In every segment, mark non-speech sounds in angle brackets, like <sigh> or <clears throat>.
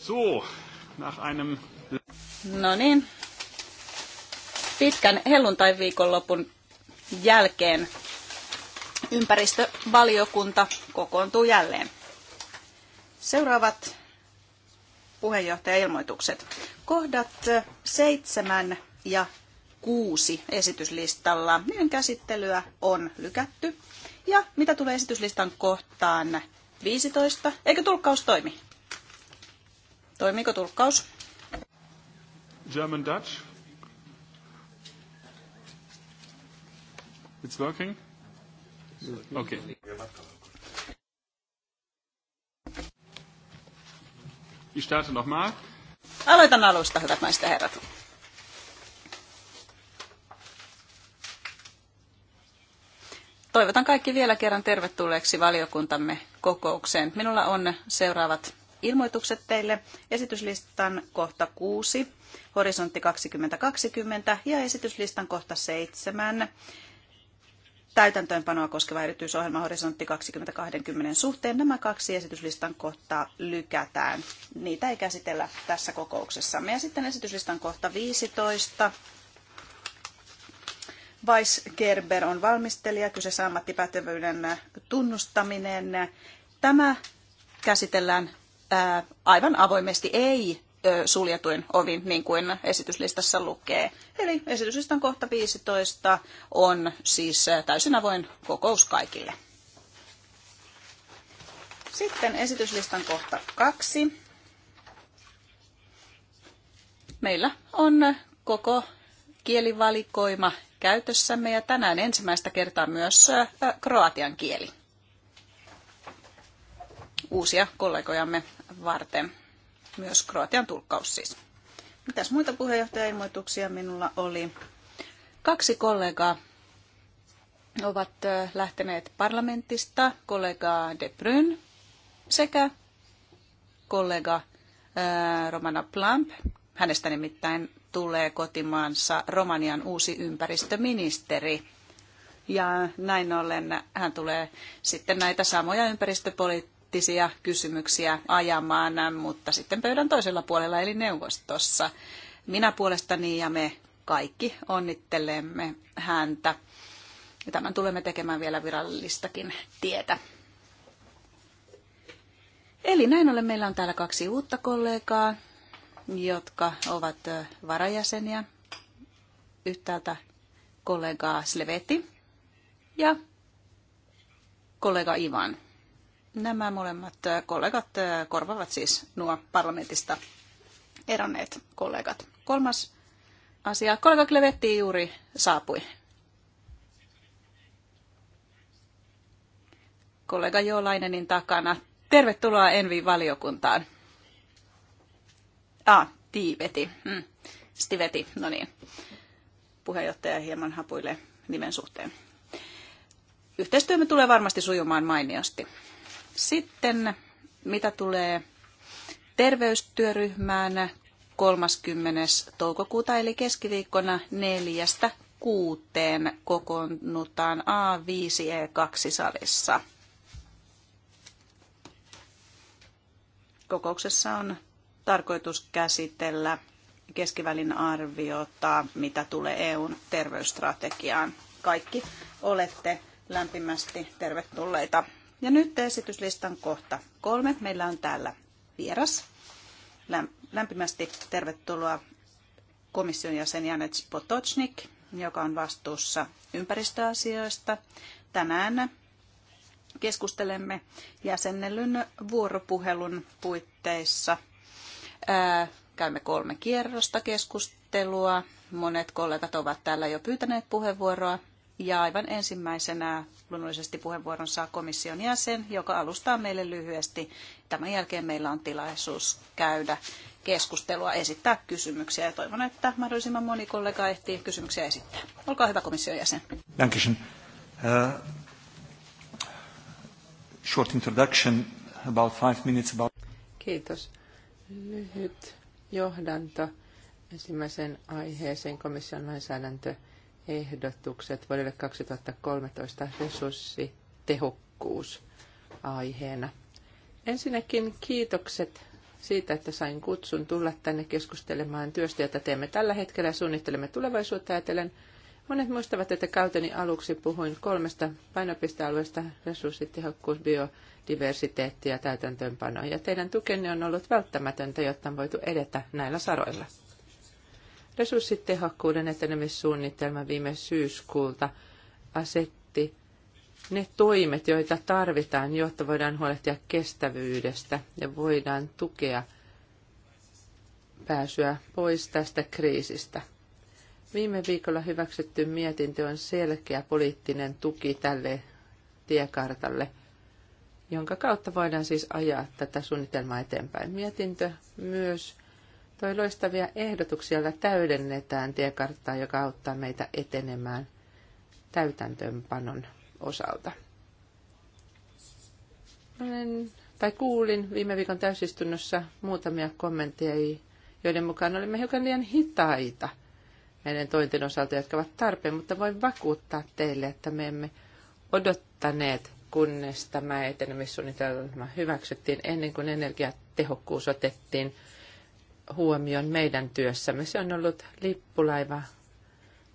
So, nach einem... No niin. Pitkän helluntai-viikonlopun jälkeen ympäristövaliokunta kokoontuu jälleen. Seuraavat puheenjohtajailmoitukset. Kohdat seitsemän ja kuusi esityslistalla. Niiden käsittelyä on lykätty. Ja mitä tulee esityslistan kohtaan 15? Eikö tulkkaus toimi? Toimiiko tulkkaus? German Dutch. It's working? Okay. Ich starte nochmal. Aloitan alusta, hyvät naiset ja herrat. Toivotan kaikki vielä kerran tervetulleeksi valiokuntamme kokoukseen. Minulla on seuraavat ilmoitukset teille. Esityslistan kohta 6, horisontti 2020 ja esityslistan kohta 7, täytäntöönpanoa koskeva erityisohjelma horisontti 2020 suhteen. Nämä kaksi esityslistan kohtaa lykätään. Niitä ei käsitellä tässä kokouksessa. Ja sitten esityslistan kohta 15, Weiss Gerber on valmistelija, kyseessä ammattipätevyyden tunnustaminen. Tämä käsitellään aivan avoimesti ei suljetuin ovin, niin kuin esityslistassa lukee. Eli esityslistan kohta 15 on siis täysin avoin kokous kaikille. Sitten esityslistan kohta 2. Meillä on koko kielivalikoima käytössämme ja tänään ensimmäistä kertaa myös kroatian kieli. Uusia kollegojamme varten. Myös Kroatian tulkkaus siis. Mitäs muita puheenjohtajailmoituksia minulla oli? Kaksi kollegaa ovat lähteneet parlamentista, kollega De Bruyne sekä kollega Romana Plamp. Hänestä nimittäin tulee kotimaansa Romanian uusi ympäristöministeri. Ja näin ollen hän tulee sitten näitä samoja ympäristöpoliittisia poliittisia kysymyksiä ajamaan, mutta sitten pöydän toisella puolella eli neuvostossa. Minä puolestani ja me kaikki onnittelemme häntä. Ja tämän tulemme tekemään vielä virallistakin tietä. Eli näin ollen meillä on täällä kaksi uutta kollegaa, jotka ovat varajäseniä. Yhtäältä kollegaa Sleveti ja kollega Ivan. Nämä molemmat kollegat korvavat siis nuo parlamentista eronneet kollegat. Kolmas asia. Kollega Klevetti juuri saapui. Kollega Joolainenin takana. Tervetuloa Envi-valiokuntaan. Ah, Tiiveti. Hmm. Stiveti, no niin. Puheenjohtaja hieman hapuille nimen suhteen. Yhteistyömme tulee varmasti sujumaan mainiosti. Sitten mitä tulee terveystyöryhmään 30. toukokuuta eli keskiviikkona neljästä kuuteen kokoonnutaan A5E2 salissa. Kokouksessa on tarkoitus käsitellä keskivälin arviota, mitä tulee EUn terveysstrategiaan. Kaikki olette lämpimästi tervetulleita. Ja nyt esityslistan kohta kolme. Meillä on täällä vieras. Lämpimästi tervetuloa komission jäsen Janet Potocnik, joka on vastuussa ympäristöasioista. Tänään keskustelemme jäsennellyn vuoropuhelun puitteissa. Käymme kolme kierrosta keskustelua. Monet kollegat ovat täällä jo pyytäneet puheenvuoroa ja aivan ensimmäisenä luonnollisesti puheenvuoron saa komission jäsen, joka alustaa meille lyhyesti. Tämän jälkeen meillä on tilaisuus käydä keskustelua, esittää kysymyksiä ja toivon, että mahdollisimman moni kollega ehtii kysymyksiä esittää. Olkaa hyvä komission jäsen. Dankeschön. Uh, short introduction, about five minutes about... Kiitos. Lyhyt johdanto ensimmäisen aiheeseen komission lainsäädäntö ehdotukset vuodelle 2013 resurssitehokkuus aiheena. Ensinnäkin kiitokset siitä, että sain kutsun tulla tänne keskustelemaan työstä, jota teemme tällä hetkellä ja suunnittelemme tulevaisuutta ajatellen. Monet muistavat, että kauteni aluksi puhuin kolmesta painopistealueesta, resurssitehokkuus, biodiversiteetti ja täytäntöönpano. Ja teidän tukenne on ollut välttämätöntä, jotta on voitu edetä näillä saroilla. Resurssitehokkuuden etenemissuunnitelma viime syyskuulta asetti ne toimet, joita tarvitaan, jotta voidaan huolehtia kestävyydestä ja voidaan tukea pääsyä pois tästä kriisistä. Viime viikolla hyväksytty mietintö on selkeä poliittinen tuki tälle tiekartalle, jonka kautta voidaan siis ajaa tätä suunnitelmaa eteenpäin. Mietintö myös toi loistavia ehdotuksia, joilla täydennetään tiekarttaa, joka auttaa meitä etenemään täytäntöönpanon osalta. Olen, tai kuulin viime viikon täysistunnossa muutamia kommentteja, joiden mukaan olimme hiukan liian hitaita meidän tointen osalta, jotka ovat tarpeen, mutta voin vakuuttaa teille, että me emme odottaneet, kunnes tämä etenemissuunnitelma hyväksyttiin ennen kuin energiatehokkuus otettiin huomioon meidän työssämme. Se on ollut lippulaiva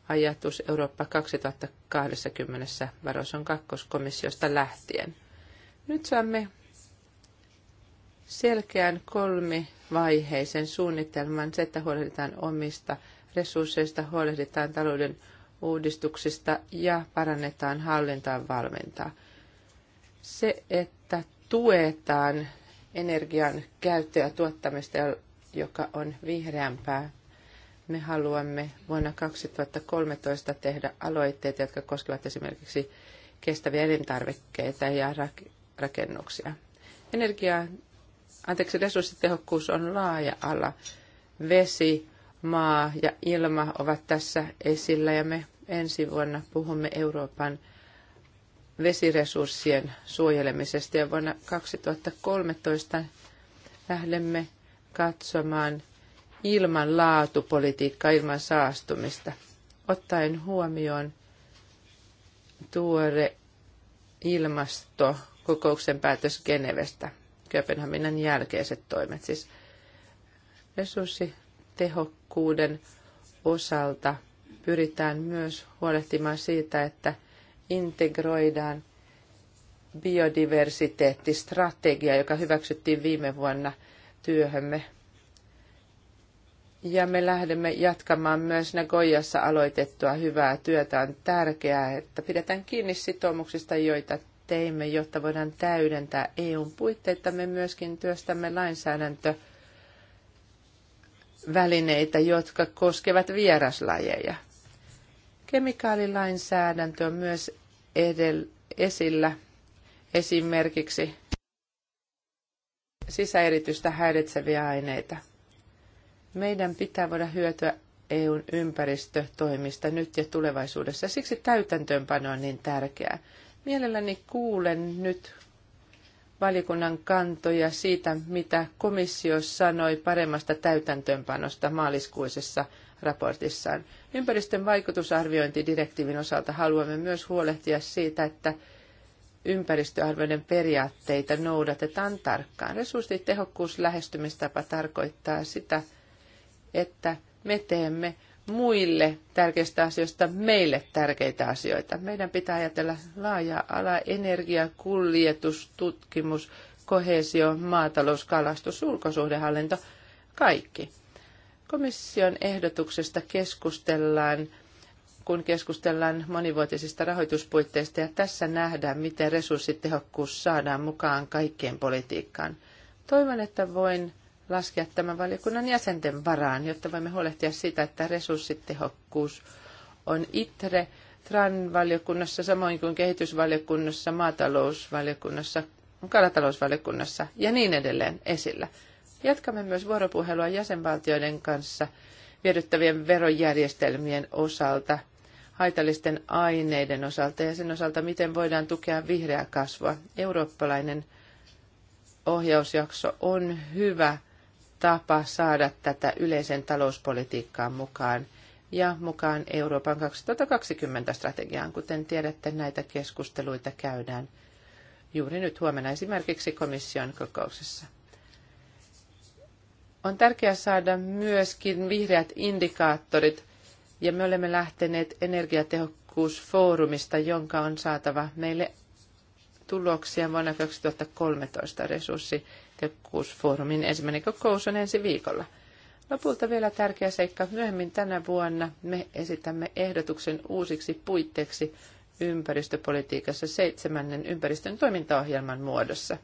ajatus Eurooppa 2020 Varoson kakkoskomissiosta lähtien. Nyt saamme selkeän kolmivaiheisen suunnitelman, se, että huolehditaan omista resursseista, huolehditaan talouden uudistuksista ja parannetaan hallintaan valmentaa. Se, että tuetaan energian käyttöä tuottamista ja joka on vihreämpää. Me haluamme vuonna 2013 tehdä aloitteita, jotka koskevat esimerkiksi kestäviä elintarvikkeita ja rakennuksia. Energia, anteeksi, resurssitehokkuus on laaja ala. Vesi, maa ja ilma ovat tässä esillä ja me ensi vuonna puhumme Euroopan vesiresurssien suojelemisesta ja vuonna 2013 lähdemme katsomaan ilman laatupolitiikkaa, ilman saastumista, ottaen huomioon tuore ilmastokokouksen päätös Genevestä, Kööpenhaminan jälkeiset toimet, siis resurssitehokkuuden osalta pyritään myös huolehtimaan siitä, että integroidaan biodiversiteettistrategia, joka hyväksyttiin viime vuonna – työhömme. Ja me lähdemme jatkamaan myös Nagoyassa aloitettua hyvää työtä. On tärkeää, että pidetään kiinni sitoumuksista, joita teimme, jotta voidaan täydentää EUn puitteita. Me myöskin työstämme lainsäädäntövälineitä, jotka koskevat vieraslajeja. Kemikaalilainsäädäntö on myös edellä, esillä esimerkiksi sisäeritystä häiritseviä aineita. Meidän pitää voida hyötyä EUn ympäristötoimista nyt ja tulevaisuudessa. Siksi täytäntöönpano on niin tärkeää. Mielelläni kuulen nyt valiokunnan kantoja siitä, mitä komissio sanoi paremmasta täytäntöönpanosta maaliskuisessa raportissaan. Ympäristön vaikutusarviointidirektiivin osalta haluamme myös huolehtia siitä, että ympäristöarvioiden periaatteita noudatetaan tarkkaan. Resurssitehokkuuslähestymistapa tarkoittaa sitä, että me teemme muille tärkeistä asioista meille tärkeitä asioita. Meidän pitää ajatella laaja ala, energia, kuljetus, tutkimus, kohesio, maatalous, kalastus, ulkosuhdehallinto, kaikki. Komission ehdotuksesta keskustellaan kun keskustellaan monivuotisista rahoituspuitteista. Ja tässä nähdään, miten resurssitehokkuus saadaan mukaan kaikkeen politiikkaan. Toivon, että voin laskea tämän valiokunnan jäsenten varaan, jotta voimme huolehtia siitä, että resurssitehokkuus on itre TRAN-valiokunnassa, samoin kuin kehitysvaliokunnassa, maatalousvaliokunnassa, kalatalousvaliokunnassa ja niin edelleen esillä. Jatkamme myös vuoropuhelua jäsenvaltioiden kanssa viedyttävien verojärjestelmien osalta – haitallisten aineiden osalta ja sen osalta, miten voidaan tukea vihreää kasvua. Eurooppalainen ohjausjakso on hyvä tapa saada tätä yleisen talouspolitiikkaan mukaan ja mukaan Euroopan 2020 strategiaan. Kuten tiedätte, näitä keskusteluita käydään juuri nyt huomenna esimerkiksi komission kokouksessa. On tärkeää saada myöskin vihreät indikaattorit – ja me olemme lähteneet energiatehokkuusfoorumista, jonka on saatava meille tuloksia vuonna 2013 resurssitehokkuusfoorumin ensimmäinen kokous on ensi viikolla. Lopulta vielä tärkeä seikka. Myöhemmin tänä vuonna me esitämme ehdotuksen uusiksi puitteiksi ympäristöpolitiikassa seitsemännen ympäristön toimintaohjelman muodossa.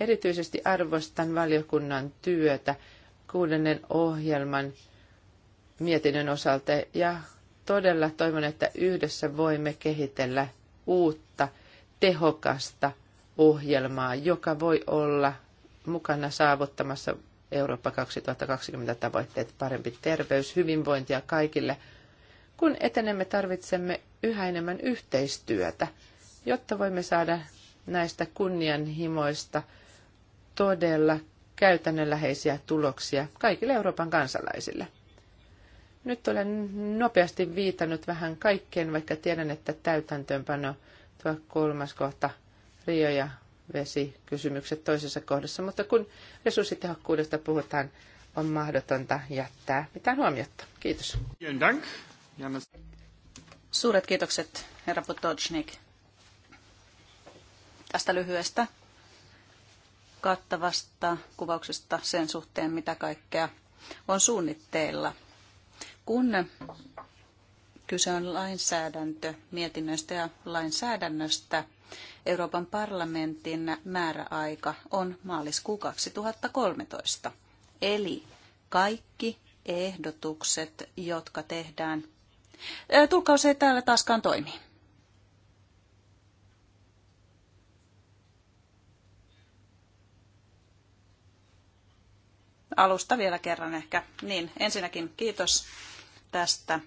Erityisesti arvostan valiokunnan työtä kuudennen ohjelman mietinnön osalta ja todella toivon, että yhdessä voimme kehitellä uutta, tehokasta ohjelmaa, joka voi olla mukana saavuttamassa Eurooppa 2020 tavoitteet, parempi terveys, hyvinvointia kaikille. Kun etenemme, tarvitsemme yhä enemmän yhteistyötä, jotta voimme saada näistä kunnianhimoista todella käytännönläheisiä tuloksia kaikille Euroopan kansalaisille. Nyt olen nopeasti viitannut vähän kaikkeen, vaikka tiedän, että täytäntöönpano tuo kolmas kohta Rio ja vesikysymykset toisessa kohdassa, mutta kun resurssitehokkuudesta puhutaan, on mahdotonta jättää mitään huomiota. Kiitos. Suuret kiitokset, herra Potocnik, tästä lyhyestä kattavasta kuvauksesta sen suhteen, mitä kaikkea on suunnitteilla – kun kyse on lainsäädäntö mietinnöstä ja lainsäädännöstä, Euroopan parlamentin määräaika on maaliskuu 2013. Eli kaikki ehdotukset, jotka tehdään. Tulkaus ei täällä taaskaan toimi. Alusta vielä kerran ehkä. Niin, ensinnäkin kiitos tästä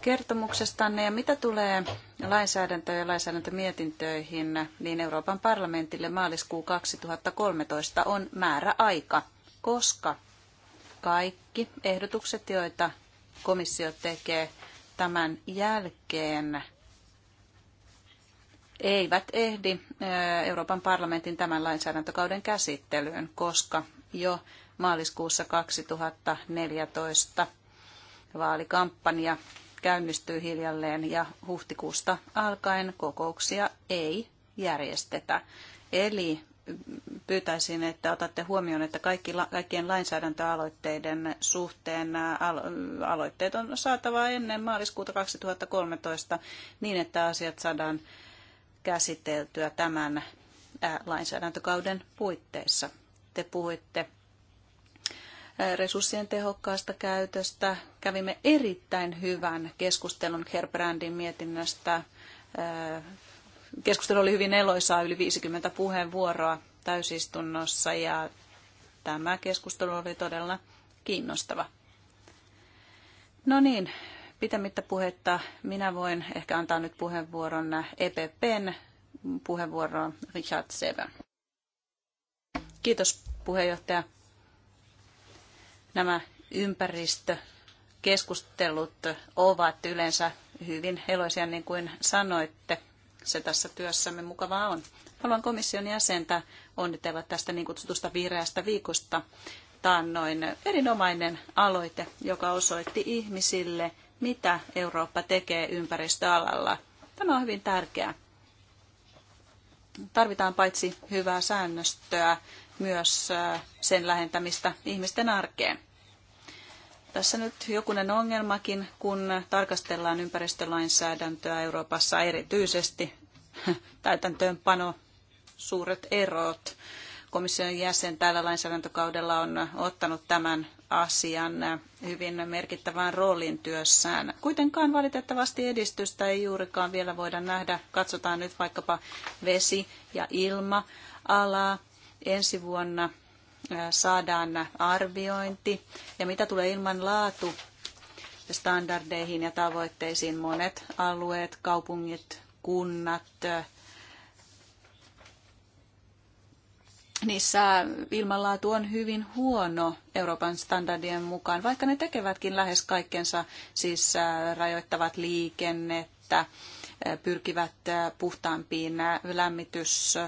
kertomuksestanne ja mitä tulee lainsäädäntöön ja lainsäädäntömietintöihin, niin Euroopan parlamentille maaliskuu 2013 on määrä aika, koska kaikki ehdotukset, joita komissio tekee tämän jälkeen, eivät ehdi Euroopan parlamentin tämän lainsäädäntökauden käsittelyyn, koska jo maaliskuussa 2014. Vaalikampanja käynnistyy hiljalleen ja huhtikuusta alkaen kokouksia ei järjestetä. Eli pyytäisin, että otatte huomioon, että kaikki, kaikkien lainsäädäntöaloitteiden suhteen alo- aloitteet on saatava ennen maaliskuuta 2013 niin, että asiat saadaan käsiteltyä tämän lainsäädäntökauden puitteissa. Te puhuitte resurssien tehokkaasta käytöstä. Kävimme erittäin hyvän keskustelun Herbrandin mietinnöstä. Äh, keskustelu oli hyvin eloisaa, yli 50 puheenvuoroa täysistunnossa ja tämä keskustelu oli todella kiinnostava. No niin, pitämättä puhetta minä voin ehkä antaa nyt puheenvuoron EPPn puheenvuoroon Richard Sever. Kiitos puheenjohtaja. Nämä ympäristökeskustelut ovat yleensä hyvin eloisia, niin kuin sanoitte. Se tässä työssämme mukavaa on. Haluan komission jäsentä onnitella tästä niin kutsutusta vihreästä viikosta. noin erinomainen aloite, joka osoitti ihmisille, mitä Eurooppa tekee ympäristöalalla. Tämä on hyvin tärkeää. Tarvitaan paitsi hyvää säännöstöä, myös sen lähentämistä ihmisten arkeen. Tässä nyt jokunen ongelmakin, kun tarkastellaan ympäristölainsäädäntöä Euroopassa erityisesti <laughs> täytäntöönpano suuret erot. Komission jäsen tällä lainsäädäntökaudella on ottanut tämän asian hyvin merkittävään rooliin työssään. Kuitenkaan valitettavasti edistystä ei juurikaan vielä voida nähdä. Katsotaan nyt vaikkapa vesi- ja ilma-alaa ensi vuonna saadaan arviointi. Ja mitä tulee ilman laatu standardeihin ja tavoitteisiin, monet alueet, kaupungit, kunnat, niissä ilmanlaatu on hyvin huono Euroopan standardien mukaan, vaikka ne tekevätkin lähes kaikkensa, siis rajoittavat liikennettä, pyrkivät puhtaampiin lämmitys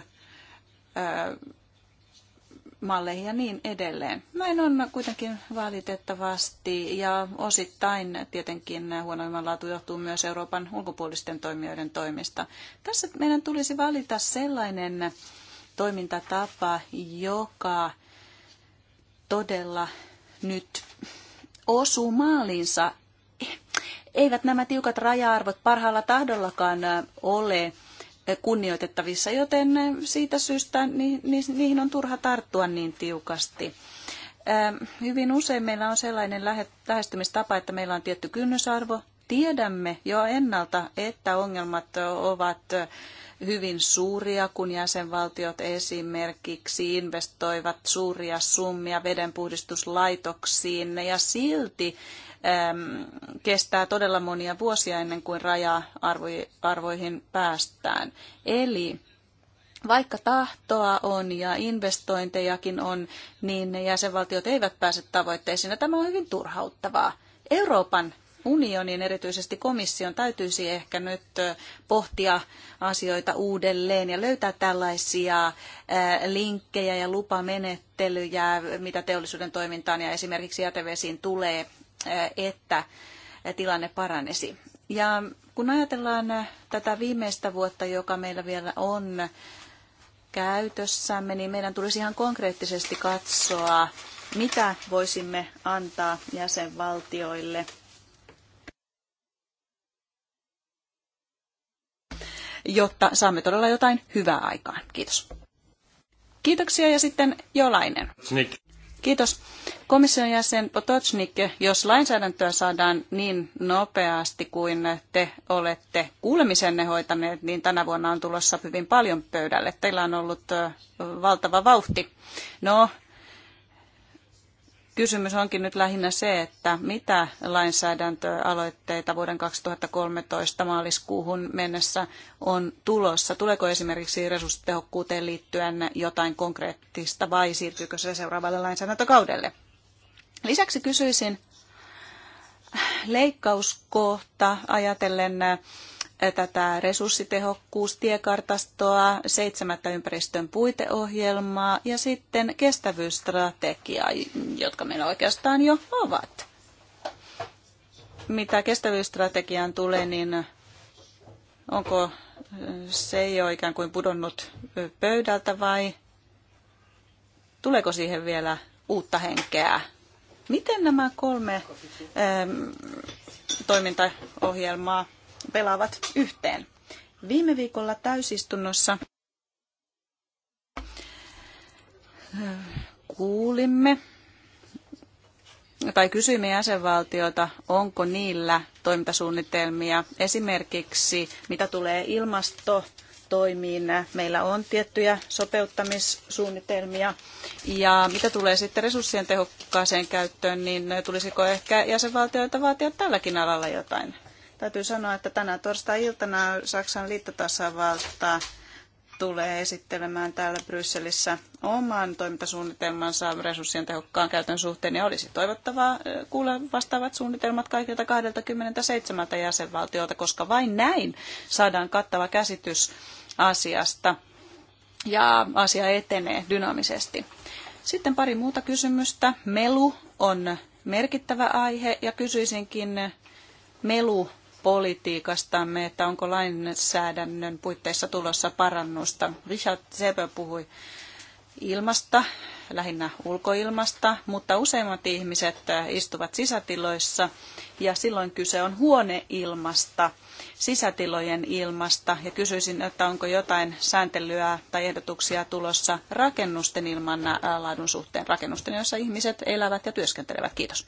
malleihin ja niin edelleen. Näin on kuitenkin valitettavasti ja osittain tietenkin huonoimman laatu johtuu myös Euroopan ulkopuolisten toimijoiden toimista. Tässä meidän tulisi valita sellainen toimintatapa, joka todella nyt osuu maaliinsa. Eivät nämä tiukat raja-arvot parhaalla tahdollakaan ole kunnioitettavissa, joten eh, siitä syystä niihin on turha tarttua niin tiukasti. Ehm, hyvin usein meillä on sellainen lähestymistapa, että meillä on tietty kynnysarvo. Tiedämme jo ennalta, että ongelmat ovat eh, hyvin suuria, kun jäsenvaltiot esimerkiksi investoivat suuria summia vedenpuhdistuslaitoksiin ja silti ähm, kestää todella monia vuosia ennen kuin raja-arvoihin päästään. Eli vaikka tahtoa on ja investointejakin on, niin ne jäsenvaltiot eivät pääse tavoitteisiin. Ja tämä on hyvin turhauttavaa. Euroopan unionin, erityisesti komission, täytyisi ehkä nyt pohtia asioita uudelleen ja löytää tällaisia linkkejä ja lupamenettelyjä, mitä teollisuuden toimintaan ja esimerkiksi jätevesiin tulee, että tilanne paranesi. Ja kun ajatellaan tätä viimeistä vuotta, joka meillä vielä on käytössämme, niin meidän tulisi ihan konkreettisesti katsoa, mitä voisimme antaa jäsenvaltioille – jotta saamme todella jotain hyvää aikaan. Kiitos. Kiitoksia ja sitten Jolainen. Snick. Kiitos. Komission jäsen Potocnik, jos lainsäädäntöä saadaan niin nopeasti kuin te olette kuulemisenne hoitaneet, niin tänä vuonna on tulossa hyvin paljon pöydälle. Teillä on ollut valtava vauhti. No, Kysymys onkin nyt lähinnä se, että mitä lainsäädäntöaloitteita vuoden 2013 maaliskuuhun mennessä on tulossa. Tuleeko esimerkiksi resurssitehokkuuteen liittyen jotain konkreettista vai siirtyykö se seuraavalle lainsäädäntökaudelle? Lisäksi kysyisin leikkauskohta ajatellen tätä resurssitehokkuustiekartastoa, seitsemättä ympäristön puiteohjelmaa ja sitten kestävyysstrategiaa, jotka meillä oikeastaan jo ovat. Mitä kestävyysstrategiaan tulee, niin onko se jo ikään kuin pudonnut pöydältä vai tuleeko siihen vielä uutta henkeä? Miten nämä kolme ähm, toimintaohjelmaa pelaavat yhteen. Viime viikolla täysistunnossa kuulimme tai kysyimme jäsenvaltiota, onko niillä toimintasuunnitelmia. Esimerkiksi mitä tulee ilmasto toimiin. Meillä on tiettyjä sopeuttamissuunnitelmia. Ja mitä tulee sitten resurssien tehokkaaseen käyttöön, niin tulisiko ehkä jäsenvaltioita vaatia tälläkin alalla jotain Täytyy sanoa, että tänä torstai-iltana Saksan liittotasavalta tulee esittelemään täällä Brysselissä oman toimintasuunnitelmansa resurssien tehokkaan käytön suhteen, ja olisi toivottavaa kuulla vastaavat suunnitelmat kaikilta 27 jäsenvaltiolta, koska vain näin saadaan kattava käsitys asiasta, ja asia etenee dynaamisesti. Sitten pari muuta kysymystä. Melu on merkittävä aihe, ja kysyisinkin melu politiikastamme, että onko lainsäädännön puitteissa tulossa parannusta. Richard Seber puhui ilmasta, lähinnä ulkoilmasta, mutta useimmat ihmiset istuvat sisätiloissa ja silloin kyse on huoneilmasta, sisätilojen ilmasta ja kysyisin, että onko jotain sääntelyä tai ehdotuksia tulossa rakennusten ilman laadun suhteen, rakennusten, joissa ihmiset elävät ja työskentelevät. Kiitos.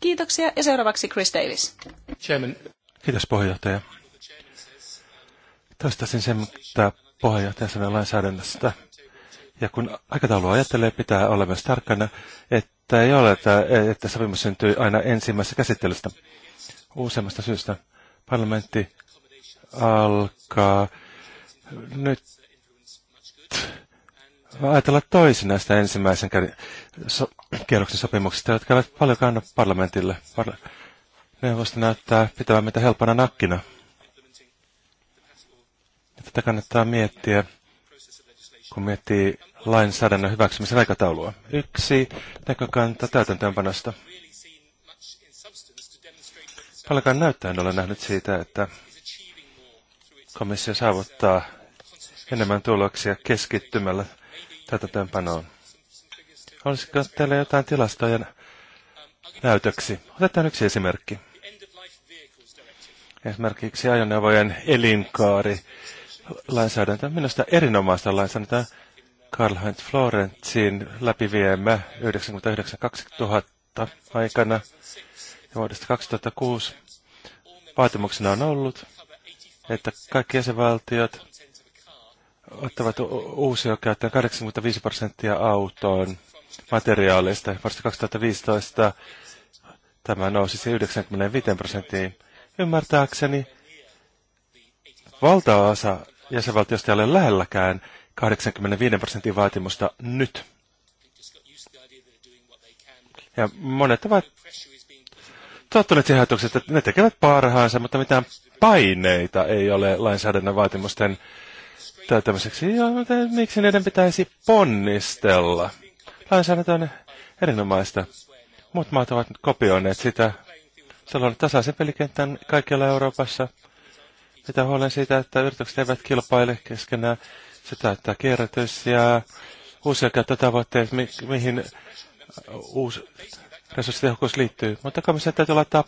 Kiitoksia ja seuraavaksi Chris Davis. Chairman. Kiitos puheenjohtaja. Toistaisin sen, mitä puheenjohtaja sanoi lainsäädännöstä. Ja kun aikataulua ajattelee, pitää olla myös tarkkana, että ei ole, että, että sopimus syntyy aina ensimmäisestä käsittelystä. Useammasta syystä parlamentti alkaa nyt ajatella toisin näistä ensimmäisen käden, so, kierroksen sopimuksista, jotka eivät paljon kanna parlamentille. Parla Neuvosto näyttää pitävän mitä helpona nakkina. Ja tätä kannattaa miettiä, kun miettii lainsäädännön hyväksymisen aikataulua. Yksi näkökanta täytäntöönpanosta. Paljonkaan näyttää en ole nähnyt siitä, että komissio saavuttaa enemmän tuloksia keskittymällä Tätä täytäntöönpanoon. Olisiko teillä jotain tilastoja näytöksi? Otetaan yksi esimerkki. Esimerkiksi ajoneuvojen elinkaari lainsäädäntö. Minusta erinomaista lainsäädäntöä. Karl-Heinz Florentzin läpiviemä 99-2000 aikana ja vuodesta 2006 vaatimuksena on ollut, että kaikki jäsenvaltiot ottavat uusia käyttöön 85 prosenttia autoon materiaaleista. Vuodesta 2015 tämä nousi 95 prosenttiin. Ymmärtääkseni valtaosa jäsenvaltiosta ei ole lähelläkään 85 prosentin vaatimusta nyt. Ja monet ovat tottuneet siihen ajatukseen, että ne tekevät parhaansa, mutta mitään paineita ei ole lainsäädännön vaatimusten tämmöiseksi. Ja miksi niiden pitäisi ponnistella? Lainsäädäntö on erinomaista. Muut maat ovat kopioineet sitä. Se on tasaisen pelikentän kaikkialla Euroopassa. Mitä huolen siitä, että yritykset eivät kilpaile keskenään. Se täyttää kierrätys ja uusia käyttötavoitteet, mi- mihin uusi resurssitehokkuus liittyy. Mutta komissio täytyy laittaa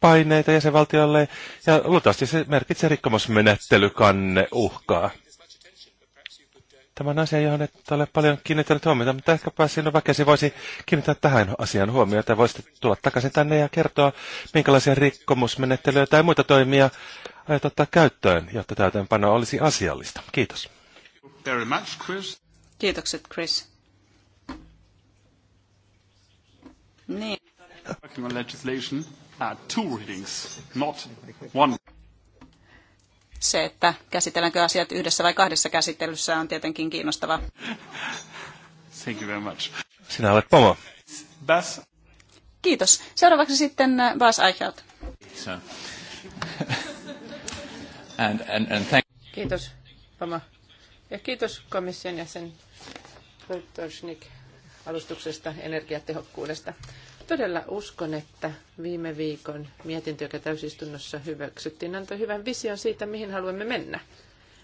paineita jäsenvaltiolle ja luultavasti se merkitsee rikkomusmenettelykanne uhkaa. Tämä asian, asia, johon et ole paljon kiinnittänyt huomiota, mutta ehkäpä sinun väkesi voisi kiinnittää tähän asian huomiota. Ja voisit tulla takaisin tänne ja kertoa, minkälaisia rikkomusmenettelyjä tai muita toimia aiot ottaa käyttöön, jotta täytäntöönpano olisi asiallista. Kiitos. Very much, Chris. Kiitokset, Chris. Niin. Working on legislation, uh, two readings, not one. Se, että käsitelläänkö asiat yhdessä vai kahdessa käsittelyssä, on tietenkin kiinnostava. Thank you very much. Sinä olet pomo. Bas. Kiitos. Seuraavaksi sitten äh, Bas Eichelt. So. <laughs> and, and, and thank... Kiitos, Pama. Ja kiitos komission jäsen Pöttörsnik alustuksesta energiatehokkuudesta. Todella uskon, että viime viikon mietintö, joka täysistunnossa hyväksyttiin, antoi hyvän vision siitä, mihin haluamme mennä.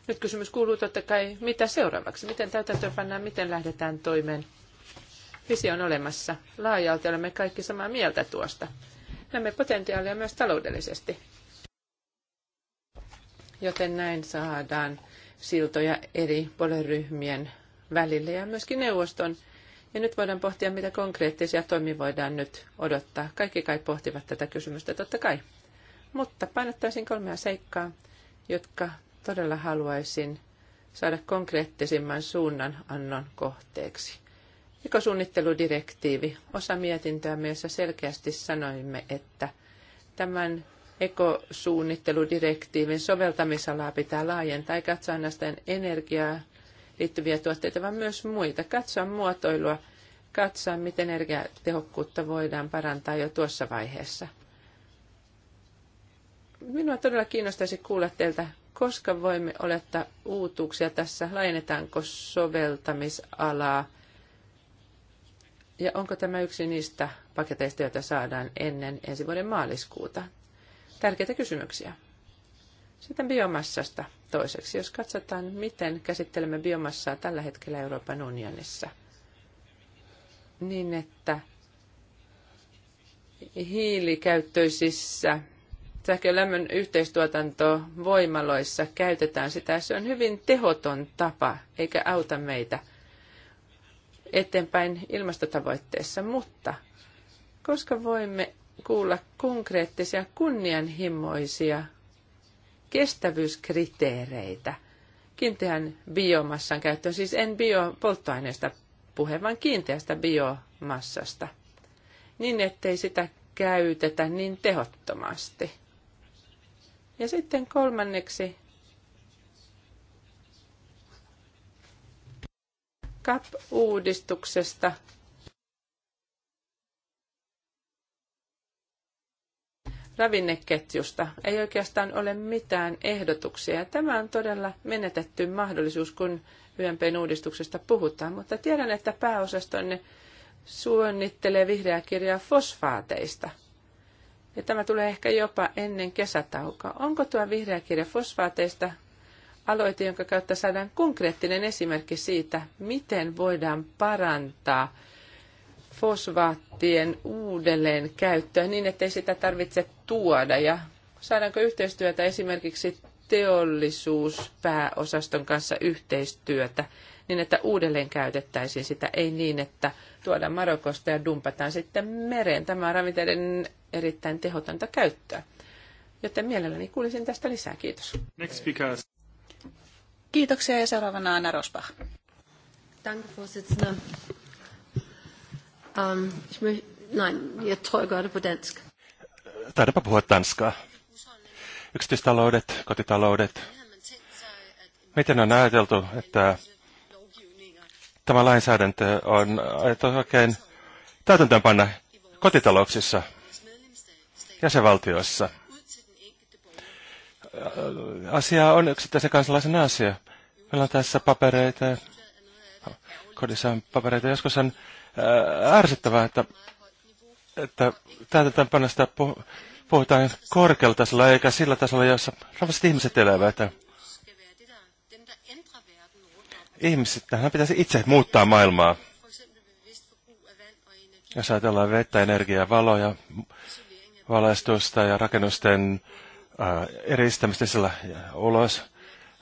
Nyt kysymys kuuluu totta kai, mitä seuraavaksi? Miten täytäntöön pannaan, miten lähdetään toimeen? Visio on olemassa. Laajalti olemme kaikki samaa mieltä tuosta. Näemme potentiaalia myös taloudellisesti. Joten näin saadaan siltoja eri puoliryhmien välille ja myöskin neuvoston ja nyt voidaan pohtia, mitä konkreettisia toimia voidaan nyt odottaa. Kaikki kai pohtivat tätä kysymystä, totta kai. Mutta painottaisin kolmea seikkaa, jotka todella haluaisin saada konkreettisimman suunnan annon kohteeksi. Ekosuunnitteludirektiivi. Osa mietintöä myös selkeästi sanoimme, että tämän ekosuunnitteludirektiivin soveltamisalaa pitää laajentaa ja katsoa näistä energiaa, liittyviä tuotteita, vaan myös muita. Katsoa muotoilua, katsoa miten energiatehokkuutta voidaan parantaa jo tuossa vaiheessa. Minua todella kiinnostaisi kuulla teiltä, koska voimme olettaa uutuuksia tässä, laajennetaanko soveltamisalaa ja onko tämä yksi niistä paketeista, joita saadaan ennen ensi vuoden maaliskuuta? Tärkeitä kysymyksiä. Sitten biomassasta toiseksi. Jos katsotaan, miten käsittelemme biomassaa tällä hetkellä Euroopan unionissa, niin että hiilikäyttöisissä sähkölämmön yhteistuotanto voimaloissa käytetään sitä. Se on hyvin tehoton tapa, eikä auta meitä eteenpäin ilmastotavoitteessa, mutta koska voimme kuulla konkreettisia kunnianhimoisia kestävyyskriteereitä kiinteän biomassan käyttöön, siis en biopolttoaineesta puhe, vaan kiinteästä biomassasta, niin ettei sitä käytetä niin tehottomasti. Ja sitten kolmanneksi CAP-uudistuksesta ravinneketjusta ei oikeastaan ole mitään ehdotuksia. Tämä on todella menetetty mahdollisuus, kun YMPn uudistuksesta puhutaan, mutta tiedän, että pääosastonne suunnittelee vihreää kirjaa fosfaateista. Ja tämä tulee ehkä jopa ennen kesätaukoa. Onko tuo vihreä kirja fosfaateista aloite, jonka kautta saadaan konkreettinen esimerkki siitä, miten voidaan parantaa fosfaattien uudelleen käyttöä niin, ettei sitä tarvitse tuoda ja saadaanko yhteistyötä esimerkiksi teollisuuspääosaston kanssa yhteistyötä niin, että uudelleen käytettäisiin sitä, ei niin, että tuodaan Marokosta ja dumpataan sitten mereen. Tämä on ravinteiden erittäin tehotonta käyttöä. Joten mielelläni kuulisin tästä lisää. Kiitos. Next Kiitoksia ja seuraavana Anna Rosbach. Danke, Vorsitzende. Um, ähm, ich möchte, nein, ihr tror gerade gör det taidanpa puhua tanskaa. Yksityistaloudet, kotitaloudet. Miten on ajateltu, että tämä lainsäädäntö on oikein täytäntöönpanna kotitalouksissa, jäsenvaltioissa? Asia on yksittäisen kansalaisen asia. Meillä on tässä papereita, kodissa on papereita. Joskus on äh, ärsyttävää, että että täytetään sitä puhutaan korkealla tasolla eikä sillä tasolla, jossa tavalliset ihmiset elävät. Ihmiset, tähän pitäisi itse muuttaa maailmaa. Jos ajatellaan vettä, energiaa, valoja, valaistusta ja rakennusten äh, eristämistä sillä ulos,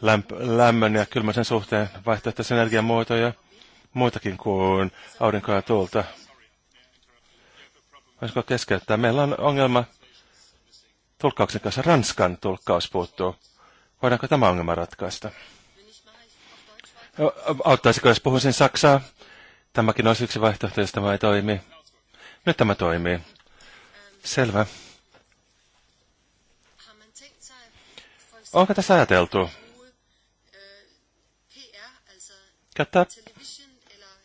lämp- lämmön ja kylmäisen suhteen vaihtoehtoisia energiamuotoja, muitakin kuin aurinkoa ja tuulta. Voisiko keskeyttää? Meillä on ongelma tulkkauksen kanssa. Ranskan tulkkaus puuttuu. Voidaanko tämä ongelma ratkaista? No, auttaisiko, jos puhuisin saksaa? Tämäkin olisi yksi vaihtoehto, jos tämä ei toimi. Nyt tämä toimii. Selvä. Onko tässä ajateltu? Käyttää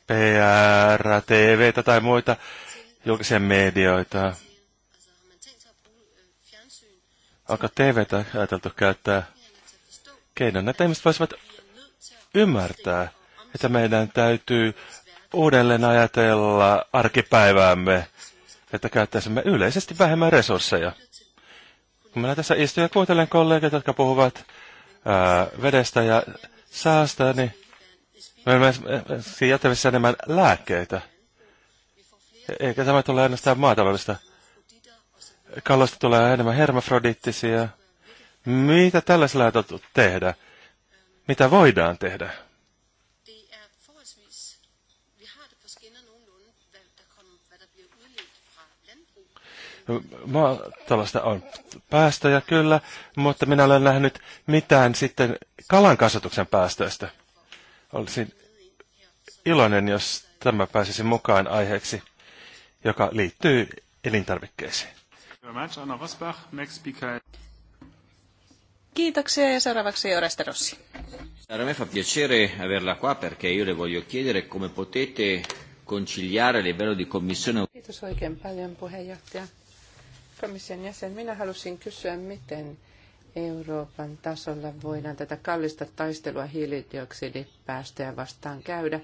PR, T.V. tai muita julkisia medioita. Alkaa TVtä ajateltu käyttää keinona, että ihmiset voisivat ymmärtää, että meidän täytyy uudelleen ajatella arkipäiväämme, että käyttäisimme yleisesti vähemmän resursseja. Kun minä tässä istun ja kuuntelen kollegat, jotka puhuvat ää, vedestä ja saasta, niin me olemme jätävissä enemmän lääkkeitä. Eikä tämä tule ainoastaan maataloudesta. Kaloista tulee enemmän hermafrodittisia. Mitä tällaisella on tehdä? Mitä voidaan tehdä? maatalosta on päästöjä kyllä, mutta minä olen nähnyt mitään sitten kalan kasvatuksen päästöistä. Olisin iloinen, jos tämä pääsisi mukaan aiheeksi joka liittyy elintarvikkeisiin. Kiitoksia ja seuraavaksi Oreste Rossi. Allora, mi fa piacere averla qua perché io le voglio chiedere come potete conciliare a livello di commissione. Kiitos oikein paljon puheenjohtaja. Komission jäsen, minä halusin kysyä, miten Euroopan tasolla voidaan tätä kallista taistelua hiilidioksidipäästöjä vastaan käydä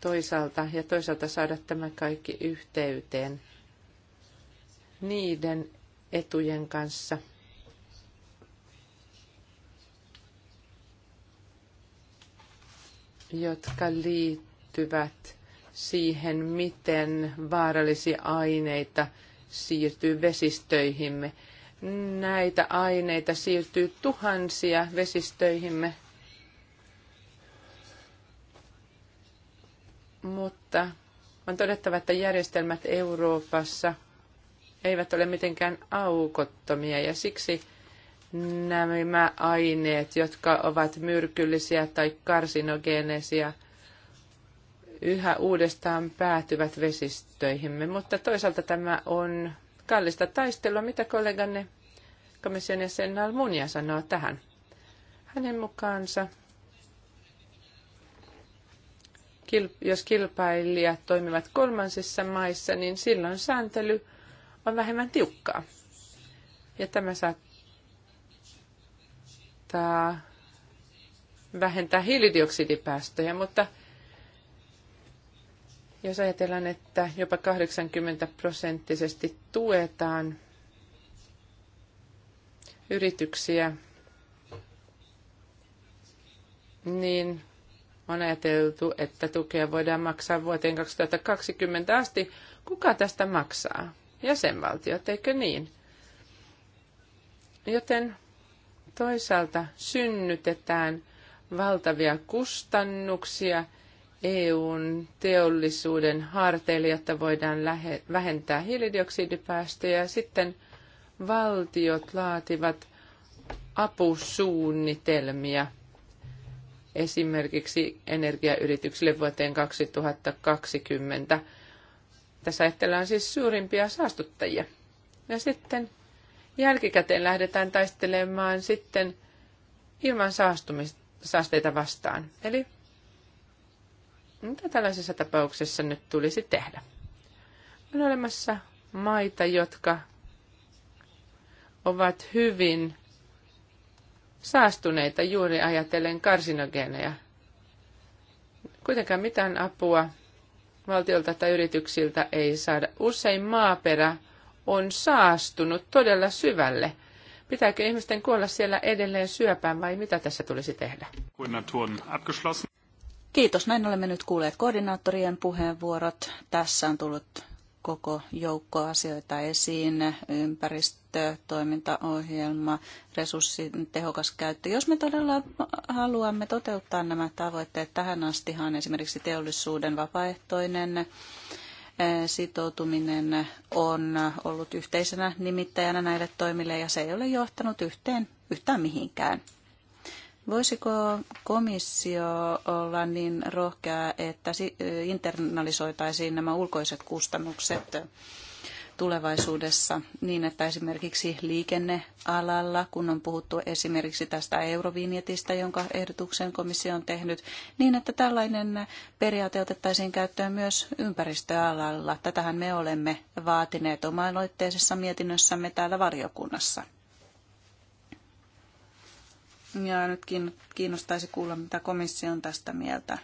toisaalta ja toisaalta saada tämä kaikki yhteyteen niiden etujen kanssa, jotka liittyvät siihen, miten vaarallisia aineita siirtyy vesistöihimme. Näitä aineita siirtyy tuhansia vesistöihimme Mutta on todettava, että järjestelmät Euroopassa eivät ole mitenkään aukottomia ja siksi nämä aineet, jotka ovat myrkyllisiä tai karsinogeenisia, yhä uudestaan päätyvät vesistöihimme. Mutta toisaalta tämä on kallista taistelua. Mitä kolleganne komission jäsen Almunia sanoo tähän? Hänen mukaansa jos kilpailijat toimivat kolmansissa maissa, niin silloin sääntely on vähemmän tiukkaa. Ja tämä saattaa vähentää hiilidioksidipäästöjä, mutta jos ajatellaan, että jopa 80 prosenttisesti tuetaan yrityksiä, niin on ajateltu, että tukea voidaan maksaa vuoteen 2020 asti. Kuka tästä maksaa? Jäsenvaltiot, eikö niin? Joten toisaalta synnytetään valtavia kustannuksia EUn teollisuuden harteille, jotta voidaan lähe, vähentää hiilidioksidipäästöjä. Sitten valtiot laativat apusuunnitelmia – esimerkiksi energiayrityksille vuoteen 2020. Tässä ajatellaan siis suurimpia saastuttajia. Ja sitten jälkikäteen lähdetään taistelemaan sitten ilman saasteita vastaan. Eli mitä tällaisessa tapauksessa nyt tulisi tehdä? On olemassa maita, jotka ovat hyvin saastuneita juuri ajatellen karsinogeneja. Kuitenkaan mitään apua valtiolta tai yrityksiltä ei saada. Usein maaperä on saastunut todella syvälle. Pitääkö ihmisten kuolla siellä edelleen syöpään vai mitä tässä tulisi tehdä? Kiitos. Näin olemme nyt kuulleet koordinaattorien puheenvuorot. Tässä on tullut koko joukko asioita esiin, ympäristö, toimintaohjelma, resurssin tehokas käyttö. Jos me todella haluamme toteuttaa nämä tavoitteet, tähän astihan esimerkiksi teollisuuden vapaaehtoinen eh, sitoutuminen on ollut yhteisenä nimittäjänä näille toimille ja se ei ole johtanut yhteen yhtään mihinkään. Voisiko komissio olla niin rohkea, että internalisoitaisiin nämä ulkoiset kustannukset tulevaisuudessa niin, että esimerkiksi liikennealalla, kun on puhuttu esimerkiksi tästä eurovinjetistä, jonka ehdotuksen komissio on tehnyt, niin että tällainen periaate otettaisiin käyttöön myös ympäristöalalla. Tätähän me olemme vaatineet oma-aloitteisessa mietinnössämme täällä varjokunnassa. Ja nyt kiinnostaisi kuulla, mitä komissio on tästä mieltä.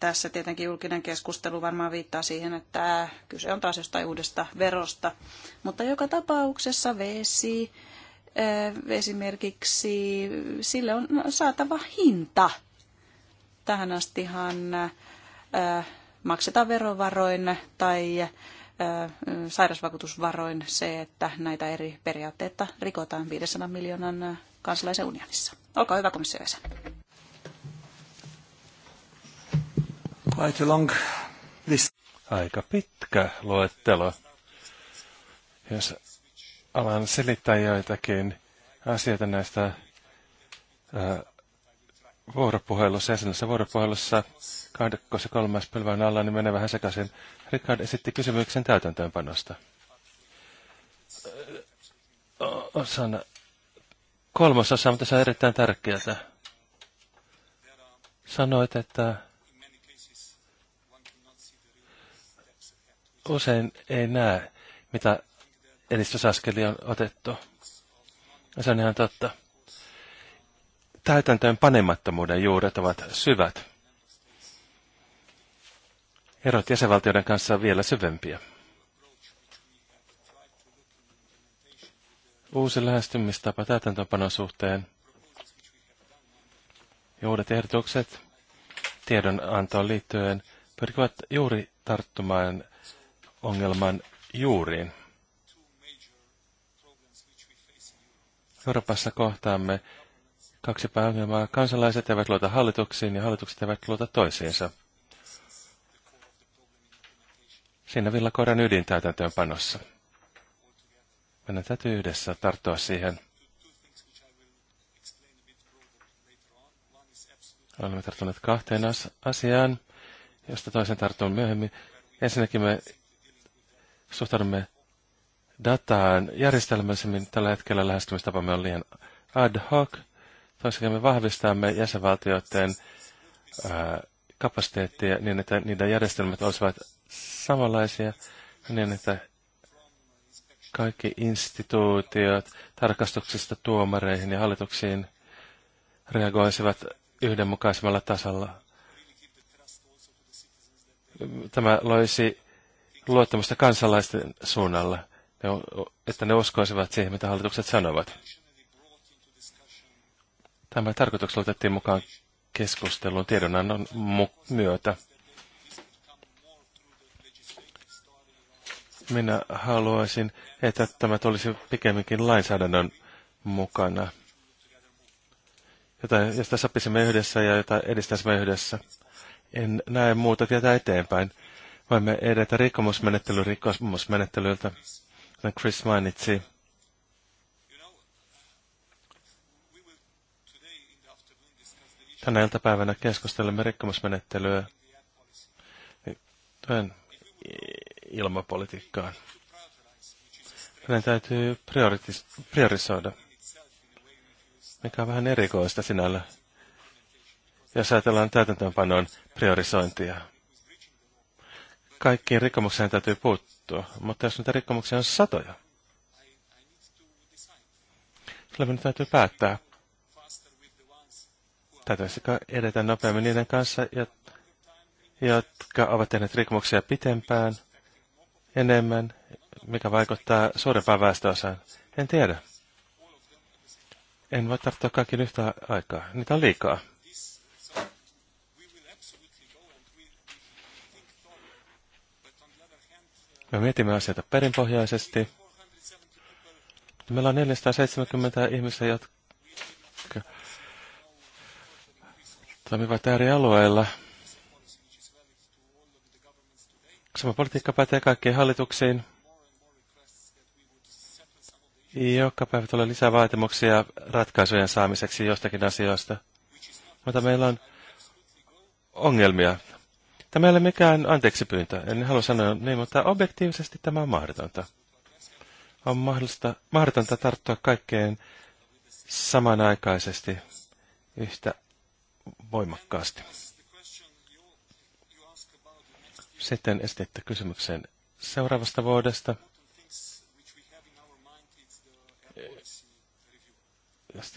Tässä tietenkin julkinen keskustelu varmaan viittaa siihen, että kyse on taas jostain uudesta verosta. Mutta joka tapauksessa vesi, eh, esimerkiksi sille on saatava hinta. Tähän astihan eh, maksetaan verovaroin tai sairausvakuutusvaroin se, että näitä eri periaatteita rikotaan 500 miljoonan kansalaisen unionissa. Olkaa hyvä komissio jäsen. Quite long Aika pitkä luettelo. Jos alan selittää joitakin asioita näistä vuoropuhelussa, ensimmäisessä vuoropuhelussa kahdekkossa kolmas pylvään alla, niin menee vähän sekaisin. Rickard esitti kysymyksen täytäntöönpanosta. Osana kolmasosa on tässä erittäin tärkeää. Sanoit, että usein ei näe, mitä edistysaskelia on otettu. Se on ihan totta. Täytäntöön panemattomuuden juuret ovat syvät erot jäsenvaltioiden kanssa vielä syvempiä. Uusi lähestymistapa täytäntöpanon suhteen ja uudet ehdotukset tiedonantoon liittyen pyrkivät juuri tarttumaan ongelman juuriin. Euroopassa kohtaamme kaksi pääongelmaa. Kansalaiset eivät luota hallituksiin ja hallitukset eivät luota toisiinsa. Siinä villakoiran ydin täytäntöönpanossa. Meidän täytyy yhdessä tarttua siihen. Olemme tarttuneet kahteen asiaan, josta toisen tartun myöhemmin. Ensinnäkin me suhtaudumme dataan järjestelmällisemmin. Tällä hetkellä lähestymistapamme on liian ad hoc. Toiseksi me vahvistamme jäsenvaltioiden ää, kapasiteettia niin, että niiden järjestelmät olisivat samanlaisia niin, että kaikki instituutiot tarkastuksesta tuomareihin ja hallituksiin reagoisivat yhdenmukaisemmalla tasolla. Tämä loisi luottamusta kansalaisten suunnalla, että ne uskoisivat siihen, mitä hallitukset sanovat. Tämä tarkoituksella otettiin mukaan keskustelun tiedonannon myötä. Minä haluaisin, että tämä olisi pikemminkin lainsäädännön mukana. jota, josta sopisimme yhdessä ja jota edistäisimme yhdessä. En näe muuta tietä eteenpäin. Voimme edetä rikkomusmenettelyä rikkomusmenettelyltä, kuten Chris mainitsi. Tänä iltapäivänä keskustelemme rikkomusmenettelyä Tuen ilmapolitiikkaan. Meidän täytyy priorisoida, mikä on vähän erikoista sinällä, jos ajatellaan täytäntöönpanon priorisointia. Kaikkiin rikkomukseen täytyy puuttua, mutta jos niitä rikkomuksia on satoja, Sillä minun täytyy päättää, täytyisikö edetä nopeammin niiden kanssa, ja jotka ovat tehneet rikmuksia pitempään, enemmän, mikä vaikuttaa suurempaan väestöosaan. En tiedä. En voi tarttua kaikki yhtä aikaa. Niitä on liikaa. Me mietimme asioita perinpohjaisesti. Meillä on 470 ihmistä, jotka toimivat alueilla. Sama politiikka pätee kaikkiin hallituksiin. Joka päivä tulee lisää vaatimuksia ratkaisujen saamiseksi jostakin asioista. Mutta meillä on ongelmia. Tämä ei ole mikään anteeksi pyyntö, en halua sanoa niin, mutta objektiivisesti tämä on mahdotonta. On mahdollista, mahdotonta tarttua kaikkeen samanaikaisesti yhtä voimakkaasti. Sitten esititte kysymyksen seuraavasta vuodesta.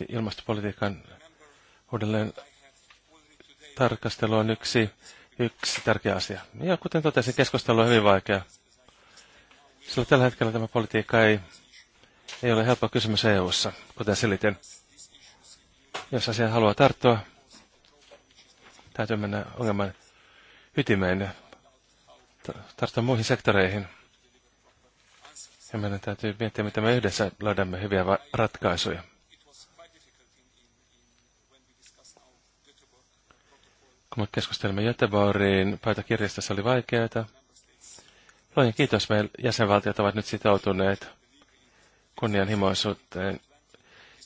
Ilmastopolitiikan uudelleen tarkastelu on yksi, yksi tärkeä asia. Ja kuten totesin, keskustelu on hyvin vaikea. Sillä tällä hetkellä tämä politiikka ei, ei ole helppo kysymys EU-ssa, kuten selitin. Jos asia haluaa tarttua, täytyy mennä ongelman ytimeen ja tarttua muihin sektoreihin. Ja meidän täytyy miettiä, miten me yhdessä löydämme hyviä ratkaisuja. Kun me keskustelimme Göteborgin paitakirjasta, se oli vaikeaa. Loin kiitos, meidän jäsenvaltiot ovat nyt sitoutuneet kunnianhimoisuuteen,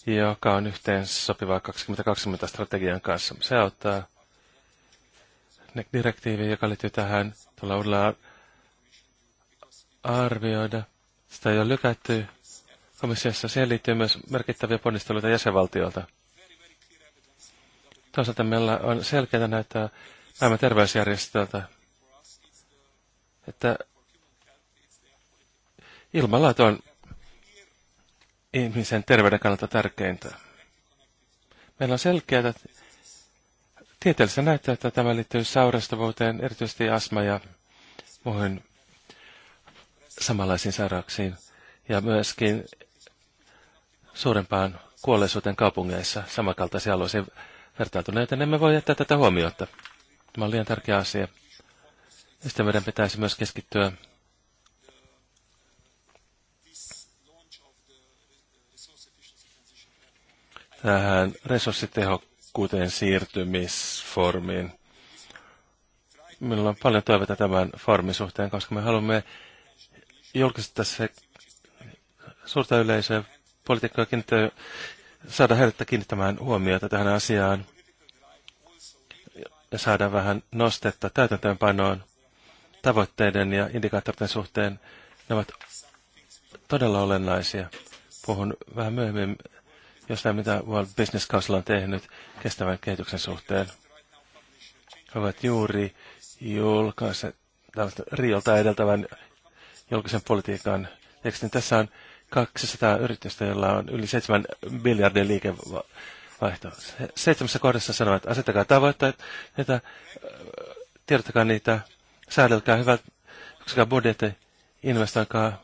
joka on yhteen sopivaa 2020 strategian kanssa. Se auttaa direktiivi, joka liittyy tähän tulla uudelleen arvioida. Sitä ei ole lykätty komissiossa. Siihen liittyy myös merkittäviä ponnisteluita jäsenvaltiolta. Toisaalta meillä on selkeää näyttää maailman terveysjärjestöltä, että ilmanlaatu on ihmisen terveyden kannalta tärkeintä. Meillä on selkeää että Tieteellisesti näyttää, että tämä liittyy sairastavuuteen, erityisesti asma ja muihin samanlaisiin sairauksiin ja myöskin suurempaan kuolleisuuteen kaupungeissa samankaltaisiin alueisiin vertailtuna, joten emme voi jättää tätä huomiota. Tämä on liian tärkeä asia. Ja sitten meidän pitäisi myös keskittyä tähän resurssitehokkuuteen kuten siirtymisformiin. Meillä on paljon toiveita tämän formin suhteen, koska me haluamme julkistaa se suurta yleisöä, poliitikkoja kiinnittää, saada heidät kiinnittämään huomiota tähän asiaan ja saada vähän nostetta täytäntöönpanoon tavoitteiden ja indikaattorien suhteen. Ne ovat todella olennaisia. Puhun vähän myöhemmin jos nämä, mitä World Business Council on tehnyt kestävän kehityksen suhteen, ovat juuri julkaiset Riolta edeltävän julkisen politiikan tekstin. Tässä on 200 yritystä, joilla on yli 7 miljardin liikevaihto. Seitsemässä kohdassa sanovat, asettakaa tavoitteet, että tiedottakaa niitä, säädelkää hyvät, yksikää budjetti, investoikaa,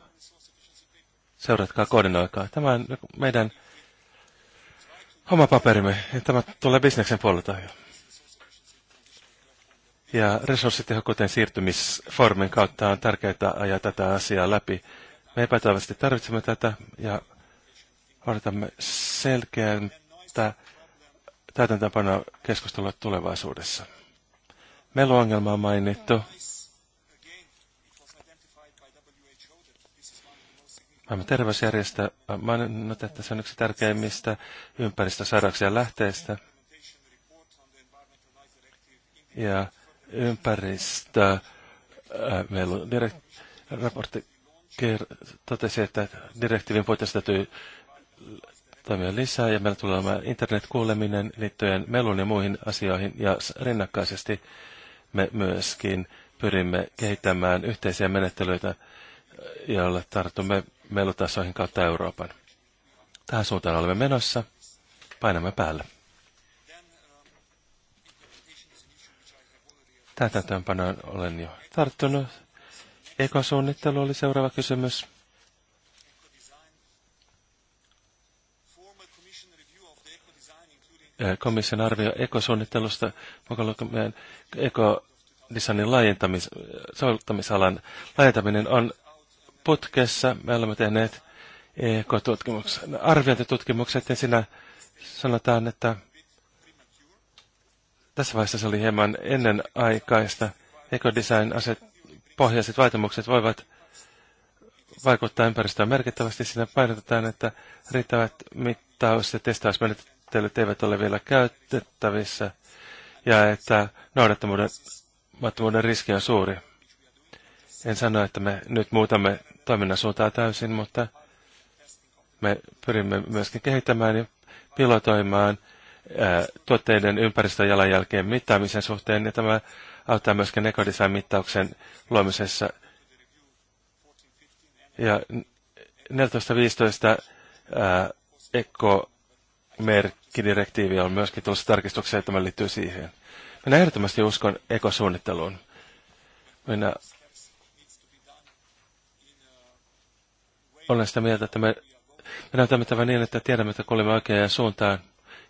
seuratkaa, koordinoikaa. Tämä on meidän oma paperimme. Tämä tulee bisneksen puolelta jo. Ja resurssitehokkuuteen siirtymisformin kautta on tärkeää ajaa tätä asiaa läpi. Me epätoivasti tarvitsemme tätä ja odotamme selkeäntä täytäntöpanoa keskustelua tulevaisuudessa. Meluongelma on mainittu. maailman terveysjärjestö maininnut, että se on yksi tärkeimmistä ympäristösairauksia lähteistä. Ja ympäristö, äh, meillä on direkt, raportti totesi, että direktiivin puitteissa täytyy toimia lisää ja meillä tulee olemaan internetkuuleminen liittyen melun ja muihin asioihin ja rinnakkaisesti me myöskin pyrimme kehittämään yhteisiä menettelyitä, joilla tartumme melutasoihin kautta Euroopan. Tähän suuntaan olemme menossa. Painamme päälle. Täytäntöönpanoon olen jo tarttunut. Ekosuunnittelu oli seuraava kysymys. Eh, komission arvio ekosuunnittelusta mukaan ekodesignin laajentamis, soveltamisalan laajentaminen on putkessa. Me olemme tehneet EK-tutkimukset, arviointitutkimukset, ja siinä sanotaan, että tässä vaiheessa se oli hieman ennenaikaista. Ecodesign aset, pohjaiset vaatimukset voivat vaikuttaa ympäristöön merkittävästi. Siinä painotetaan, että riittävät mittaus- ja testausmenettelyt eivät ole vielä käytettävissä ja että noudattomuuden riski on suuri. En sano, että me nyt muutamme toiminnan suuntaa täysin, mutta me pyrimme myöskin kehittämään ja pilotoimaan tuotteiden ympäristöjalanjälkeen mittaamisen suhteen, ja tämä auttaa myöskin ekodesign-mittauksen luomisessa. Ja 14.15 ekomerkkidirektiivi on myöskin tullut tarkistukseen, että tämä liittyy siihen. Minä ehdottomasti uskon ekosuunnitteluun. Minä olen sitä mieltä, että me, me näytämme tämän niin, että tiedämme, että kuulemme oikeaan suuntaan,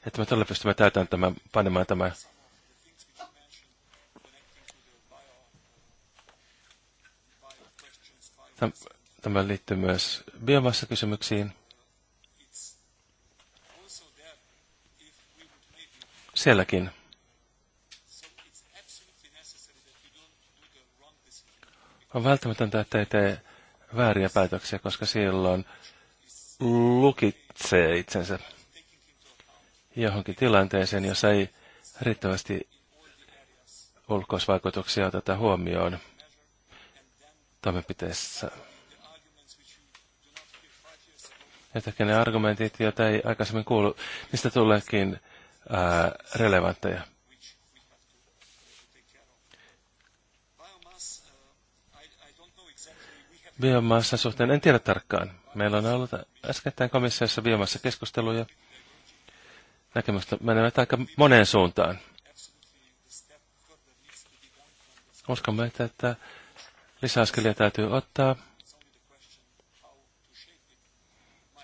että me todella pystymme täytämään tämän, panemaan tämän. Tämä liittyy myös biomassakysymyksiin. Sielläkin. On välttämätöntä, että ei tee vääriä päätöksiä, koska silloin lukitsee itsensä johonkin tilanteeseen, jossa ei riittävästi ulkoisvaikutuksia tätä huomioon toimenpiteessä. Jotakin ne argumentit, joita ei aikaisemmin kuulu, niistä tuleekin ää, relevantteja. biomassan suhteen en tiedä tarkkaan. Meillä on ollut äskettäin komissiossa biomassa keskusteluja. Näkemystä menevät aika moneen suuntaan. Uskomme, että, että lisäaskelia täytyy ottaa.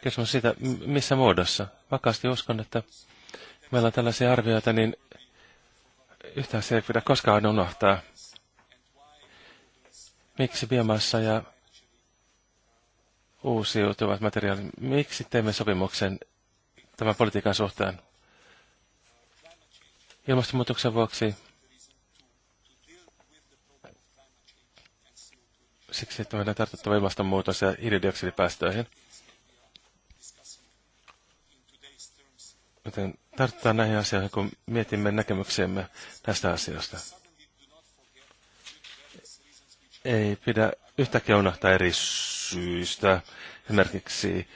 Kysymys siitä, missä muodossa. Vakaasti uskon, että meillä on tällaisia arvioita, niin yhtään se ei pidä koskaan unohtaa. Miksi biomassa ja uusiutuvat materiaalit. Miksi teemme sopimuksen tämän politiikan suhteen? Ilmastonmuutoksen vuoksi siksi, että meidän tartuttava ilmastonmuutos ja hiilidioksidipäästöihin. Joten tartutaan näihin asioihin, kun mietimme näkemyksiämme näistä asioista. Ei pidä yhtäkkiä unohtaa eri syistä, esimerkiksi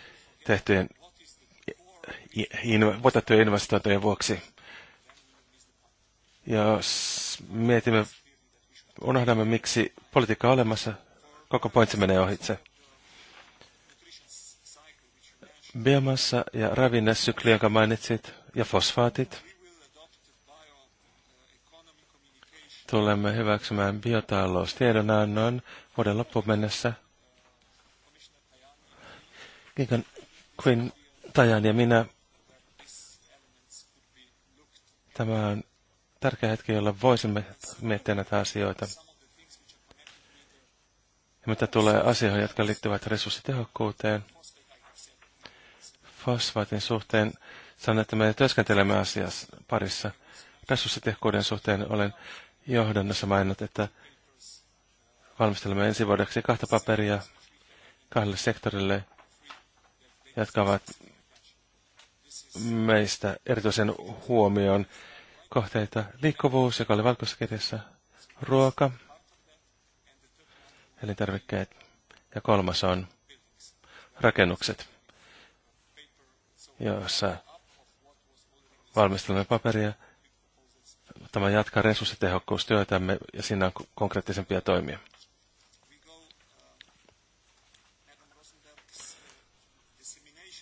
tehtyjen voitettujen investointejen vuoksi. Jos mietimme, unohdamme miksi politiikka on olemassa, koko pointsi menee ohitse. Biomassa ja ravinnesykli, jonka mainitsit, ja fosfaatit. Tulemme hyväksymään biotaloustiedonannon vuoden loppuun mennessä – gegen Queen Tajan ja minä. Tämä on tärkeä hetki, jolla voisimme miettiä näitä asioita. Ja mitä tulee asioihin, jotka liittyvät resurssitehokkuuteen, fosfaatin suhteen, sanon, että me työskentelemme asiassa parissa. Resurssitehokkuuden suhteen olen johdannossa mainot, että valmistelemme ensi vuodeksi kahta paperia kahdelle sektorille – jotka ovat meistä erityisen huomion kohteita. Liikkuvuus, joka oli valkoisessa kirjassa, ruoka, elintarvikkeet ja kolmas on rakennukset, jossa valmistelemme paperia. Tämä jatkaa resurssitehokkuustyötämme ja siinä on konkreettisempia toimia.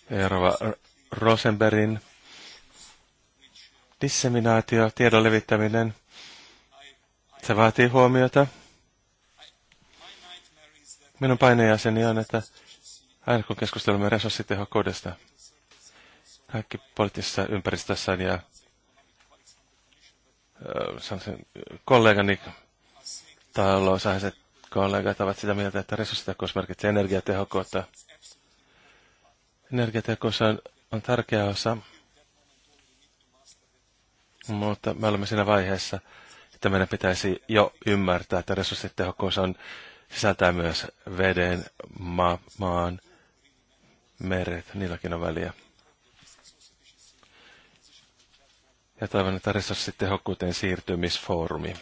Eerova eh, Rosenbergin disseminaatio, tiedon levittäminen, se vaatii huomiota. Minun painejäseni on, että aina kun keskustelemme resurssitehokkuudesta, kaikki poliittisessa ympäristössä ja sanoisin, kollegani talousaiheiset kollegat ovat sitä mieltä, että resurssitehokkuus merkitsee energiatehokkuutta. Energiatekos on, on tärkeä osa, mutta me olemme siinä vaiheessa, että meidän pitäisi jo ymmärtää, että resurssitehokkuus on, sisältää myös veden, ma- maan, meret, niilläkin on väliä. Ja toivon, että resurssitehokkuuteen siirtymisfoorumi.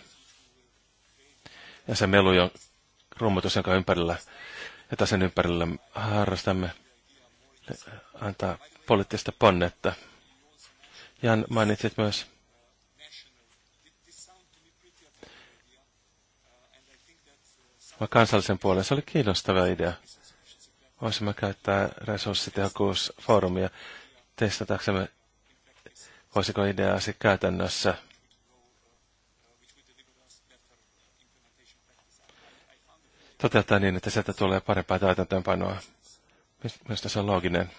Ja se melu, rummutus, jonka ympärillä, jota sen ympärillä harrastamme, antaa poliittista ponnetta. Jan mainitsit myös kansallisen puolen. Se oli kiinnostava idea. Voisimme käyttää resurssitehokkuusfoorumia testataksemme, voisiko ideaasi käytännössä toteuttaa niin, että sieltä tulee parempaa täytäntöönpanoa. Mistä se on looginen.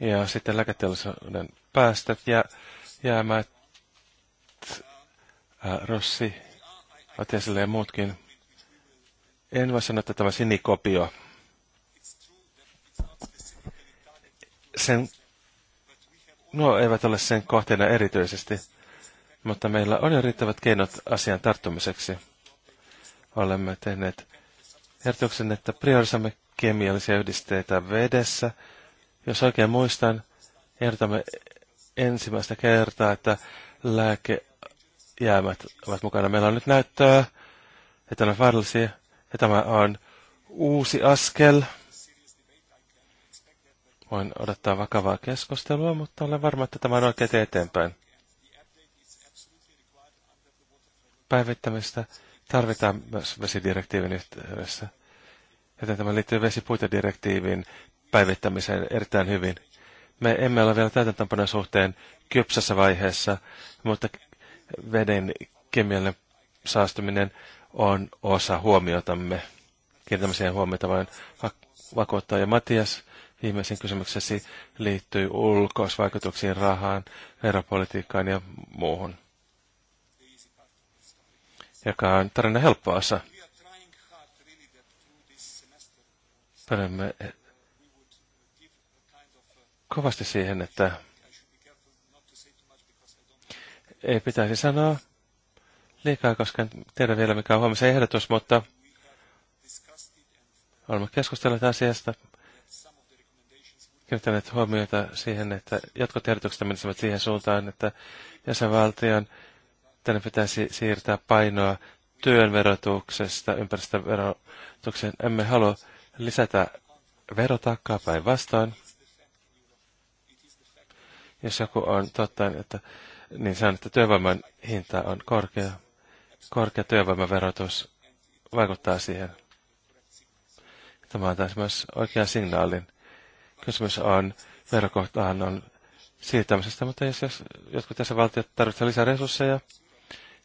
Ja sitten lääketeollisuuden päästöt ja jäämät, ää, äh, Rossi, Atesille ja muutkin. En voi sanoa, että tämä sinikopio. Sen, nuo eivät ole sen kohteena erityisesti, mutta meillä on jo riittävät keinot asian tarttumiseksi. Olemme tehneet ehdotuksen, että priorisamme kemiallisia yhdisteitä vedessä. Jos oikein muistan, ehdotamme ensimmäistä kertaa, että lääkejäämät ovat mukana. Meillä on nyt näyttöä, että on varallisia, ja tämä on uusi askel. Voin odottaa vakavaa keskustelua, mutta olen varma, että tämä on oikein eteenpäin. Päivittämistä tarvitaan myös vesidirektiivin yhteydessä. Joten tämä liittyy vesipuitedirektiivin päivittämiseen erittäin hyvin. Me emme ole vielä täytäntöönpanon suhteen kypsässä vaiheessa, mutta veden kemiallinen saastuminen on osa huomiotamme. Kiinnitämme siihen huomiota vain vakuuttaa. Ja Matias, viimeisen kysymyksesi liittyy ulkoisvaikutuksiin, rahaan, veropolitiikkaan ja muuhun joka on tarinan helppo osa. Pyrimme eh, kovasti siihen, että ei pitäisi sanoa liikaa, koska en tiedä vielä mikä on huomisen ehdotus, mutta olemme keskustelleet asiasta, kiinnittäneet huomiota siihen, että jotkut ehdotukset menisivät siihen suuntaan, että jäsenvaltion teidän pitäisi siirtää painoa työn verotuksesta ympäristöverotukseen. Emme halua lisätä verotaakkaa päinvastoin. Jos joku on totta, että, niin sanon, että työvoiman hinta on korkea. Korkea työvoimaverotus vaikuttaa siihen. Tämä on taas myös oikea signaalin. Kysymys on, verokohtaan on siirtämisestä, mutta jos, jos jotkut tässä valtiot tarvitsevat lisää resursseja,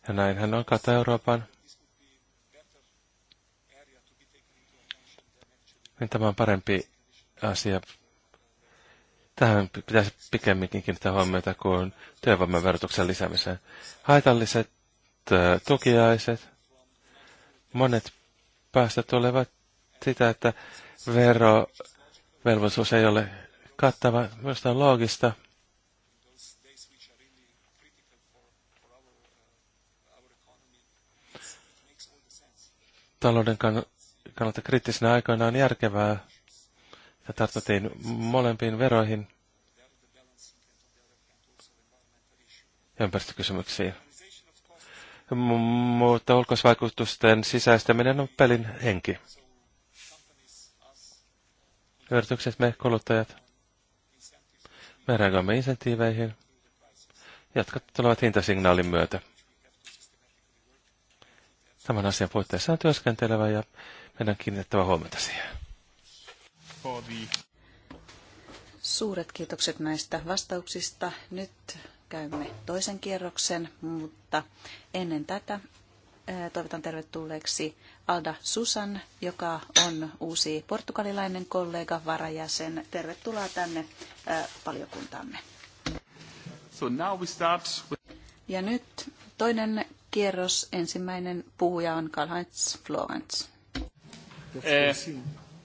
ja näin hän on kata Euroopan. Niin tämä on parempi asia. Tähän pitäisi pikemminkin kiinnittää huomiota kuin työvoiman verotuksen lisäämiseen. Haitalliset tukiaiset, monet päästöt tulevat sitä, että verovelvollisuus ei ole kattava. Minusta on loogista talouden kannalta kriittisinä aikoina on järkevää, että tartuttiin molempiin veroihin ja ympäristökysymyksiin. M- mutta ulkoisvaikutusten sisäistäminen on pelin henki. Yritykset, me kuluttajat, me reagoimme insentiiveihin, jotka tulevat hintasignaalin myötä tämän asian puitteissa on työskentelevä ja meidän kiinnitettävä huomiota siihen. Suuret kiitokset näistä vastauksista. Nyt käymme toisen kierroksen, mutta ennen tätä toivotan tervetulleeksi Alda Susan, joka on uusi portugalilainen kollega, varajäsen. Tervetuloa tänne valiokuntaamme. So now we start with... Ja nyt toinen kierros. Ensimmäinen puhuja on Karl-Heinz Florence. Eh,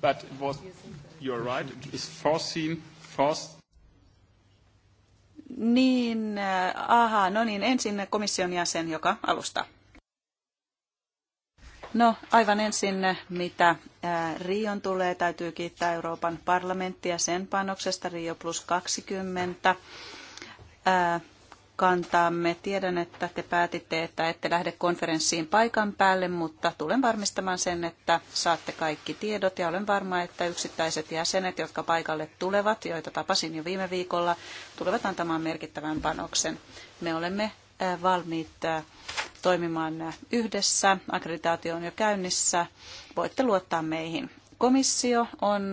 but it you're right, it's foreseen, forced. Niin, äh, aha, no niin, ensin komission jäsen, joka alustaa. No aivan ensin, mitä äh, Rion tulee, täytyy kiittää Euroopan parlamenttia sen panoksesta Rio plus 20 kantaamme. Tiedän, että te päätitte, että ette lähde konferenssiin paikan päälle, mutta tulen varmistamaan sen, että saatte kaikki tiedot ja olen varma, että yksittäiset jäsenet, jotka paikalle tulevat, joita tapasin jo viime viikolla, tulevat antamaan merkittävän panoksen. Me olemme äh, valmiit äh, toimimaan äh, yhdessä. Akkreditaatio on jo käynnissä. Voitte luottaa meihin. Komissio on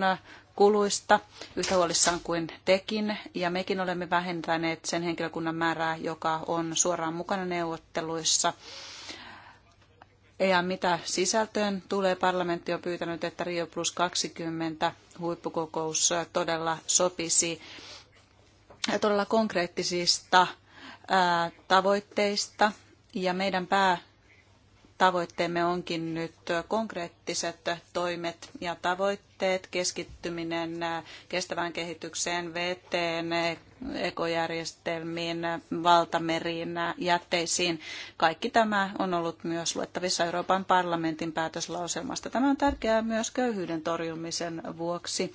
kuluista yhtä huolissaan kuin tekin, ja mekin olemme vähentäneet sen henkilökunnan määrää, joka on suoraan mukana neuvotteluissa. Ja mitä sisältöön tulee, parlamentti on pyytänyt, että Rio plus 20 huippukokous todella sopisi todella konkreettisista tavoitteista. Ja meidän pää tavoitteemme onkin nyt konkreettiset toimet ja tavoitteet, keskittyminen kestävään kehitykseen, veteen, ekojärjestelmiin, valtameriin, jätteisiin. Kaikki tämä on ollut myös luettavissa Euroopan parlamentin päätöslauselmasta. Tämä on tärkeää myös köyhyyden torjumisen vuoksi,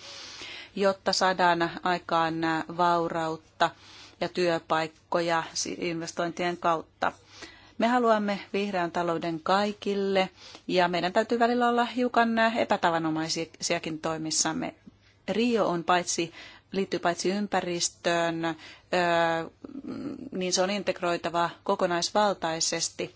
jotta saadaan aikaan vaurautta ja työpaikkoja investointien kautta. Me haluamme vihreän talouden kaikille ja meidän täytyy välillä olla hiukan epätavanomaisiakin toimissamme. Rio on paitsi liittyy paitsi ympäristöön, niin se on integroitava kokonaisvaltaisesti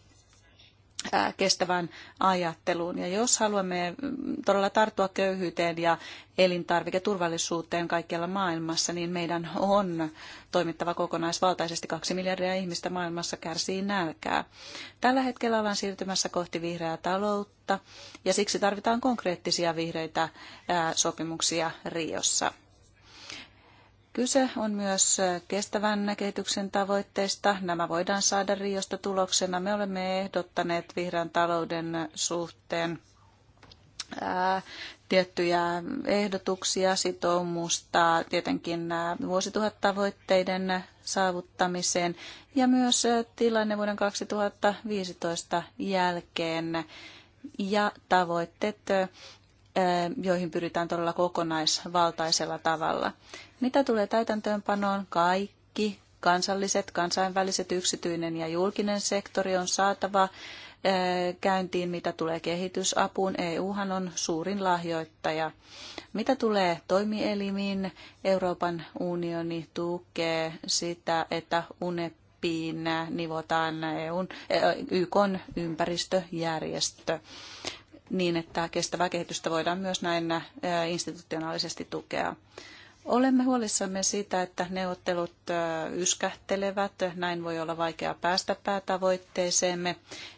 kestävään ajatteluun. Ja jos haluamme mm, todella tarttua köyhyyteen ja elintarviketurvallisuuteen kaikkialla maailmassa, niin meidän on toimittava kokonaisvaltaisesti. Kaksi miljardia ihmistä maailmassa kärsii nälkää. Tällä hetkellä ollaan siirtymässä kohti vihreää taloutta ja siksi tarvitaan konkreettisia vihreitä sopimuksia Riossa. Kyse on myös kestävän kehityksen tavoitteista. Nämä voidaan saada Riosta tuloksena. Me olemme ehdottaneet vihreän talouden suhteen ää, tiettyjä ehdotuksia, sitoumusta, tietenkin vuosituhattavoitteiden saavuttamiseen ja myös tilanne vuoden 2015 jälkeen ja tavoitteet joihin pyritään todella kokonaisvaltaisella tavalla. Mitä tulee täytäntöönpanoon, kaikki kansalliset, kansainväliset, yksityinen ja julkinen sektori on saatava eh, käyntiin, mitä tulee kehitysapuun. EUhan on suurin lahjoittaja. Mitä tulee toimielimiin, Euroopan unioni tukee sitä, että UNEPiin nivotaan EUn, eh, YK ympäristöjärjestö niin, että kestävää kehitystä voidaan myös näin eh, institutionaalisesti tukea. Olemme huolissamme siitä, että neuvottelut yskähtelevät. Näin voi olla vaikea päästä päätavoitteeseemme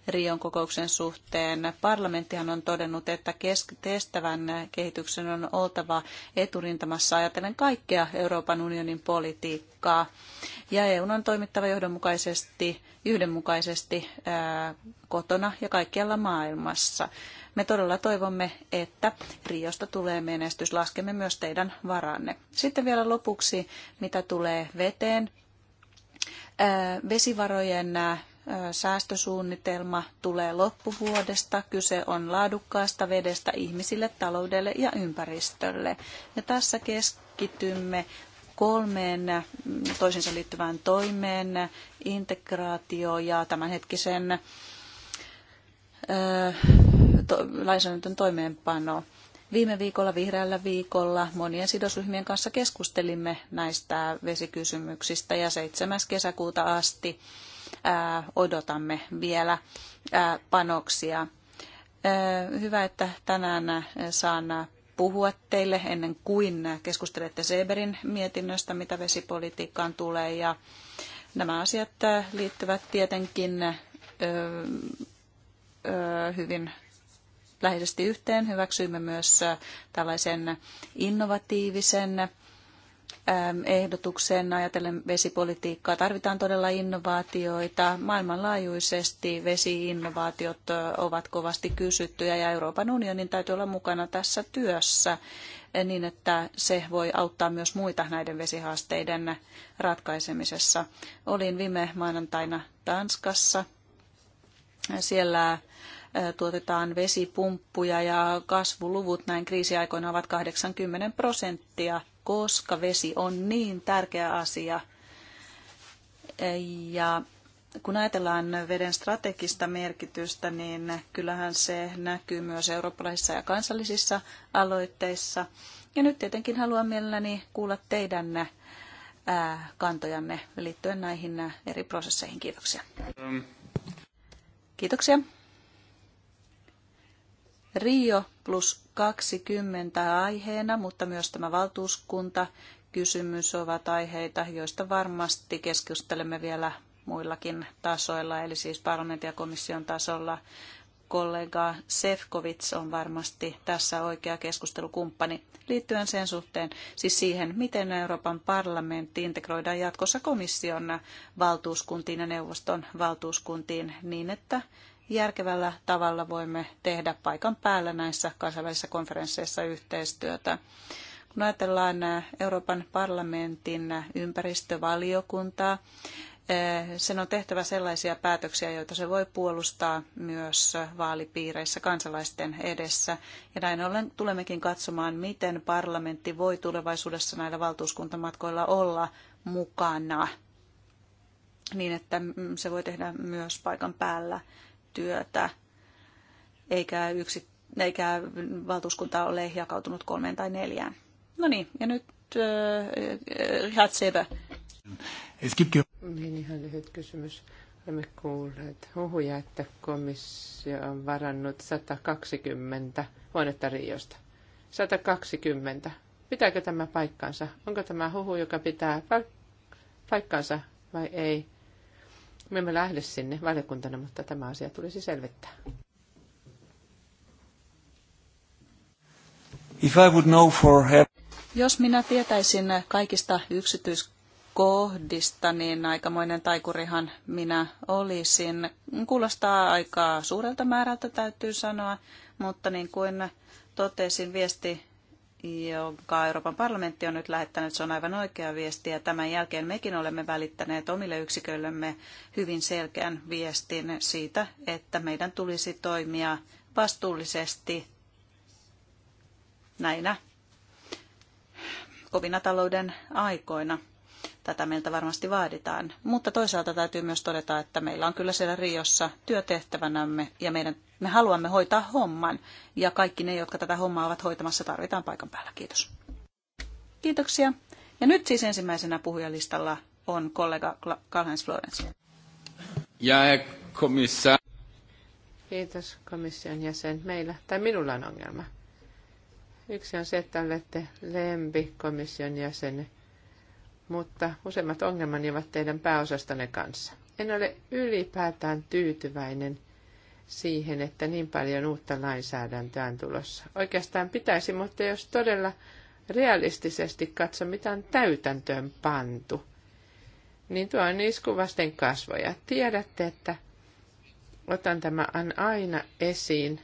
Rion kokouksen suhteen. Parlamenttihan on todennut, että kestävän kehityksen on oltava eturintamassa ajatellen kaikkea Euroopan unionin politiikkaa. Ja EUn on toimittava johdonmukaisesti yhdenmukaisesti kotona ja kaikkialla maailmassa. Me todella toivomme, että Riosta tulee menestys. Laskemme myös teidän varanne. Sitten vielä lopuksi, mitä tulee veteen. Vesivarojen säästösuunnitelma tulee loppuvuodesta. Kyse on laadukkaasta vedestä ihmisille, taloudelle ja ympäristölle. Ja tässä keskitymme kolmeen mm, toisensa liittyvään toimeen, integraatio ja tämänhetkisen to, lainsäädäntön toimeenpano. Viime viikolla, vihreällä viikolla, monien sidosryhmien kanssa keskustelimme näistä vesikysymyksistä ja 7. kesäkuuta asti ää, odotamme vielä ää, panoksia. Hyvä, että tänään saan puhua teille ennen kuin keskustelette Seberin mietinnöstä, mitä vesipolitiikkaan tulee. Ja nämä asiat liittyvät tietenkin hyvin läheisesti yhteen. Hyväksyimme myös tällaisen innovatiivisen ehdotukseen ajatellen vesipolitiikkaa. Tarvitaan todella innovaatioita. Maailmanlaajuisesti vesiinnovaatiot ovat kovasti kysyttyjä ja Euroopan unionin täytyy olla mukana tässä työssä niin, että se voi auttaa myös muita näiden vesihaasteiden ratkaisemisessa. Olin viime maanantaina Tanskassa. Siellä tuotetaan vesipumppuja ja kasvuluvut näin kriisiaikoina ovat 80 prosenttia koska vesi on niin tärkeä asia. Ja kun ajatellaan veden strategista merkitystä, niin kyllähän se näkyy myös eurooppalaisissa ja kansallisissa aloitteissa. Ja nyt tietenkin haluan mielelläni kuulla teidän kantojanne liittyen näihin eri prosesseihin. Kiitoksia. Ähm. Kiitoksia. Rio plus 20 aiheena, mutta myös tämä valtuuskunta kysymys ovat aiheita, joista varmasti keskustelemme vielä muillakin tasoilla, eli siis parlamentin ja komission tasolla. Kollega Sefkovits on varmasti tässä oikea keskustelukumppani liittyen sen suhteen, siis siihen, miten Euroopan parlamentti integroidaan jatkossa komission valtuuskuntiin ja neuvoston valtuuskuntiin niin, että järkevällä tavalla voimme tehdä paikan päällä näissä kansainvälisissä konferensseissa yhteistyötä. Kun ajatellaan äh, Euroopan parlamentin äh, ympäristövaliokuntaa, äh, sen on tehtävä sellaisia päätöksiä, joita se voi puolustaa myös vaalipiireissä kansalaisten edessä. Ja näin ollen tulemmekin katsomaan, miten parlamentti voi tulevaisuudessa näillä valtuuskuntamatkoilla olla mukana niin, että mm, se voi tehdä myös paikan päällä työtä, eikä, yksi, eikä valtuuskunta ole jakautunut kolmeen tai neljään. No niin, ja nyt äh, Richard Seber. Niin, ihan lyhyt kysymys. Olemme kuulleet huhuja, että komissio on varannut 120 huonetta Riosta. 120. Pitääkö tämä paikkansa? Onko tämä huhu, joka pitää paikkansa vai ei? Me emme lähde sinne valiokuntana, mutta tämä asia tulisi selvittää. If I would know for her... Jos minä tietäisin kaikista yksityiskohdista, niin aikamoinen taikurihan minä olisin. Kuulostaa aika suurelta määrältä, täytyy sanoa, mutta niin kuin totesin, viesti jonka Euroopan parlamentti on nyt lähettänyt, se on aivan oikea viesti ja tämän jälkeen mekin olemme välittäneet omille yksiköillemme hyvin selkeän viestin siitä, että meidän tulisi toimia vastuullisesti näinä kovina talouden aikoina. Tätä meiltä varmasti vaaditaan, mutta toisaalta täytyy myös todeta, että meillä on kyllä siellä Riossa työtehtävänämme ja meidän me haluamme hoitaa homman ja kaikki ne, jotka tätä hommaa ovat hoitamassa, tarvitaan paikan päällä. Kiitos. Kiitoksia. Ja nyt siis ensimmäisenä puhujalistalla on kollega Karl-Heinz Florens. Ja komissa. Kiitos komission jäsen. Meillä, tai minulla on ongelma. Yksi on se, että olette lempi komission jäsen, mutta useimmat ongelmani ovat teidän pääosastanne kanssa. En ole ylipäätään tyytyväinen siihen, että niin paljon uutta lainsäädäntöä on tulossa. Oikeastaan pitäisi, mutta jos todella realistisesti katso, mitä on täytäntöön pantu, niin tuo on iskuvasten kasvoja. Tiedätte, että otan tämä aina esiin,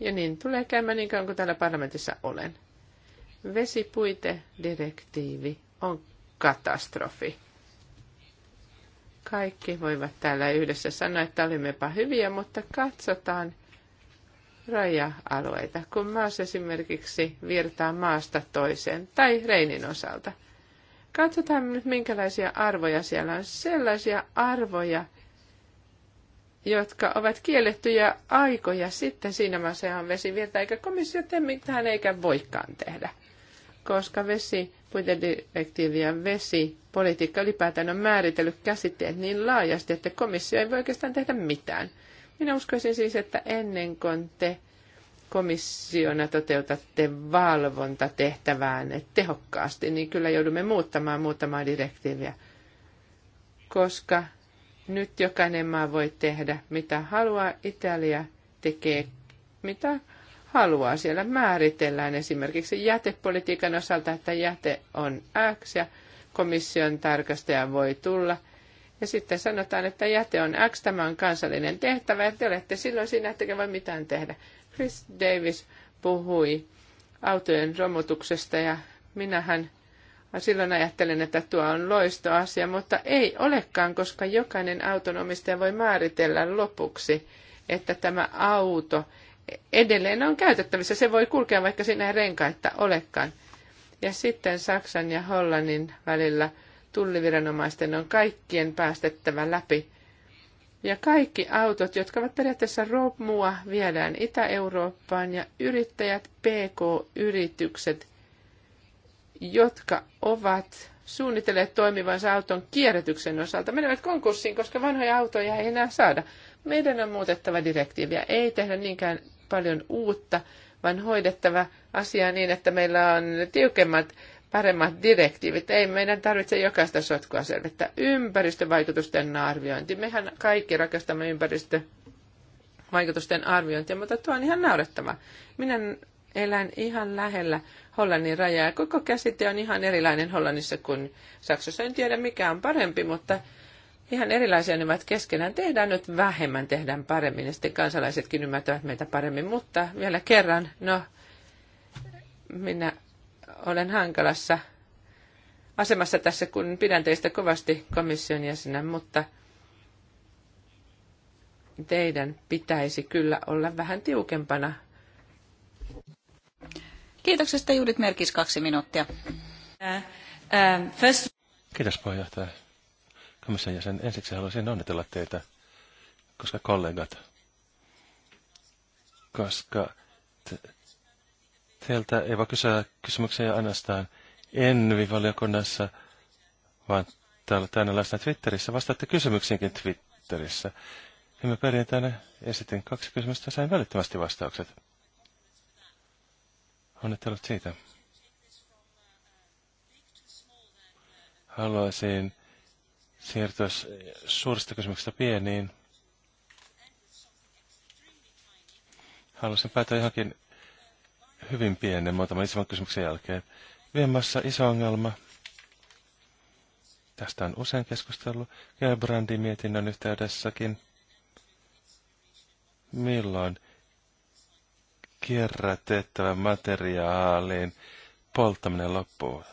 ja niin tulee käymään niin kauan kuin täällä parlamentissa olen. Vesipuitedirektiivi on katastrofi. Kaikki voivat täällä yhdessä sanoa, että olimmepa hyviä, mutta katsotaan raja-alueita, kun maassa esimerkiksi virtaa maasta toiseen tai Reinin osalta. Katsotaan nyt, minkälaisia arvoja siellä on. Sellaisia arvoja, jotka ovat kiellettyjä aikoja sitten siinä maassa, johon vesi virtaa, eikä komissio tee mitään eikä voikaan tehdä, koska vesi puitedirektiivi ja vesipolitiikka ylipäätään on määritellyt käsitteet niin laajasti, että komissio ei voi oikeastaan tehdä mitään. Minä uskoisin siis, että ennen kuin te komissiona toteutatte valvontatehtävään tehokkaasti, niin kyllä joudumme muuttamaan muutamaa direktiiviä, koska nyt jokainen maa voi tehdä mitä haluaa. Italia tekee mitä haluaa. Siellä määritellään esimerkiksi jätepolitiikan osalta, että jäte on X ja komission tarkastaja voi tulla. Ja sitten sanotaan, että jäte on X, tämä on kansallinen tehtävä, ja te olette silloin siinä, ettekä voi mitään tehdä. Chris Davis puhui autojen romutuksesta, ja minähän silloin ajattelen, että tuo on loistoasia, mutta ei olekaan, koska jokainen auton omistaja voi määritellä lopuksi, että tämä auto edelleen on käytettävissä. Se voi kulkea, vaikka sinne renkaita olekaan. Ja sitten Saksan ja Hollannin välillä tulliviranomaisten on kaikkien päästettävä läpi. Ja kaikki autot, jotka ovat periaatteessa romua, viedään Itä-Eurooppaan ja yrittäjät, PK-yritykset, jotka ovat suunnitelleet toimivansa auton kierrätyksen osalta, menevät konkurssiin, koska vanhoja autoja ei enää saada. Meidän on muutettava direktiiviä. Ei tehdä niinkään paljon uutta, vaan hoidettava asiaa niin, että meillä on tiukemmat, paremmat direktiivit. Ei meidän tarvitse jokaista sotkua selvittää. Ympäristövaikutusten arviointi. Mehän kaikki rakastamme ympäristövaikutusten arviointia, mutta tuo on ihan naurettava. Minä elän ihan lähellä Hollannin rajaa. Koko käsite on ihan erilainen Hollannissa kuin Saksassa. En tiedä mikä on parempi, mutta ihan erilaisia nimet keskenään. Tehdään nyt vähemmän, tehdään paremmin ja sitten kansalaisetkin ymmärtävät meitä paremmin. Mutta vielä kerran, no, minä olen hankalassa asemassa tässä, kun pidän teistä kovasti komission jäsenä, mutta teidän pitäisi kyllä olla vähän tiukempana. Kiitoksesta Judith Merkis kaksi minuuttia. Äh, äh, Kiitos puheenjohtaja komission jäsen, ensiksi haluaisin onnitella teitä, koska kollegat, koska te, teiltä ei voi kysyä kysymyksiä ainoastaan Envi-valiokunnassa, vaan täällä tänne läsnä Twitterissä. Vastaatte kysymyksiinkin Twitterissä. Ja mä perjantaina esitin kaksi kysymystä ja sain välittömästi vastaukset. Onnittelut siitä. Haluaisin siirtyä suurista kysymyksistä pieniin. Haluaisin päätä johonkin hyvin pienen muutaman isomman kysymyksen jälkeen. Viemässä iso ongelma. Tästä on usein keskustellut Gerbrandin mietinnön yhteydessäkin. Milloin kierrätettävän materiaalin polttaminen loppuu?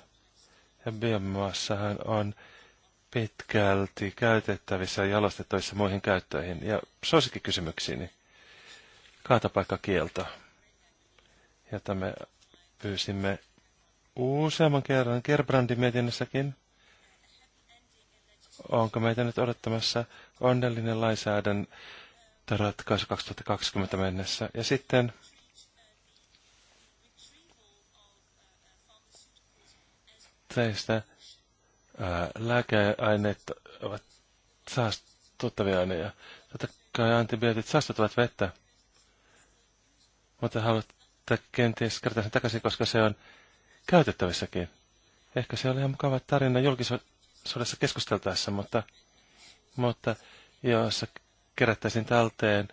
Ja biomassahan on pitkälti käytettävissä ja jalostettavissa muihin käyttöihin. Ja suosikkikysymyksiini. Kaatapaikkakielto, jota me pyysimme useamman kerran Gerbrandin mietinnössäkin. Onko meitä nyt odottamassa onnellinen lainsäädäntö ratkaisu 2020 mennessä? Ja sitten teistä lääkeaineet ovat saastuttavia aineja. Totta kai antibiootit saastuttavat vettä, mutta haluatte kenties kertoa sen takaisin, koska se on käytettävissäkin. Ehkä se oli ihan mukava tarina julkisuudessa keskusteltaessa, mutta, mutta jos kerättäisiin talteen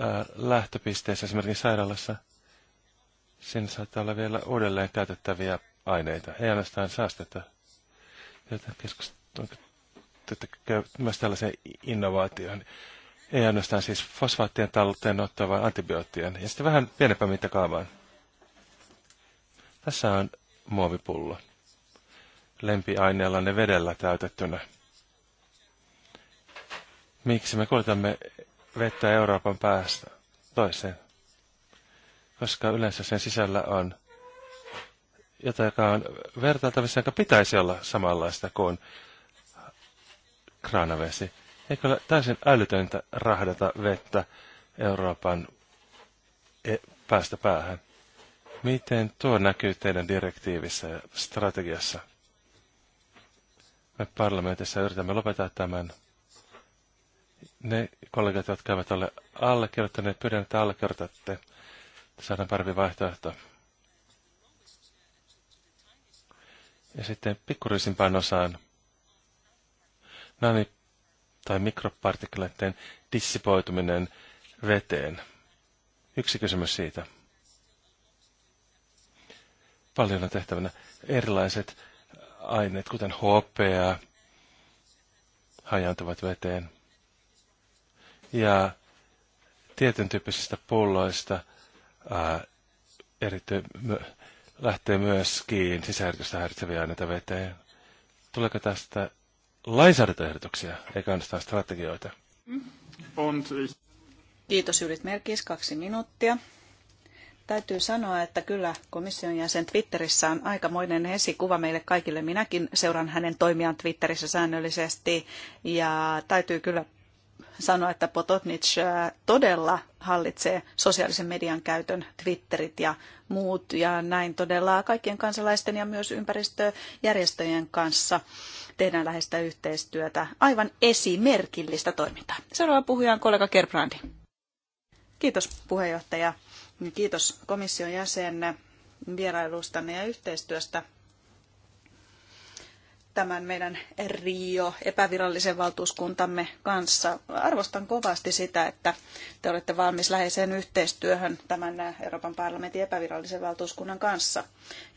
ää, lähtöpisteessä esimerkiksi sairaalassa, sinne saattaa olla vielä uudelleen käytettäviä aineita, ei ainoastaan saastetta joten keskustelua myös tällaiseen innovaatioon. Ei ainoastaan siis fosfaattien talteen vaan antibioottien ja sitten vähän pienempään mittakaavaan. Tässä on muovipullo. Lempiaineella ne vedellä täytettynä. Miksi me kulutamme vettä Euroopan päästä toiseen? Koska yleensä sen sisällä on jota, on vertailtavissa, jonka pitäisi olla samanlaista kuin kraanavesi. Eikö ole täysin älytöntä rahdata vettä Euroopan e- päästä päähän? Miten tuo näkyy teidän direktiivissä ja strategiassa? Me parlamentissa yritämme lopettaa tämän. Ne kollegat, jotka eivät ole allekirjoittaneet, pyydän, että allekirjoitatte. Saadaan parempi vaihtoehto. Ja sitten pikkurisimpään osaan nani- tai mikropartikkeleiden dissipoituminen veteen. Yksi kysymys siitä. Paljon on tehtävänä erilaiset aineet, kuten hopea, hajantuvat veteen. Ja tietyn tyyppisistä pulloista, ää, erity, lähtee myöskin sisäärkystä häiritseviä aineita veteen. Tuleeko tästä lainsäädäntöehdotuksia, eikä ainoastaan strategioita? Kiitos Judith Merkis, kaksi minuuttia. Täytyy sanoa, että kyllä komission jäsen Twitterissä on aikamoinen esikuva meille kaikille. Minäkin seuran hänen toimiaan Twitterissä säännöllisesti ja täytyy kyllä sanoa, että Pototnich todella hallitsee sosiaalisen median käytön, Twitterit ja muut, ja näin todella kaikkien kansalaisten ja myös ympäristöjärjestöjen kanssa tehdään läheistä yhteistyötä. Aivan esimerkillistä toimintaa. Seuraava puhuja on kollega Gerbrandi. Kiitos puheenjohtaja. Kiitos komission jäsen vierailustanne ja yhteistyöstä tämän meidän Rio epävirallisen valtuuskuntamme kanssa. Arvostan kovasti sitä, että te olette valmis läheiseen yhteistyöhön tämän Euroopan parlamentin epävirallisen valtuuskunnan kanssa.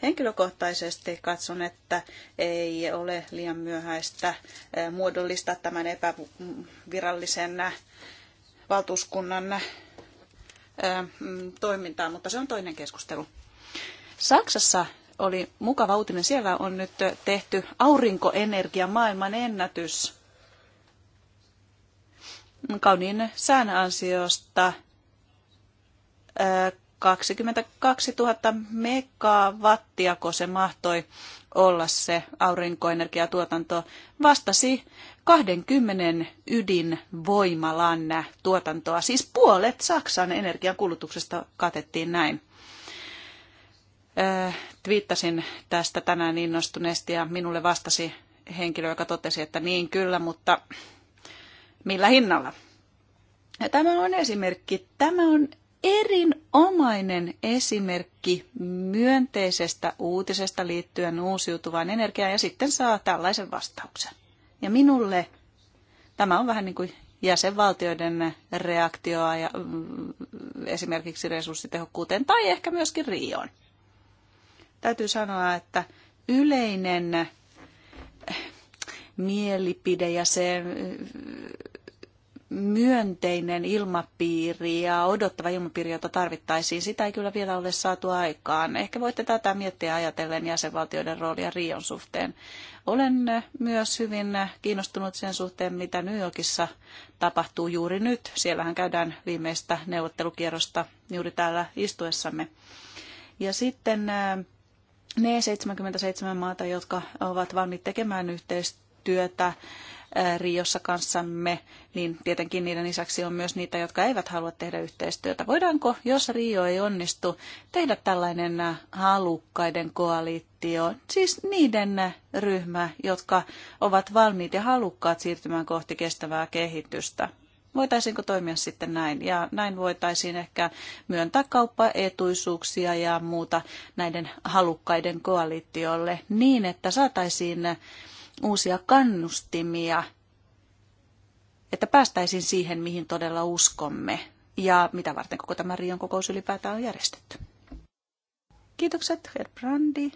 Henkilökohtaisesti katson, että ei ole liian myöhäistä eh, muodollistaa tämän epävirallisen eh, valtuuskunnan eh, mm, toimintaa, mutta se on toinen keskustelu. Saksassa oli mukava uutinen. Siellä on nyt tehty aurinkoenergia maailman ennätys kauniin sään ansiosta. 22 000 megawattia, kun se mahtoi olla se aurinkoenergiatuotanto, vastasi 20 ydinvoimalan tuotantoa. Siis puolet Saksan energiankulutuksesta katettiin näin. Äh, twiittasin tästä tänään innostuneesti ja minulle vastasi henkilö, joka totesi, että niin kyllä, mutta millä hinnalla? Ja tämä on esimerkki. Tämä on erinomainen esimerkki myönteisestä uutisesta liittyen uusiutuvaan energiaan ja sitten saa tällaisen vastauksen. Ja minulle tämä on vähän niin kuin jäsenvaltioiden reaktioa ja mm, esimerkiksi resurssitehokkuuteen tai ehkä myöskin Rioon täytyy sanoa, että yleinen eh, mielipide ja se eh, myönteinen ilmapiiri ja odottava ilmapiiri, jota tarvittaisiin, sitä ei kyllä vielä ole saatu aikaan. Ehkä voitte tätä miettiä ajatellen jäsenvaltioiden roolia Rion suhteen. Olen eh, myös hyvin kiinnostunut sen suhteen, mitä New Yorkissa tapahtuu juuri nyt. Siellähän käydään viimeistä neuvottelukierrosta juuri täällä istuessamme. Ja sitten ne 77 maata, jotka ovat valmiit tekemään yhteistyötä Riossa kanssamme, niin tietenkin niiden lisäksi on myös niitä, jotka eivät halua tehdä yhteistyötä. Voidaanko, jos Rio ei onnistu, tehdä tällainen halukkaiden koalitio, siis niiden ryhmä, jotka ovat valmiit ja halukkaat siirtymään kohti kestävää kehitystä? Voitaisiinko toimia sitten näin? Ja näin voitaisiin ehkä myöntää kauppaetuisuuksia ja muuta näiden halukkaiden koalitiolle niin, että saataisiin uusia kannustimia, että päästäisiin siihen, mihin todella uskomme ja mitä varten koko tämä Rion kokous ylipäätään on järjestetty. Kiitokset, Herr Brandi.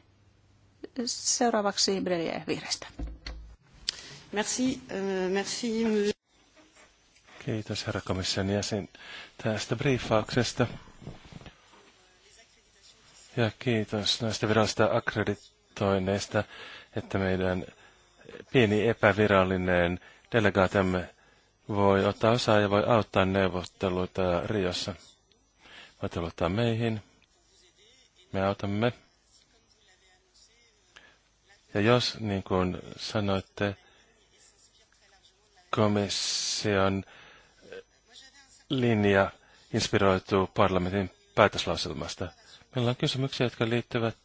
Seuraavaksi Brelier Vihreistä. Merci, euh, merci. Kiitos herra komission jäsen tästä briefauksesta. Ja kiitos näistä virallista akkreditoinneista, että meidän pieni epävirallinen delegaatiamme voi ottaa osaa ja voi auttaa neuvotteluita Riossa. Voitte luottaa meihin. Me autamme. Ja jos, niin kuin sanoitte, komission linja inspiroituu parlamentin päätöslauselmasta. Meillä on kysymyksiä, jotka liittyvät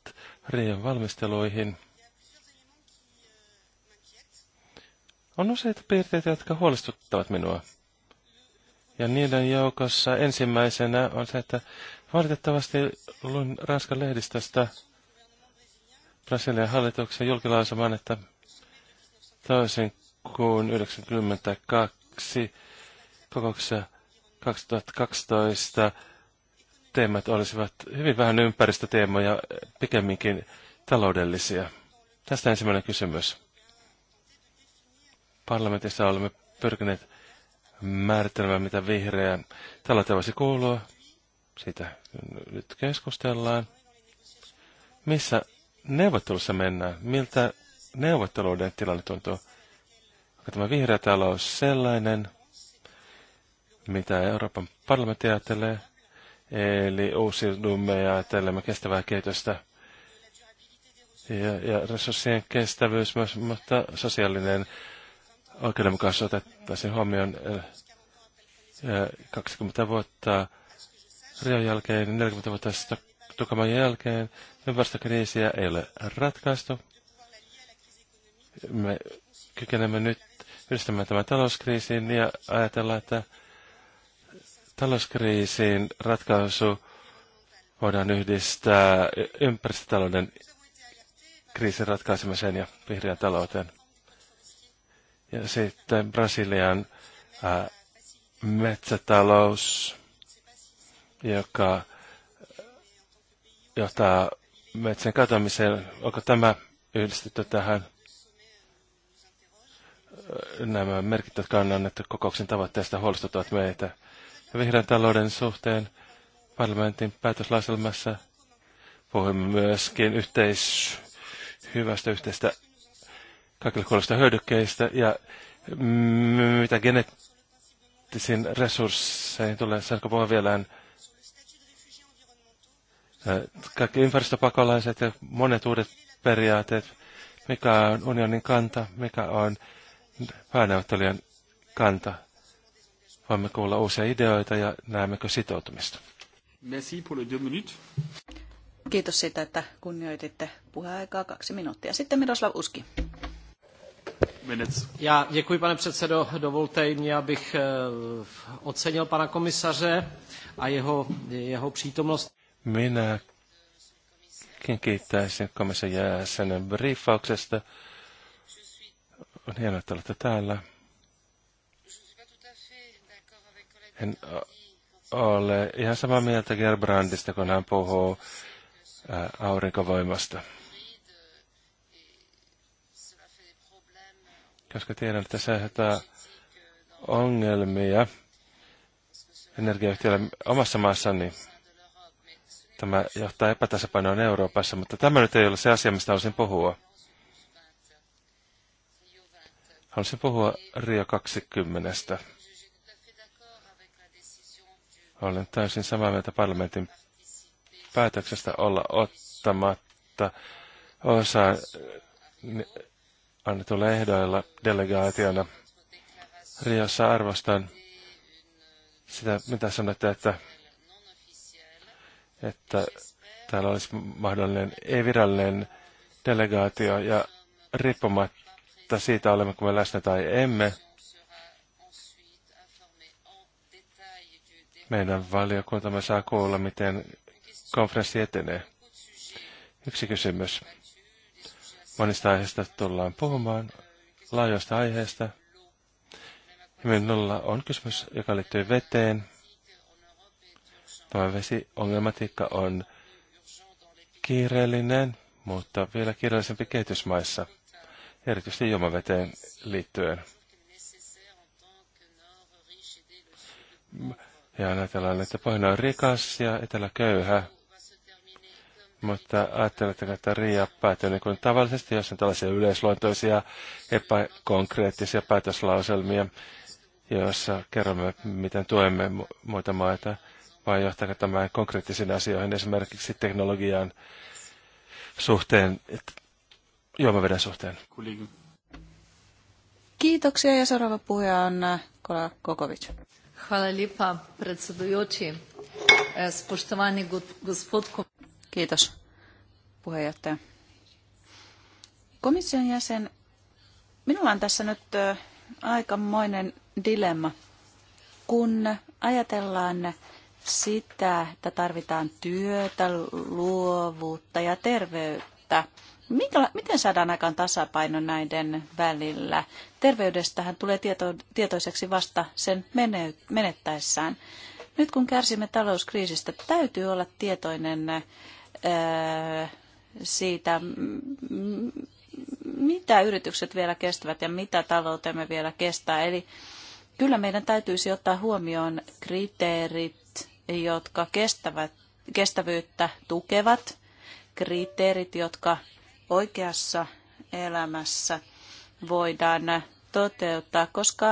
Rion valmisteluihin. On useita piirteitä, jotka huolestuttavat minua. Ja niiden joukossa ensimmäisenä on se, että valitettavasti luin Ranskan lehdistöstä Brasilian hallituksen julkilausuman, että toisin kuin 1992 kokouksessa 2012 teemat olisivat hyvin vähän ympäristöteemoja, pikemminkin taloudellisia. Tästä ensimmäinen kysymys. Parlamentissa olemme pyrkineet määrittelemään, mitä vihreä taloutta voisi kuulua. Siitä nyt keskustellaan. Missä neuvottelussa mennään? Miltä neuvotteluiden tilanne tuntuu? Onko tämä vihreä talous sellainen – mitä Euroopan parlamentti ajattelee, eli uusiudumme ja ajattelemme kestävää kehitystä ja, ja resurssien kestävyys, myös, mutta sosiaalinen oikeudenmukaisuus otettaisiin huomioon ja 20 vuotta Rion jälkeen, 40 vuotta Tukaman jälkeen, ympäristökriisiä niin ei ole ratkaistu. Me kykenemme nyt yhdistämään tämän talouskriisiin ja ajatella, että Talouskriisiin ratkaisu voidaan yhdistää ympäristötalouden kriisin ratkaisemiseen ja vihreän talouteen. Ja sitten Brasilian ää, metsätalous, joka johtaa metsän katoamiseen. Onko tämä yhdistetty tähän? Nämä merkittävät kannan, että kokouksen tavoitteesta, huolestuttavat meitä ja vihreän talouden suhteen parlamentin päätöslauselmassa puhumme myöskin yhteis, hyvästä yhteistä kaikille kuulosta hyödykkeistä ja mitä geneettisiin resursseihin tulee, saanko puhua vielä kaikki ympäristöpakolaiset ja monet uudet periaatteet, mikä on unionin kanta, mikä on pääneuvottelijan kanta. Voimme kuulla uusia ideoita ja näemmekö sitoutumista. Merci pour le deux minutes. Kiitos siitä, että kunnioititte puheaikaa kaksi minuuttia. Sitten Miroslav Uski. Já děkuji, pane předsedo. Dovolte mi, abych eh, ocenil pana komisaře a jeho, jeho přítomnost. Minä kiittäisin komission jäsenen briefauksesta. On hienoa, että olette täällä. En ole ihan samaa mieltä Gerbrandista, kun hän puhuu aurinkovoimasta. Koska tiedän, että se aiheuttaa ongelmia energiayhtiöllä omassa maassani. Tämä johtaa epätasapainoon Euroopassa, mutta tämä nyt ei ole se asia, mistä haluaisin puhua. Haluaisin puhua Rio 20. Olen täysin samaa mieltä parlamentin päätöksestä olla ottamatta osaa niin annetulla ehdoilla delegaationa. Riossa arvostan sitä, mitä sanotte, että, että täällä olisi mahdollinen ei-virallinen delegaatio ja riippumatta siitä olemmeko me läsnä tai emme, Meidän valiokuntamme saa kuulla, miten konferenssi etenee. Yksi kysymys. Monista aiheista tullaan puhumaan, laajoista aiheista. minulla on kysymys, joka liittyy veteen. Tämä vesiongelmatiikka on kiireellinen, mutta vielä kiireellisempi kehitysmaissa, erityisesti juomaveteen liittyen. Ja ajatellaan, että pohjoinen on rikas ja etelä köyhä. Mutta ajatteletteko, että Riia päätyy niin kuin tavallisesti, jos on tällaisia yleisluontoisia, epäkonkreettisia päätöslauselmia, joissa kerromme, miten tuemme muita maita, vai johtaako tämä konkreettisiin asioihin, esimerkiksi teknologian suhteen, juomaveden suhteen? Kiitoksia ja seuraava puhe on äh, Kola Kokovic. Hvala lijepa, predsedujoči. E, spoštovani gospod... Kiitos, puheenjohtaja. Komission jäsen, minulla on tässä nyt aikamoinen dilemma. Kun ajatellaan sitä, että tarvitaan työtä, luovuutta ja terveyttä, Minkä, miten saadaan aikaan tasapaino näiden välillä? Terveydestähän tulee tieto, tietoiseksi vasta sen menettäessään. Nyt kun kärsimme talouskriisistä, täytyy olla tietoinen ää, äh, siitä, mitä yritykset vielä kestävät ja mitä taloutemme vielä kestää. Eli kyllä meidän täytyisi ottaa huomioon kriteerit, jotka kestävät, kestävyyttä tukevat, kriteerit, jotka oikeassa elämässä voidaan toteuttaa, koska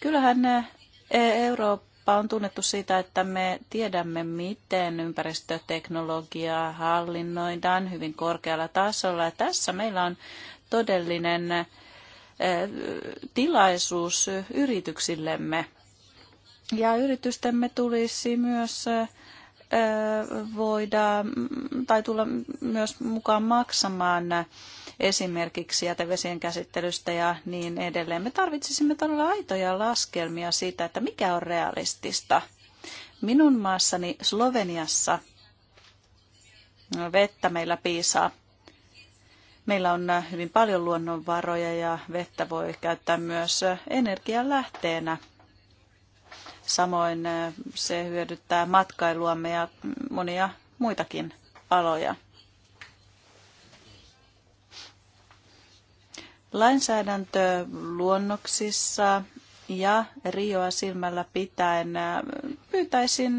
kyllähän e- Eurooppa on tunnettu siitä, että me tiedämme, miten ympäristöteknologiaa hallinnoidaan hyvin korkealla tasolla. Ja tässä meillä on todellinen e, tilaisuus yrityksillemme. Ja yritystemme tulisi myös e, voida mm, tai tulla myös mukaan maksamaan esimerkiksi jätevesien käsittelystä ja niin edelleen. Me tarvitsisimme todella aitoja laskelmia siitä, että mikä on realistista. Minun maassani Sloveniassa vettä meillä piisaa. Meillä on hyvin paljon luonnonvaroja ja vettä voi käyttää myös energian lähteenä. Samoin se hyödyttää matkailuamme ja monia muitakin aloja. Lainsäädäntöluonnoksissa ja Rioa silmällä pitäen pyytäisin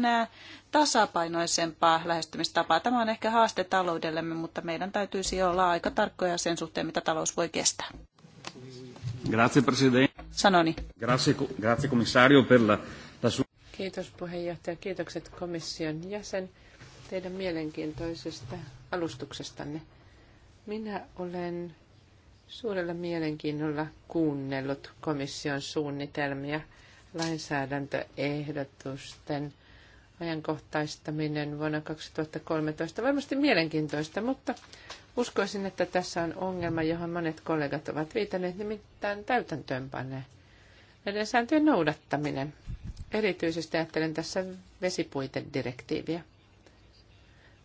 tasapainoisempaa lähestymistapaa. Tämä on ehkä haaste taloudellemme, mutta meidän täytyisi olla aika tarkkoja sen suhteen, mitä talous voi kestää. Grazie, Presidente. Sanoni. Grazie, grazie commissario per la Kiitos puheenjohtaja, kiitokset komission jäsen teidän mielenkiintoisesta alustuksestanne. Minä olen suurella mielenkiinnolla kuunnellut komission suunnitelmia, lainsäädäntöehdotusten ajankohtaistaminen vuonna 2013. Varmasti mielenkiintoista, mutta uskoisin, että tässä on ongelma, johon monet kollegat ovat viitanneet, nimittäin täytäntöönpaneen näiden sääntöjen noudattaminen. Erityisesti ajattelen tässä vesipuitedirektiiviä.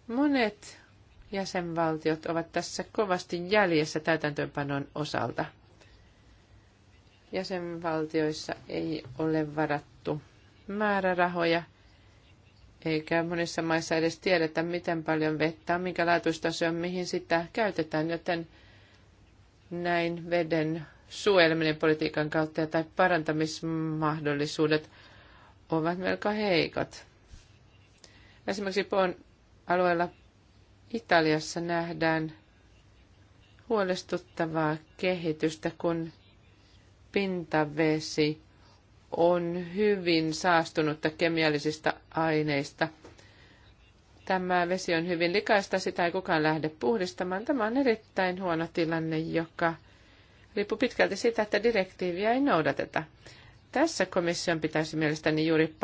Monet jäsenvaltiot ovat tässä kovasti jäljessä täytäntöönpanon osalta. Jäsenvaltioissa ei ole varattu määrärahoja, eikä monissa maissa edes tiedetä, miten paljon vettä on, minkä laatuista on, mihin sitä käytetään, joten näin veden suojeleminen politiikan kautta tai parantamismahdollisuudet ovat melko heikot. Esimerkiksi Poon alueella Italiassa nähdään huolestuttavaa kehitystä, kun pintavesi on hyvin saastunutta kemiallisista aineista. Tämä vesi on hyvin likaista, sitä ei kukaan lähde puhdistamaan. Tämä on erittäin huono tilanne, joka riippuu pitkälti siitä, että direktiiviä ei noudateta. Tässä komission pitäisi mielestäni juuri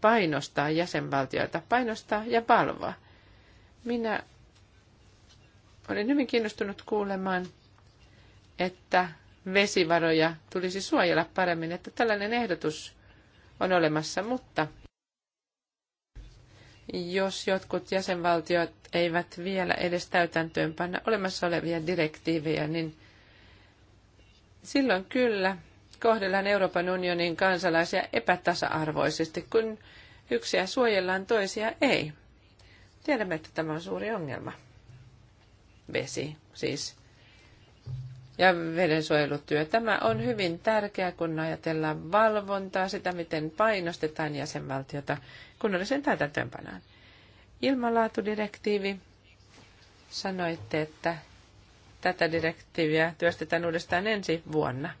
painostaa jäsenvaltioita, painostaa ja valvoa. Minä olen hyvin kiinnostunut kuulemaan, että vesivaroja tulisi suojella paremmin, että tällainen ehdotus on olemassa, mutta jos jotkut jäsenvaltiot eivät vielä edes täytäntöönpanna olemassa olevia direktiivejä, niin silloin kyllä kohdellaan Euroopan unionin kansalaisia epätasa-arvoisesti, kun yksiä suojellaan, toisia ei. Tiedämme, että tämä on suuri ongelma. Vesi siis. Ja vedensuojelutyö. Tämä on hyvin tärkeää, kun ajatellaan valvontaa, sitä miten painostetaan jäsenvaltiota kunnallisen täytäntöönpanoon. Ilmanlaatudirektiivi. Sanoitte, että tätä direktiiviä työstetään uudestaan ensi vuonna –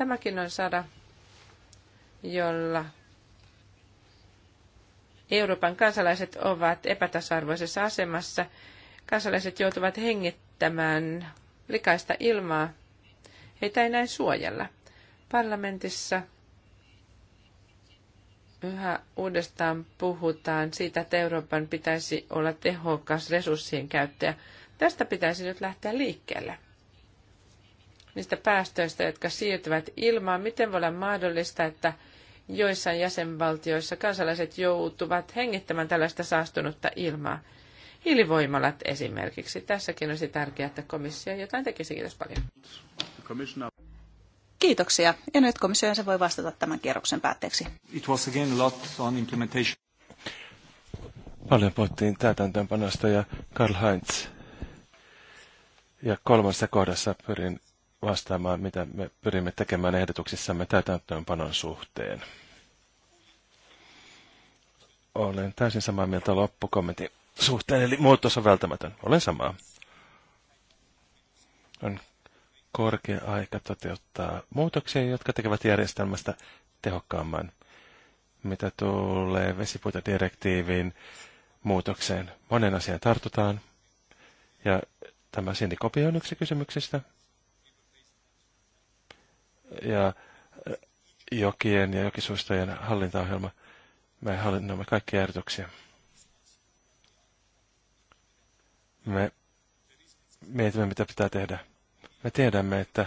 Tämäkin on sada, jolla Euroopan kansalaiset ovat epätasa-arvoisessa asemassa. Kansalaiset joutuvat hengittämään likaista ilmaa. Heitä ei näin suojella. Parlamentissa yhä uudestaan puhutaan siitä, että Euroopan pitäisi olla tehokas resurssien käyttäjä. Tästä pitäisi nyt lähteä liikkeelle niistä päästöistä, jotka siirtyvät ilmaan. Miten voi olla mahdollista, että joissain jäsenvaltioissa kansalaiset joutuvat hengittämään tällaista saastunutta ilmaa? Hiilivoimalat esimerkiksi. Tässäkin olisi tärkeää, että komissio jotain tekisi. Kiitos paljon. Kiitoksia. Ja nyt komissio se voi vastata tämän kierroksen päätteeksi. It was again a lot on implementation. Paljon puhuttiin täytäntöönpanosta ja Karl Heinz. Ja kolmannessa kohdassa pyrin vastaamaan, mitä me pyrimme tekemään ehdotuksissamme täytäntöönpanon suhteen. Olen täysin samaa mieltä loppukommentin suhteen, eli muutos on välttämätön. Olen samaa. On korkea aika toteuttaa muutoksia, jotka tekevät järjestelmästä tehokkaamman. Mitä tulee vesipuitedirektiiviin muutokseen, monen asian tartutaan. Ja tämä sindikopio on yksi kysymyksistä ja äh, jokien ja jokisuistojen hallintaohjelma. Me hallinnoimme kaikkia ehdotuksia. Me mietimme, mitä pitää tehdä. Me tiedämme, että,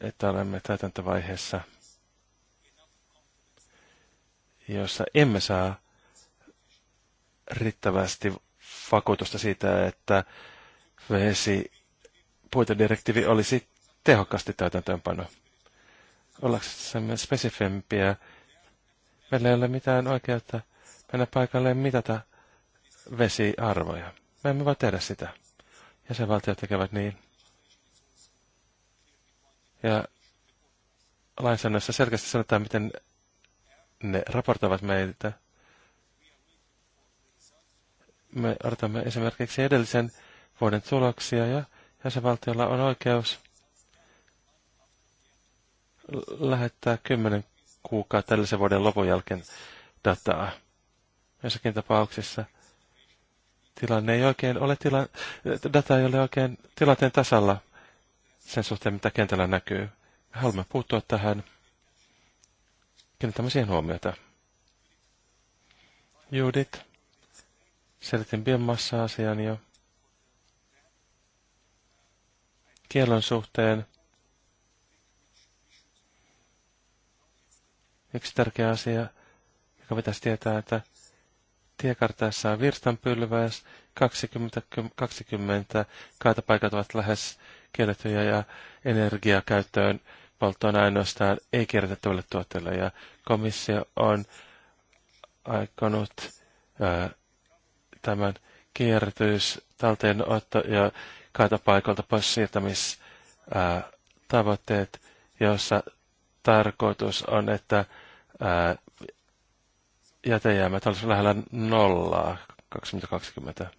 että olemme täytäntövaiheessa, jossa emme saa riittävästi vakuutusta siitä, että vesi puitedirektiivi olisi tehokkaasti täytäntöönpano. Ollaksemme spesifempiä, meillä ei ole mitään oikeutta mennä paikalle mitata vesiarvoja. Me emme voi tehdä sitä. Jäsenvaltiot tekevät niin. Ja lainsäädännössä selkeästi sanotaan, miten ne raportoivat meiltä. Me odotamme esimerkiksi edellisen vuoden tuloksia ja jäsenvaltiolla on oikeus lähettää kymmenen kuukautta tällaisen vuoden lopun jälkeen dataa. Jossakin tapauksessa tilanne ei oikein ole tila, data ei ole oikein tilanteen tasalla sen suhteen, mitä kentällä näkyy. Haluamme puuttua tähän. Kiinnitämme siihen huomiota. Judith, selitin biomassa-asian jo. Kielon suhteen Yksi tärkeä asia, joka pitäisi tietää, että tiekartaessa on virstanpylväys, 20, 20 kaatopaikat ovat lähes kiellettyjä ja energiakäyttöön polttoon ainoastaan ei kierrätettäville tuotteille. Ja komissio on aikonut ää, tämän kierrätys, talteenotto ja kaatopaikalta pois siirtämistavoitteet, joissa tarkoitus on, että ää, jätejäämät olisi lähellä nollaa 2020.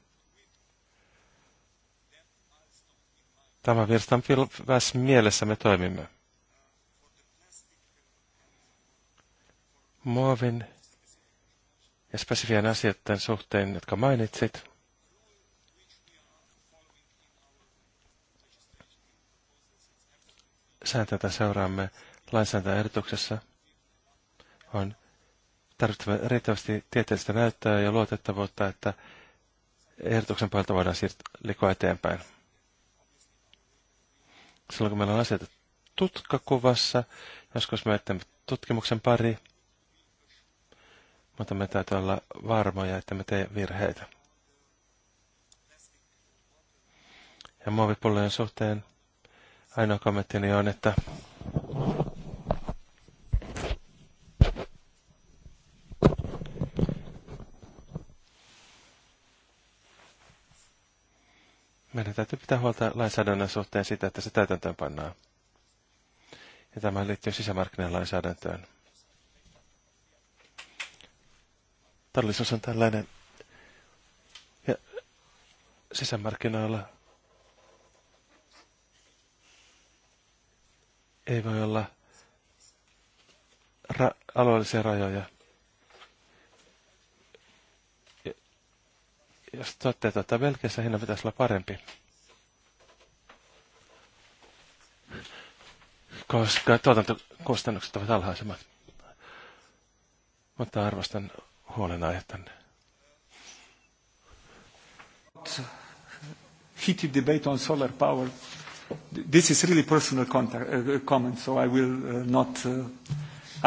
Tämä virstan pilväs mielessä me toimimme. Muovin ja spesifien asioiden suhteen, jotka mainitsit, Sääntöitä seuraamme lainsäädäntöehdotuksessa – on tarvittava riittävästi tieteellistä näyttöä ja luotettavuutta, että ehdotuksen pohjalta voidaan siirtyä liikoa eteenpäin. Silloin kun meillä on asioita tutkakuvassa, joskus me teemme tutkimuksen pari, mutta me täytyy olla varmoja, että me teemme virheitä. Ja muovipullojen suhteen ainoa kommenttini on, että meidän täytyy pitää huolta lainsäädännön suhteen sitä, että se täytäntöön pannaan. Ja tämä liittyy sisämarkkinalainsäädäntöön. Todellisuus on tällainen. Ja sisämarkkinoilla ei voi olla ra- alueellisia rajoja. Jos saatte tätä tota Belgiassa, hinnan pitäisi olla parempi. Koska tuotantokustannukset ovat alhaisemmat. Mutta arvostan huolenaihettanne. Heated debate on solar power. This is really personal contact, uh, comment, so I will uh, not... Uh,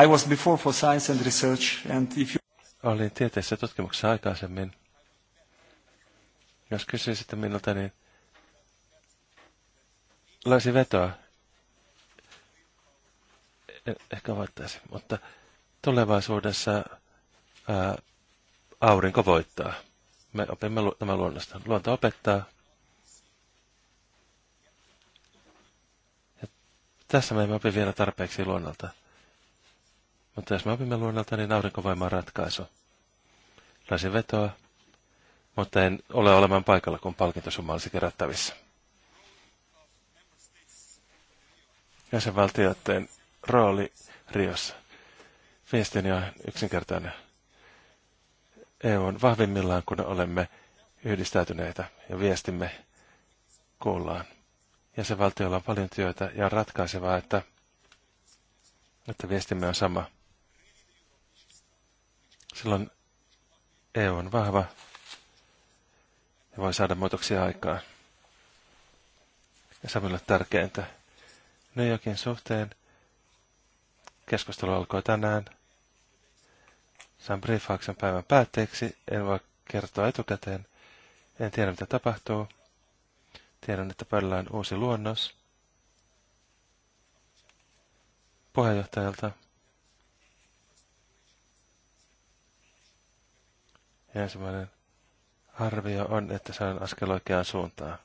I was before for science and research, and if you... Olin tieteessä tutkimuksessa aikaisemmin. Jos kysyisitte minulta, niin laisi vetoa. E- ehkä voittaisi, mutta tulevaisuudessa ää, aurinko voittaa. Me opimme lu- tämä luonnosta. Luonto opettaa. Ja tässä me emme opi vielä tarpeeksi luonnolta. Mutta jos me opimme luonnolta, niin aurinkovoima on ratkaisu. Lasi vetoa mutta en ole olemaan paikalla, kun palkintosumma olisi kerättävissä. Jäsenvaltioiden rooli Riossa. Viestini on yksinkertainen. EU on vahvimmillaan, kun olemme yhdistäytyneitä ja viestimme kuullaan. Jäsenvaltioilla on paljon työtä ja on ratkaisevaa, että, että viestimme on sama. Silloin EU on vahva, ja voi saada muutoksia aikaan. Ja samalla tärkeintä. New Yorkin suhteen keskustelu alkoi tänään. Saan briefauksen päivän päätteeksi. En voi kertoa etukäteen. En tiedä, mitä tapahtuu. Tiedän, että pöydällä on uusi luonnos puheenjohtajalta. Ja ensimmäinen arvio on, että se on askel oikeaan suuntaan.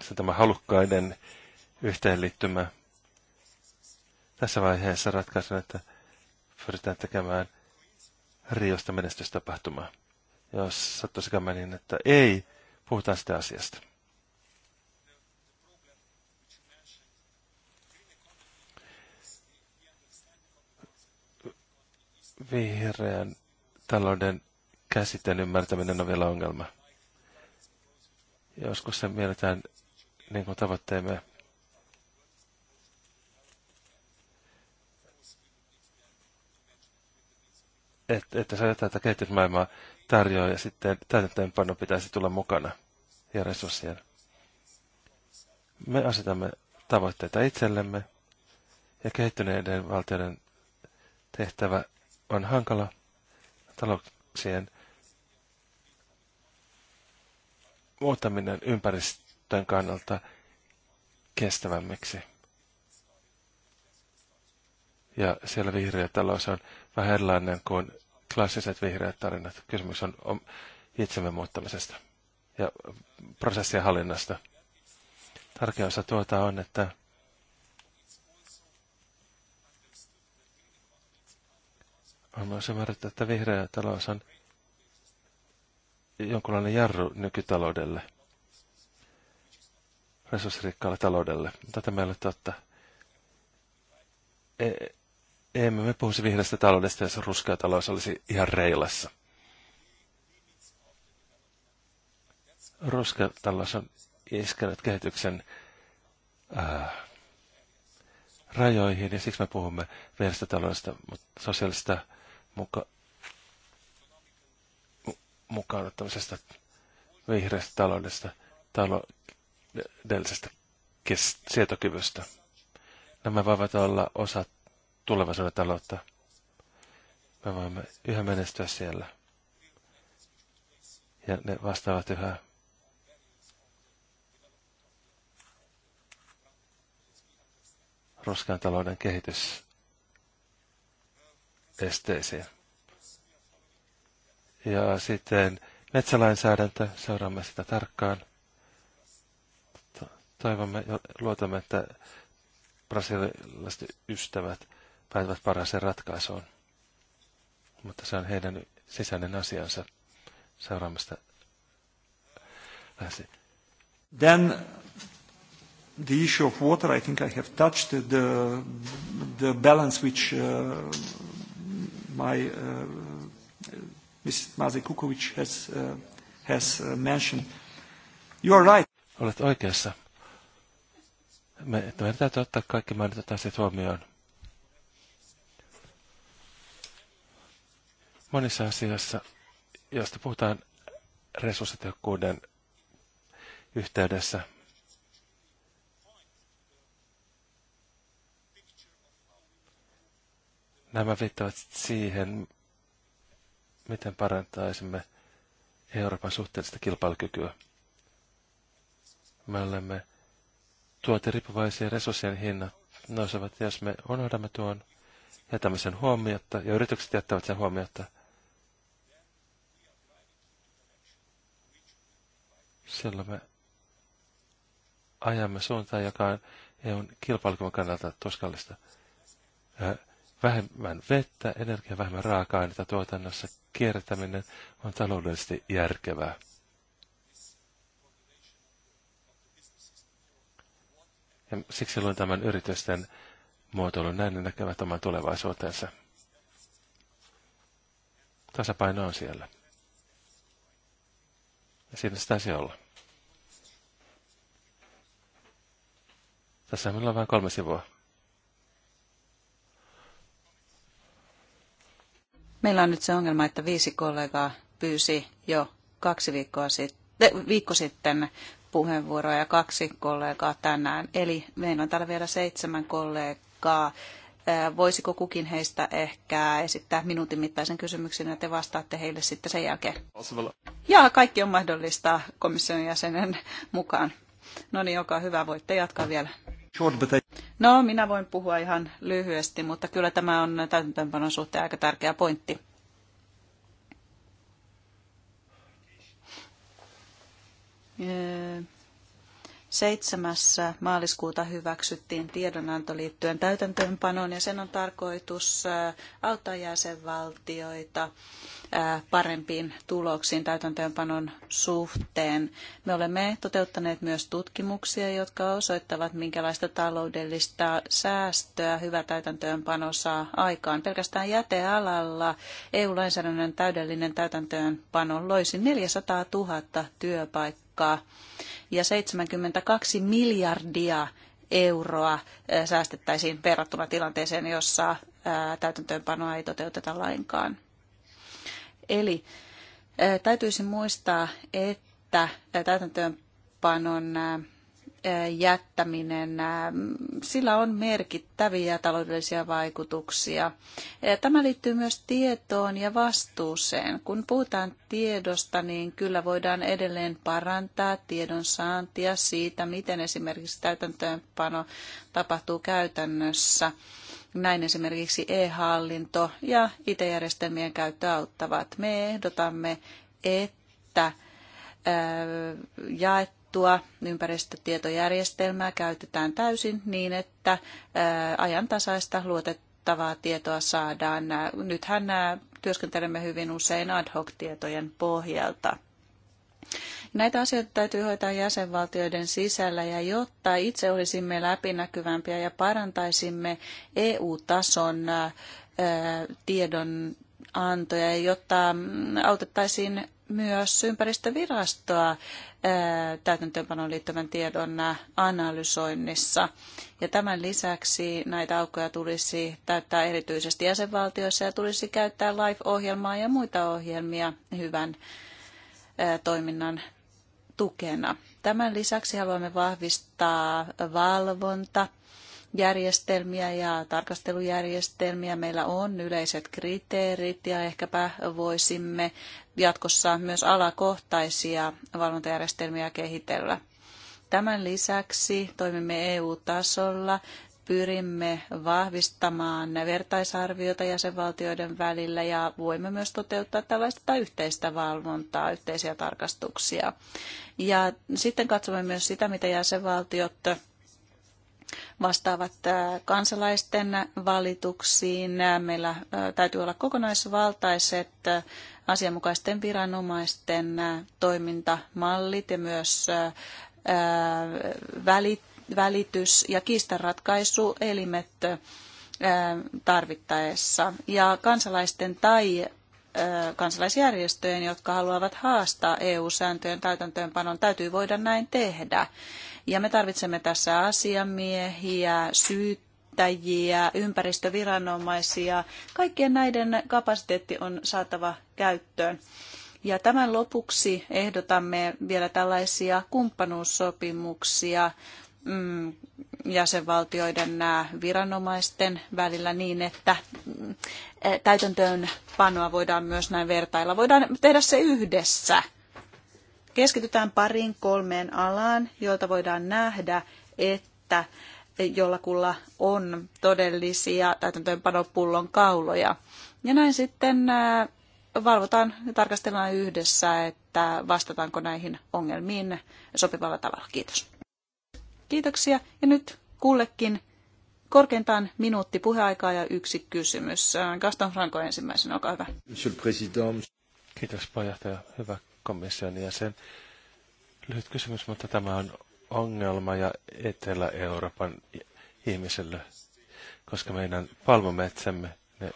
Se tämä halukkaiden yhteenliittymä. Tässä vaiheessa ratkaisun, että pyritään tekemään Riosta menestystapahtumaa. Jos sattuisikaan niin, että ei, puhutaan sitä asiasta. vihreän talouden käsitteen ymmärtäminen on vielä ongelma. Joskus se mielletään niin kuin tavoitteemme että, että se että kehitysmaailmaa tarjoaa ja sitten täytäntöönpano pitäisi tulla mukana ja resurssien. Me asetamme tavoitteita itsellemme ja kehittyneiden valtioiden tehtävä on hankala talouksien muuttaminen ympäristön kannalta kestävämmiksi. Ja siellä vihreä talous on vähän erilainen kuin klassiset vihreät tarinat. Kysymys on itsemme muuttamisesta ja prosessien hallinnasta. Tärkeä osa tuota on, että on myös ymmärretty, että vihreä talous on jonkinlainen jarru nykytaloudelle, resurssirikkaalle taloudelle. Tätä meillä totta. E emme me puhuisi vihreästä taloudesta, jos ruskea talous olisi ihan reilassa. Ruskea talous on iskenyt kehityksen äh, rajoihin, ja siksi me puhumme vihreästä taloudesta, mutta sosiaalista muka, mukaan ottamisesta, vihreästä taloudesta, taloudellisesta sietokyvystä. Nämä voivat olla osa tulevaisuuden taloutta. Me voimme yhä menestyä siellä. Ja ne vastaavat yhä ruskean talouden kehitys esteeseen. Ja sitten metsälainsäädäntö, seuraamme sitä tarkkaan. Toivomme ja luotamme, että brasilialaiset ystävät päätyvät parhaaseen ratkaisuun. Mutta se on heidän sisäinen asiansa seuraamista Lähesi. Then the issue of water, I think I have touched the, the balance which uh, my uh, uh Ms. Mazi Kukovic has, uh, has uh, mentioned. You are right. Olet oikeassa. Me, että meidän täytyy ottaa kaikki mainitut asiat huomioon. Monissa asioissa, joista puhutaan resurssitehokkuuden yhteydessä, Nämä viittavat siihen, miten parantaisimme Euroopan suhteellista kilpailukykyä. Me olemme tuoteriippuvaisia resurssien hinnat nousevat, jos me unohdamme tuon, ja tämmöisen huomiota ja yritykset jättävät sen huomiota. Silloin me ajamme suuntaan, joka on EUn kilpailukyvyn kannalta tuskallista. Äh, vähemmän vettä, energia vähemmän raaka-aineita tuotannossa, kiertäminen on taloudellisesti järkevää. Ja siksi luin tämän yritysten muotoilun, näin ne näkevät oman tulevaisuutensa. Tasapaino on siellä. Ja siinä sitä se olla. Tässä meillä on vain kolme sivua. Meillä on nyt se ongelma, että viisi kollegaa pyysi jo kaksi viikkoa sitten, eh, viikko sitten puheenvuoroa ja kaksi kollegaa tänään. Eli meillä on täällä vielä seitsemän kollegaa. Eh, voisiko kukin heistä ehkä esittää minuutin mittaisen kysymyksen ja te vastaatte heille sitten sen jälkeen? Ja kaikki on mahdollista komission jäsenen mukaan. No niin, olkaa hyvä, voitte jatkaa vielä. No, minä voin puhua ihan lyhyesti, mutta kyllä tämä on täytäntöönpanon suhteen aika tärkeä pointti. 7. maaliskuuta hyväksyttiin tiedonanto liittyen täytäntöönpanoon ja sen on tarkoitus äh, auttaa jäsenvaltioita äh, parempiin tuloksiin täytäntöönpanon suhteen. Me olemme toteuttaneet myös tutkimuksia, jotka osoittavat, minkälaista taloudellista säästöä hyvä täytäntöönpano saa aikaan. Pelkästään jätealalla EU-lainsäädännön täydellinen täytäntöönpano loisi 400 000 työpaikkaa velkaa ja 72 miljardia euroa säästettäisiin verrattuna tilanteeseen, jossa täytäntöönpanoa ei toteuteta lainkaan. Eli täytyisi muistaa, että täytäntöönpanon jättäminen, sillä on merkittäviä taloudellisia vaikutuksia. Tämä liittyy myös tietoon ja vastuuseen. Kun puhutaan tiedosta, niin kyllä voidaan edelleen parantaa tiedon saantia siitä, miten esimerkiksi täytäntöönpano tapahtuu käytännössä. Näin esimerkiksi e-hallinto ja IT-järjestelmien käyttö auttavat. Me ehdotamme, että jaettu kohdennettua ympäristötietojärjestelmää käytetään täysin niin, että ajantasaista luotettavaa tietoa saadaan. Nythän työskentelemme hyvin usein ad hoc-tietojen pohjalta. Näitä asioita täytyy hoitaa jäsenvaltioiden sisällä ja jotta itse olisimme läpinäkyvämpiä ja parantaisimme EU-tason tiedon antoja, jotta mm, autettaisiin myös ympäristövirastoa täytäntöönpanoon liittyvän tiedon analysoinnissa. Ja tämän lisäksi näitä aukkoja tulisi täyttää erityisesti jäsenvaltioissa ja tulisi käyttää LIFE-ohjelmaa ja muita ohjelmia hyvän toiminnan tukena. Tämän lisäksi haluamme vahvistaa valvonta järjestelmiä ja tarkastelujärjestelmiä. Meillä on yleiset kriteerit ja ehkäpä voisimme jatkossa myös alakohtaisia valvontajärjestelmiä kehitellä. Tämän lisäksi toimimme EU-tasolla pyrimme vahvistamaan vertaisarviota jäsenvaltioiden välillä ja voimme myös toteuttaa tällaista yhteistä valvontaa, yhteisiä tarkastuksia. Ja sitten katsomme myös sitä, mitä jäsenvaltiot vastaavat äh, kansalaisten valituksiin. Meillä äh, täytyy olla kokonaisvaltaiset äh, asianmukaisten viranomaisten toimintamallit ja myös välitys- ja kiistanratkaisuelimet tarvittaessa. Ja kansalaisten tai kansalaisjärjestöjen, jotka haluavat haastaa EU-sääntöjen täytäntöönpanon, täytyy voida näin tehdä. Ja me tarvitsemme tässä asiamiehiä, syyttäjiä, ympäristöviranomaisia. Kaikkien näiden kapasiteetti on saatava käyttöön. Ja tämän lopuksi ehdotamme vielä tällaisia kumppanuussopimuksia mm, jäsenvaltioiden nämä viranomaisten välillä niin, että mm, täytäntöön panoa voidaan myös näin vertailla. Voidaan tehdä se yhdessä keskitytään pariin kolmeen alaan, joilta voidaan nähdä, että jollakulla on todellisia täytäntöönpanopullon kauloja. Ja näin sitten äh, valvotaan ja tarkastellaan yhdessä, että vastataanko näihin ongelmiin sopivalla tavalla. Kiitos. Kiitoksia. Ja nyt kullekin korkeintaan minuutti puheaikaa ja yksi kysymys. Äh, Gaston Franco ensimmäisenä, olkaa hyvä. Monsieur le Président. Kiitos puheenjohtaja. Hyvä komission jäsen. Lyhyt kysymys, mutta tämä on ongelma ja Etelä-Euroopan ihmiselle, koska meidän palmumetsämme, ne,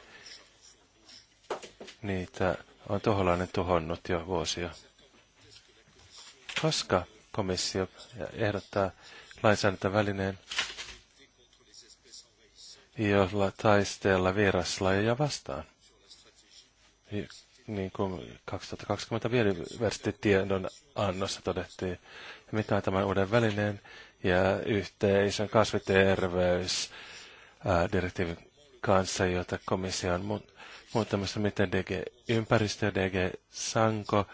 niitä on tuholainen tuhonnut jo vuosia. Koska komissio ehdottaa lainsäädäntövälineen, jolla taistella vieraslajeja vastaan niin kuin 2020 biodiversiteettitiedon annossa todettiin, mikä on tämän uuden välineen ja yhteisön kasviterveysdirektiivin kanssa, jota komissio on muuttamassa, miten DG Ympäristö ja DG Sanko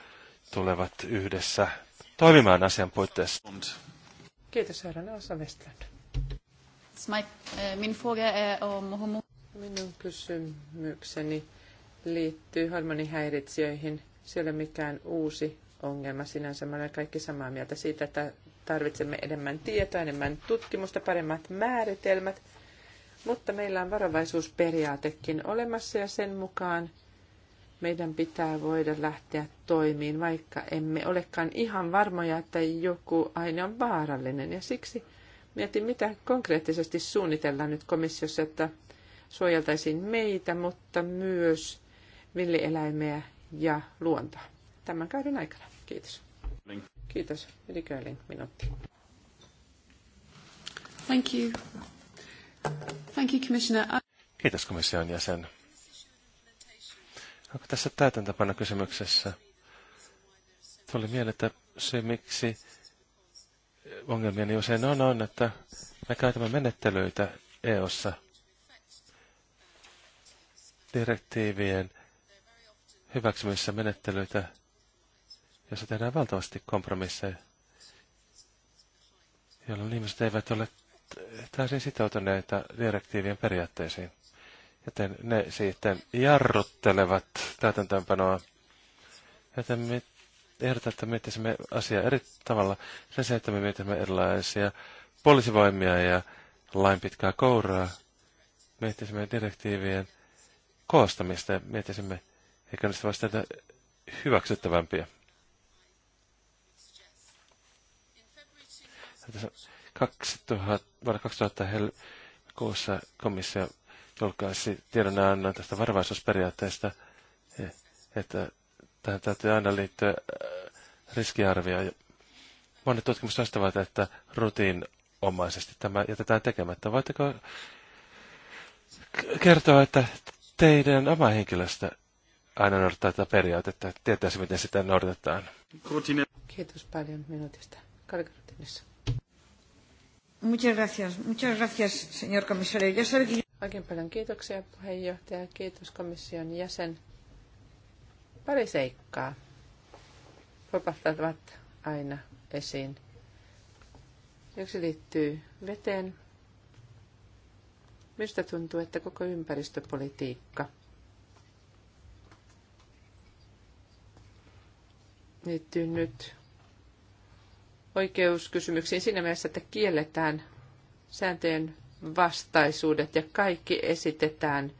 tulevat yhdessä toimimaan asian puitteissa. Kiitos, herra Osa Westland. Eh, Minun kysymykseni liittyy hormonihäiritsijöihin. Se ei ole mikään uusi ongelma sinänsä. Me olemme kaikki samaa mieltä siitä, että tarvitsemme enemmän tietoa, enemmän tutkimusta, paremmat määritelmät. Mutta meillä on varovaisuusperiaatekin olemassa ja sen mukaan meidän pitää voida lähteä toimiin, vaikka emme olekaan ihan varmoja, että joku aine on vaarallinen. Ja siksi mietin, mitä konkreettisesti suunnitellaan nyt komissiossa, että suojeltaisiin meitä, mutta myös villieläimiä ja luontoa tämän kauden aikana. Kiitos. Kiitos. Eli Köylin minuutti. Thank you. Thank you, Commissioner. Kiitos komission jäsen. Onko tässä täytäntöpano kysymyksessä? Tuli mieleen, että se miksi ongelmia niin usein on, on, että me käytämme menettelyitä EU-ssa direktiivien hyväksymissä menettelyitä, joissa tehdään valtavasti kompromisseja, jolloin ihmiset eivät ole täysin sitoutuneita direktiivien periaatteisiin. Joten ne sitten jarruttelevat täytäntöönpanoa. Joten me ehdotan, että miettisimme asiaa eri tavalla. Sen se, että me mietimme erilaisia poliisivoimia ja lain pitkää kouraa. Miettisimme direktiivien koostamista ja miettisimme Eikö niistä vasta tehdä hyväksyttävämpiä? Tässä 2000, vuonna 2000 helmikuussa komissio julkaisi tiedonannon tästä varovaisuusperiaatteesta, e, että tähän täytyy aina liittyä äh, riskiarvio. Monet tutkimus vastaavat, että rutiinomaisesti tämä jätetään tekemättä. Voitteko kertoa, että teidän oma henkilöstö aina noudattaa tätä periaatetta, että tietäisi miten sitä noudatetaan. Kiitos paljon minuutista. Kalkarutinissa. Muchas gracias, muchas gracias, señor comisario. Ya sabe que... Oikein paljon kiitoksia puheenjohtaja, kiitos komission jäsen. Pari seikkaa popahtavat aina esiin. Yksi liittyy veteen. Mistä tuntuu, että koko ympäristöpolitiikka – liittyy nyt oikeuskysymyksiin siinä mielessä, että kielletään sääntöjen vastaisuudet ja kaikki esitetään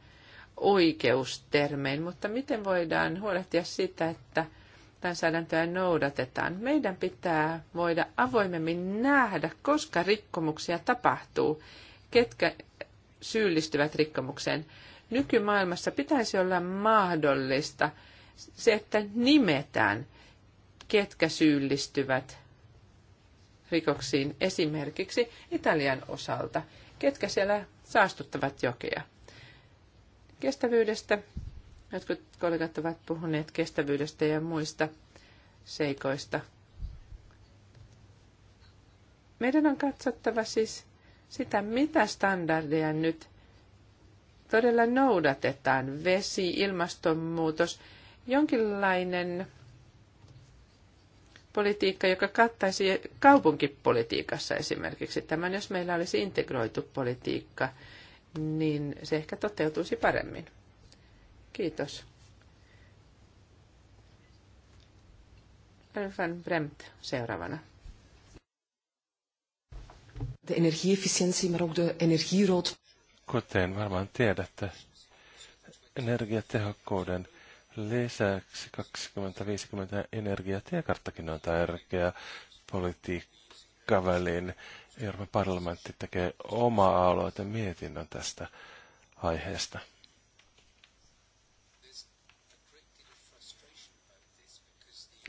oikeustermein, mutta miten voidaan huolehtia sitä, että lainsäädäntöä noudatetaan? Meidän pitää voida avoimemmin nähdä, koska rikkomuksia tapahtuu, ketkä syyllistyvät rikkomukseen. Nykymaailmassa pitäisi olla mahdollista se, että nimetään – ketkä syyllistyvät rikoksiin esimerkiksi Italian osalta, ketkä siellä saastuttavat jokea. Kestävyydestä, jotkut kollegat ovat puhuneet kestävyydestä ja muista seikoista. Meidän on katsottava siis sitä, mitä standardeja nyt todella noudatetaan. Vesi, ilmastonmuutos, jonkinlainen politiikka, joka kattaisi kaupunkipolitiikassa esimerkiksi tämän, jos meillä olisi integroitu politiikka, niin se ehkä toteutuisi paremmin. Kiitos. Elfan Bremt seuraavana. De energieefficiëntie, maar ook de energierood. Kuten varmaan tiedätte, energiatehokkuuden Lisäksi 2050 energiatiekarttakin on tärkeä politiikkavälin. Euroopan parlamentti tekee omaa aloite mietinnön tästä aiheesta.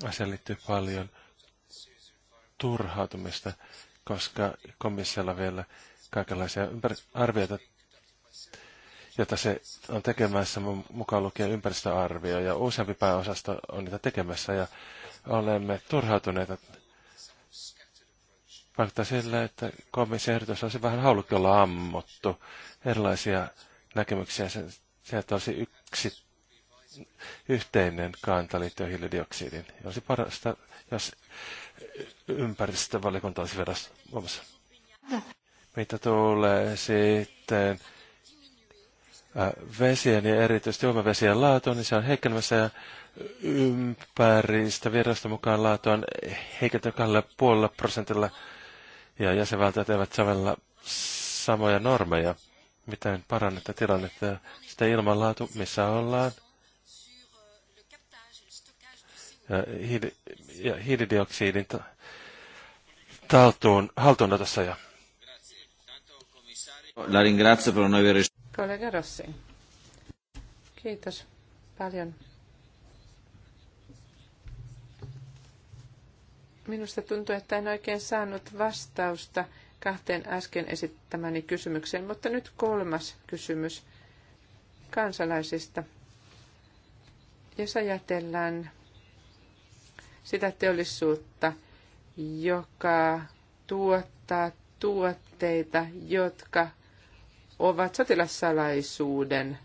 Asiaan liittyy paljon turhautumista, koska komissiolla vielä kaikenlaisia ympär- arvioita jota se on tekemässä mukaan lukien ympäristöarvio ja useampi pääosasto on niitä tekemässä ja olemme turhautuneita. Vaikuttaa sillä, että komission ehdotus olisi vähän olla ammuttu erilaisia näkemyksiä sen se, että olisi yksi yhteinen kanta liittyen hiilidioksidiin. Olisi parasta, jos ympäristövaliokunta olisi vedassa Mitä tulee sitten vesien ja erityisesti juomavesien laatu, niin se on heikkenemässä ja ympäristä virrasta mukaan laatu on heikentynyt kahdella puolella prosentilla ja jäsenvaltiot eivät sovella samoja normeja. Miten parannetta tilannetta sitä ilmanlaatu, missä ollaan? Ja, hiili, ja hiilidioksidin taltuun, haltuunotossa ja La ringrazio per non aver Kollega Rossi. Kiitos paljon. Minusta tuntuu, että en oikein saanut vastausta kahteen äsken esittämäni kysymykseen, mutta nyt kolmas kysymys kansalaisista. Jos ajatellaan sitä teollisuutta, joka tuottaa tuotteita, jotka ovat sotilassalaisuuden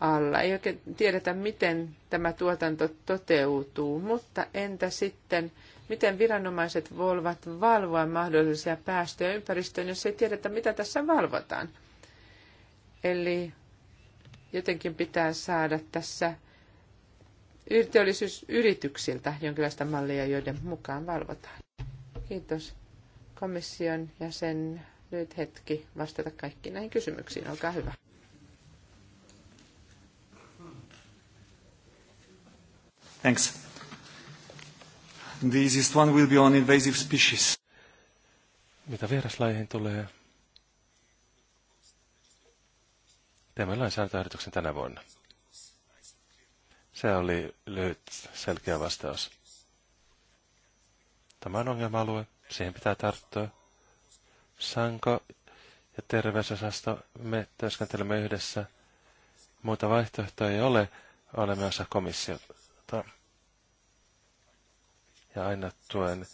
alla. Ei oikein tiedetä, miten tämä tuotanto toteutuu, mutta entä sitten, miten viranomaiset voivat valvoa mahdollisia päästöjä ympäristöön, jos ei tiedetä, mitä tässä valvotaan. Eli jotenkin pitää saada tässä yrityksiltä jonkinlaista mallia, joiden mukaan valvotaan. Kiitos komission jäsen nyt hetki vastata kaikkiin näihin kysymyksiin. Olkaa hyvä. Thanks. The easiest one will be on invasive species. Mitä vieraslajeihin tulee? Teemme lainsäädäntöehdotuksen tänä vuonna. Se oli lyhyt, selkeä vastaus. Tämä on ongelma-alue, siihen pitää tarttua. Sanko ja terveysosasto, me työskentelemme yhdessä. Muuta vaihtoehtoa ei ole, olemme osa komissiota. Ja aina tuen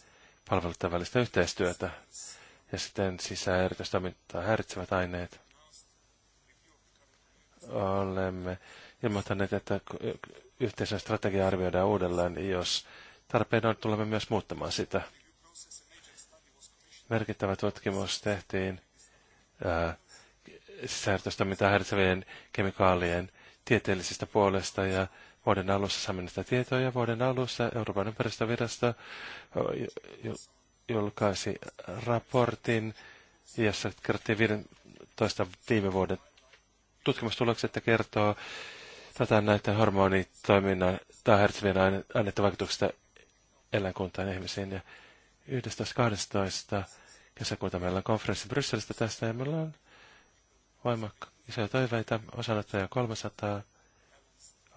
palveluiden välistä yhteistyötä ja sitten sisäeritystoimintaa häiritsevät aineet. Olemme ilmoittaneet, että yhteisön strategia arvioidaan uudelleen, jos tarpeen on, tulemme myös muuttamaan sitä merkittävä tutkimus tehtiin sisältöstä, mitä häiritsevien kemikaalien tieteellisestä puolesta ja vuoden alussa saamme näitä tietoja. Vuoden alussa Euroopan ympäristövirasto julkaisi raportin, jossa kerrottiin 15 viime vuoden tutkimustulokset ja kertoo tätä näiden hormonitoiminnan tai häiritsevien aineiden vaikutuksesta eläinkuntaan ihmisiin. Ja 11.12. kesäkuuta meillä on konferenssi Brysselistä tästä ja meillä on voimakka isoja toiveita. Osanottoja 300.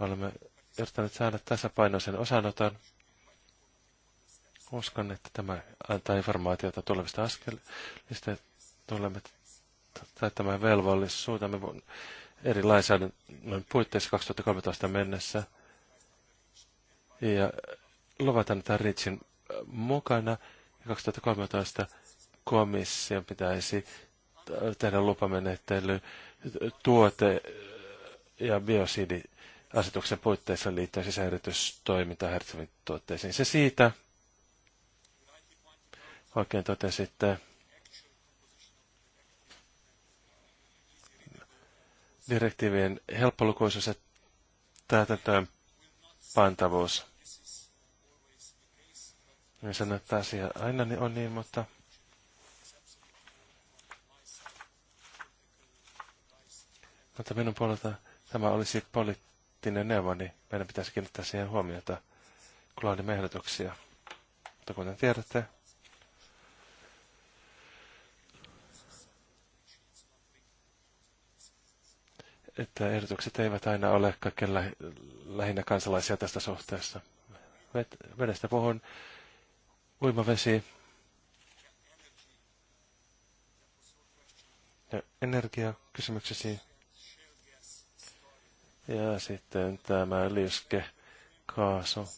Olemme yrittäneet saada tasapainoisen osanoton. Uskon, että tämä antaa informaatiota tulevista askelista. Tulemme täyttämään velvollisuutamme eri lainsäädännön puitteissa 2013 mennessä. Ja luvataan, että Ritsin mukana ja 2013 komission pitäisi tehdä lupamenettely tuote- ja biosidiasetuksen puitteissa liittyen sisäyritystoimintaan häiritseviin tuotteisiin. Se siitä oikein totesitte. Direktiivien helppolukuisuus ja täytäntöön pantavuus. Minä sanon, että asia aina niin on niin, mutta Mutta minun puolelta tämä olisi poliittinen neuvo, niin meidän pitäisi kiinnittää siihen huomiota, kun laadimme ehdotuksia. Mutta kuten tiedätte, että ehdotukset eivät aina ole kaikkein lähinnä kansalaisia tästä suhteessa. Vedestä puhun uimavesi ja energiakysymyksesi. Ja sitten tämä liuske kaasu.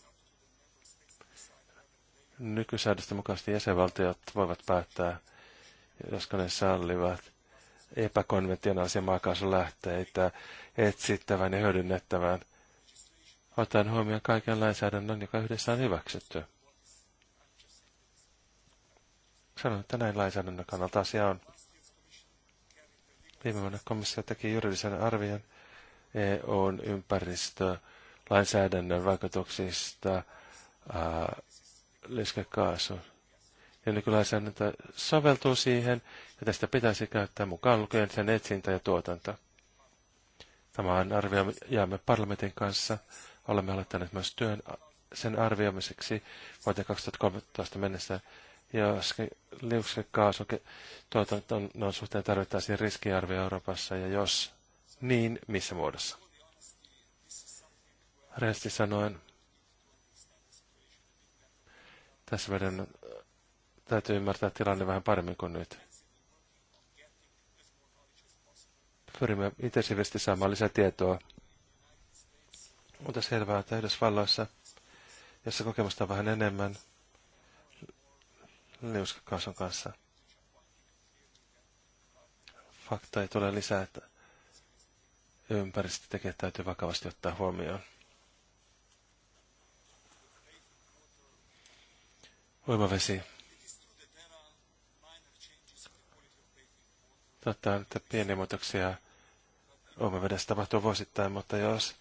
Nykysäädösten mukaisesti jäsenvaltiot voivat päättää, josko ne sallivat epäkonventionaalisia maakaasulähteitä etsittävän ja hyödynnettävän, ottaen huomioon kaiken lainsäädännön, joka yhdessä on hyväksytty. Sanon, että näin lainsäädännön kannalta asia on. Viime vuonna komissio teki juridisen arvion EUn ympäristölainsäädännön vaikutuksista liskekaasun. Ja nykylainsäädäntö soveltuu siihen, ja tästä pitäisi käyttää mukaan lukien sen etsintä ja tuotanto. on arvio jäämme parlamentin kanssa. Olemme aloittaneet myös työn sen arvioimiseksi vuoteen 2013 mennessä on, ne on suhteen tarvittaisiin riskiarvio Euroopassa ja jos niin, missä muodossa? Resti sanoen, tässä meidän äh, täytyy ymmärtää tilanne vähän paremmin kuin nyt. Pyrimme intensiivisesti saamaan lisää tietoa. Mutta selvää, että Yhdysvalloissa, jossa kokemusta on vähän enemmän, liuskakaasun kanssa. Fakta ei tule lisää, että ympäristötekijät täytyy vakavasti ottaa huomioon. Voimavesi. Totta on, että pieniä muutoksia omavedessä tapahtuu vuosittain, mutta jos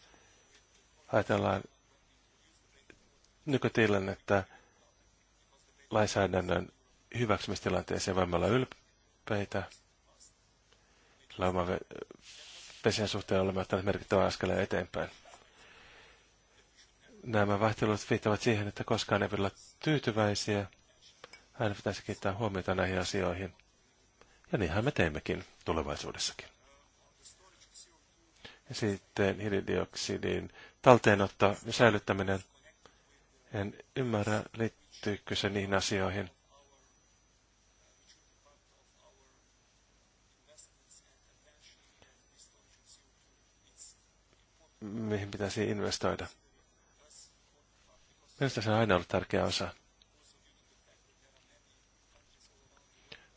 ajatellaan nykytilannetta, että lainsäädännön hyväksymistilanteeseen voimme olla ylpeitä. Lauma pesien suhteen olemme ottaneet merkittävän askeleen eteenpäin. Nämä vaihtelut viittavat siihen, että koskaan ei pidä olla tyytyväisiä. Aina pitäisi kiittää huomiota näihin asioihin. Ja niinhän me teemmekin tulevaisuudessakin. Ja sitten hiilidioksidin talteenotto ja säilyttäminen. En ymmärrä, liittyykö se niihin asioihin. mihin pitäisi investoida. Minusta se on aina ollut tärkeä osa.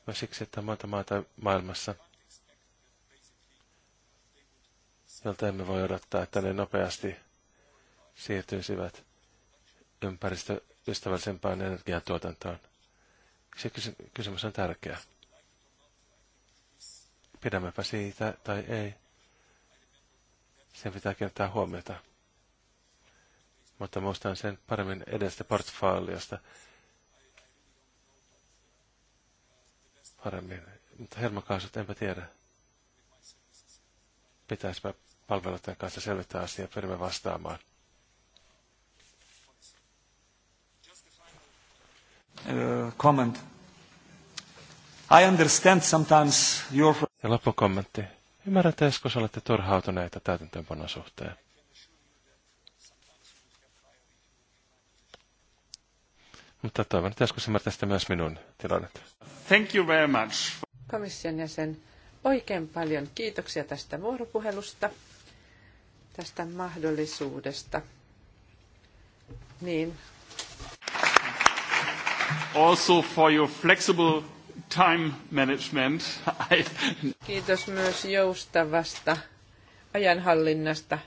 No siksi, että monta maata maailmassa, jolta emme voi odottaa, että ne nopeasti siirtyisivät ympäristöystävällisempään energiatuotantoon. Se kysymys on tärkeä. Pidämmepä siitä tai ei. Sen pitää kiinnittää huomiota. Mutta muistan sen paremmin edestä portfaaliosta paremmin. Mutta hermokaasut enpä tiedä. Pitäisipä palveluiden kanssa selvittää asiaa, pyrimme vastaamaan. Uh, comment. I understand sometimes your... Ja loppukommentti. Ymmärrän, että joskus olette turhautuneita täytäntöönpanon suhteen. Mutta toivon, että joskus ymmärtäisitte myös minun tilannetta. Thank you very much. Komission jäsen, oikein paljon kiitoksia tästä vuoropuhelusta, tästä mahdollisuudesta. Niin, also for your flexible time management. <laughs> Kiitos myös joustavasta ajanhallinnasta.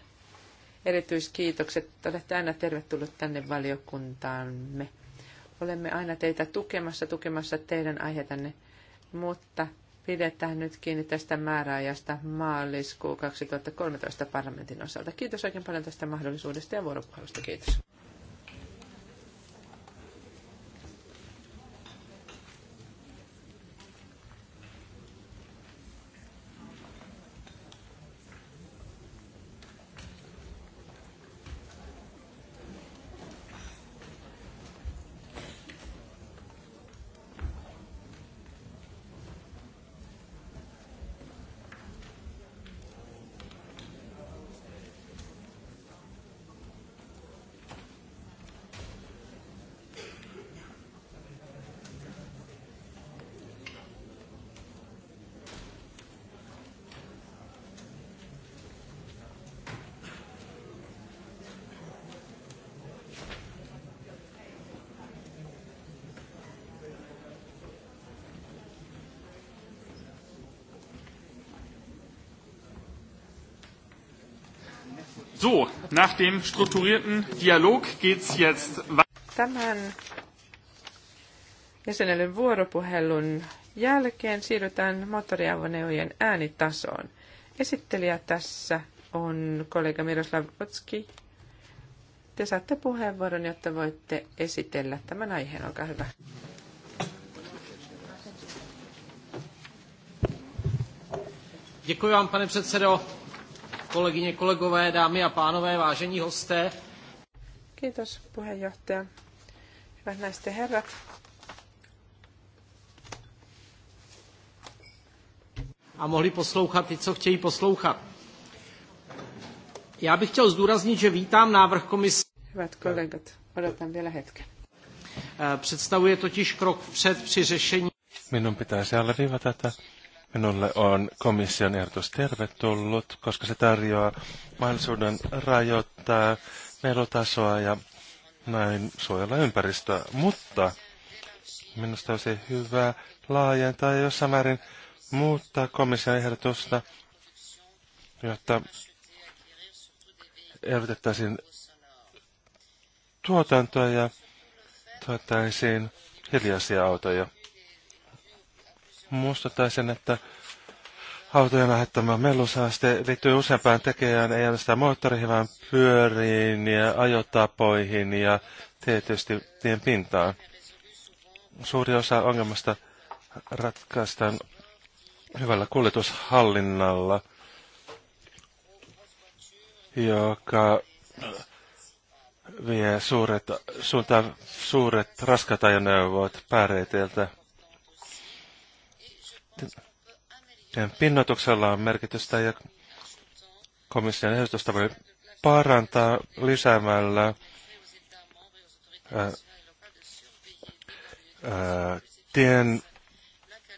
Erityiskiitokset. Olette aina tervetullut tänne valiokuntaamme. Olemme aina teitä tukemassa, tukemassa teidän aiheitanne, mutta pidetään nyt kiinni tästä määräajasta maaliskuu 2013 parlamentin osalta. Kiitos oikein paljon tästä mahdollisuudesta ja vuoropuhelusta. Kiitos. Nach dem strukturierten Dialog geht's jetzt weiter. Tämän jäsenelle vuoropuhelun jälkeen siirrytään moottoriavoneujen äänitasoon. Esittelijä tässä on kollega Miroslav Otski. Te saatte puheenvuoron, jotta voitte esitellä tämän aiheen. Olkaa hyvä. Děkuji vám, pane předsedo kolegyně, kolegové, dámy a pánové, vážení hosté. Kiitos puheenjohtaja. Hyvät naiset ja herrat. A mohli poslouchat ty, co chtějí poslouchat. Já bych chtěl zdůraznit, že vítám návrh komise. Hyvät kollegat, odotan vielä hetken. Eh, představuje totiž krok vpřed při řešení. Minun pitäisi alleviivata, että Minulle on komission ehdotus tervetullut, koska se tarjoaa mahdollisuuden rajoittaa melotasoa ja näin suojella ympäristöä. Mutta minusta olisi hyvä laajentaa ja jossain määrin muuttaa komission ehdotusta, jotta elvytettäisiin tuotantoa ja tuottaisiin hiljaisia autoja muistuttaisin, että autojen lähettämä melusaaste liittyy useampaan tekijään, ei ainoastaan moottoriin, vaan pyöriin ja ajotapoihin ja tietysti tien pintaan. Suuri osa ongelmasta ratkaistaan hyvällä kuljetushallinnalla, joka vie suuret, suuntaan suuret raskat ajoneuvot pääreiteiltä pinnoituksella on merkitystä ja komission ehdotusta voi parantaa lisäämällä ää, äh, ää, äh, tien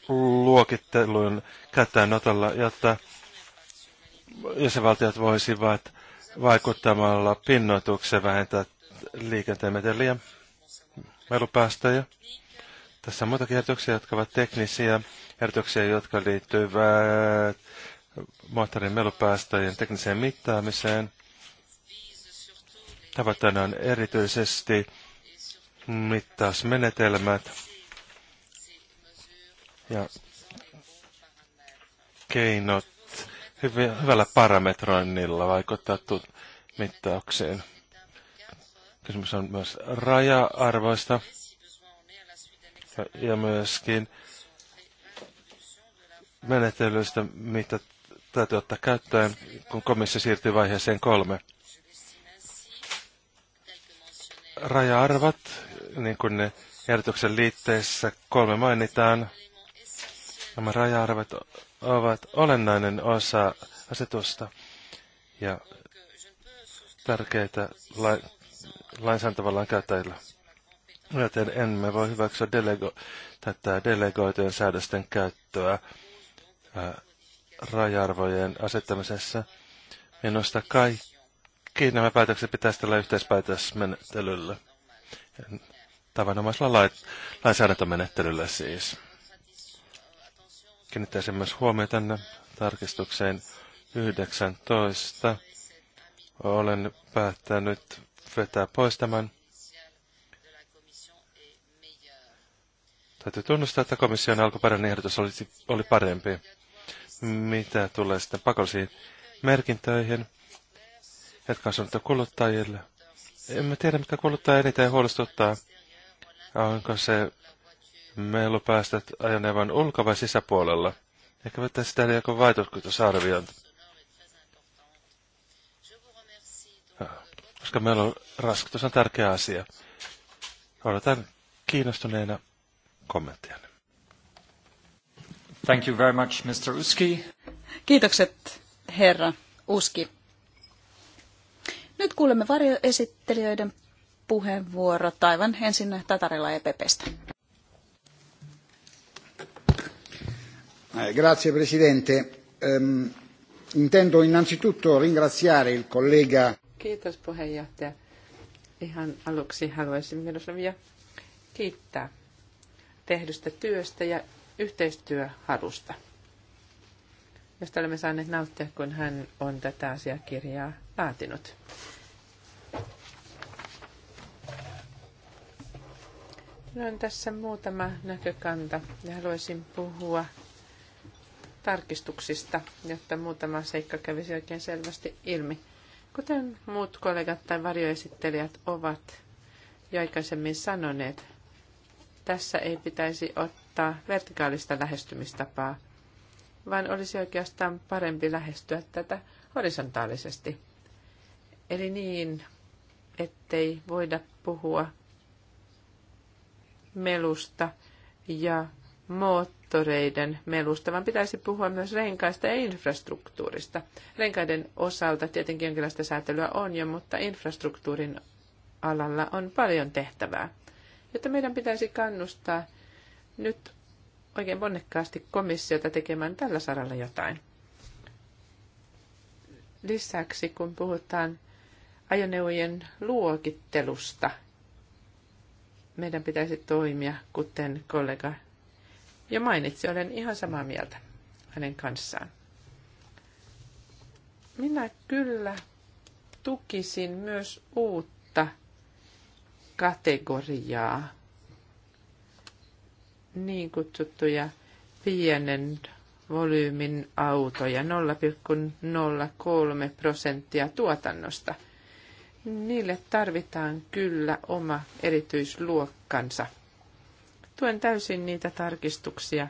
luokittelun käyttäenotolla, jotta jäsenvaltiot voisivat vaikuttamalla pinnoitukseen vähentää liikenteen meteliä, melupäästöjä. Tässä on muitakin ehdotuksia, jotka ovat teknisiä erityksiä, jotka liittyvät moottorin melupäästöjen tekniseen mittaamiseen. Tavoitteena on erityisesti mittausmenetelmät ja keinot hyvällä parametroinnilla vaikuttaa mittaukseen. Kysymys on myös raja-arvoista ja myöskin menettelyistä, mitä täytyy ottaa käyttöön, kun komissio siirtyy vaiheeseen kolme. Raja-arvat, niin kuin ne järjestyksen liitteessä kolme mainitaan, nämä raja-arvat ovat olennainen osa asetusta ja tärkeitä lain, lainsäädäntövallan käyttäjillä. Joten emme voi hyväksyä delego, tätä delegoitujen säädösten käyttöä Äh, raja-arvojen asettamisessa. Minusta kaikki nämä päätökset pitäisi tällä yhteispäätösmenettelyllä. Tavanomaisella lait, lainsäädäntömenettelyllä siis. Kiinnittäisin myös huomiota tänne tarkistukseen 19. Olen päättänyt vetää pois tämän. Täytyy tunnustaa, että komission alkuperäinen ehdotus oli, oli parempi mitä tulee sitten pakollisiin merkintöihin, jotka on sanottu kuluttajille? Emme tiedä, mikä kuluttaa eniten huolestuttaa. Onko se melupäästöt ajoneuvon ulko- vai sisäpuolella? Ehkä pitäisi tehdä joku vaikutusarviointi. Ah, koska meillä on raskutus on tärkeä asia. Odotan kiinnostuneena kommenttia. Thank you very much, Mr. Uski. Kiitokset, herra Uski. Nyt kuulemme varjoesittelijöiden puheenvuorot. Aivan ensin Tatarella EPPstä. Eh, grazie Presidente. Um, intendo innanzitutto ringraziare il collega... Kiitos puheenjohtaja. Ihan aluksi haluaisin Miroslavia kiittää tehdystä työstä ja yhteistyöhalusta, josta olemme saaneet nauttia, kun hän on tätä asiakirjaa laatinut. No on tässä muutama näkökanta ja haluaisin puhua tarkistuksista, jotta muutama seikka kävisi oikein selvästi ilmi. Kuten muut kollegat tai varjoesittelijät ovat jo aikaisemmin sanoneet, tässä ei pitäisi ottaa noudattaa vertikaalista lähestymistapaa, vaan olisi oikeastaan parempi lähestyä tätä horisontaalisesti. Eli niin, ettei voida puhua melusta ja moottoreiden melusta, vaan pitäisi puhua myös renkaista ja infrastruktuurista. Renkaiden osalta tietenkin jonkinlaista säätelyä on jo, mutta infrastruktuurin alalla on paljon tehtävää, jotta meidän pitäisi kannustaa – nyt oikein ponnekkaasti komissiota tekemään tällä saralla jotain. Lisäksi kun puhutaan ajoneuvojen luokittelusta, meidän pitäisi toimia, kuten kollega jo mainitsi, olen ihan samaa mieltä hänen kanssaan. Minä kyllä tukisin myös uutta kategoriaa niin kutsuttuja pienen volyymin autoja, 0,03 prosenttia tuotannosta. Niille tarvitaan kyllä oma erityisluokkansa. Tuen täysin niitä tarkistuksia,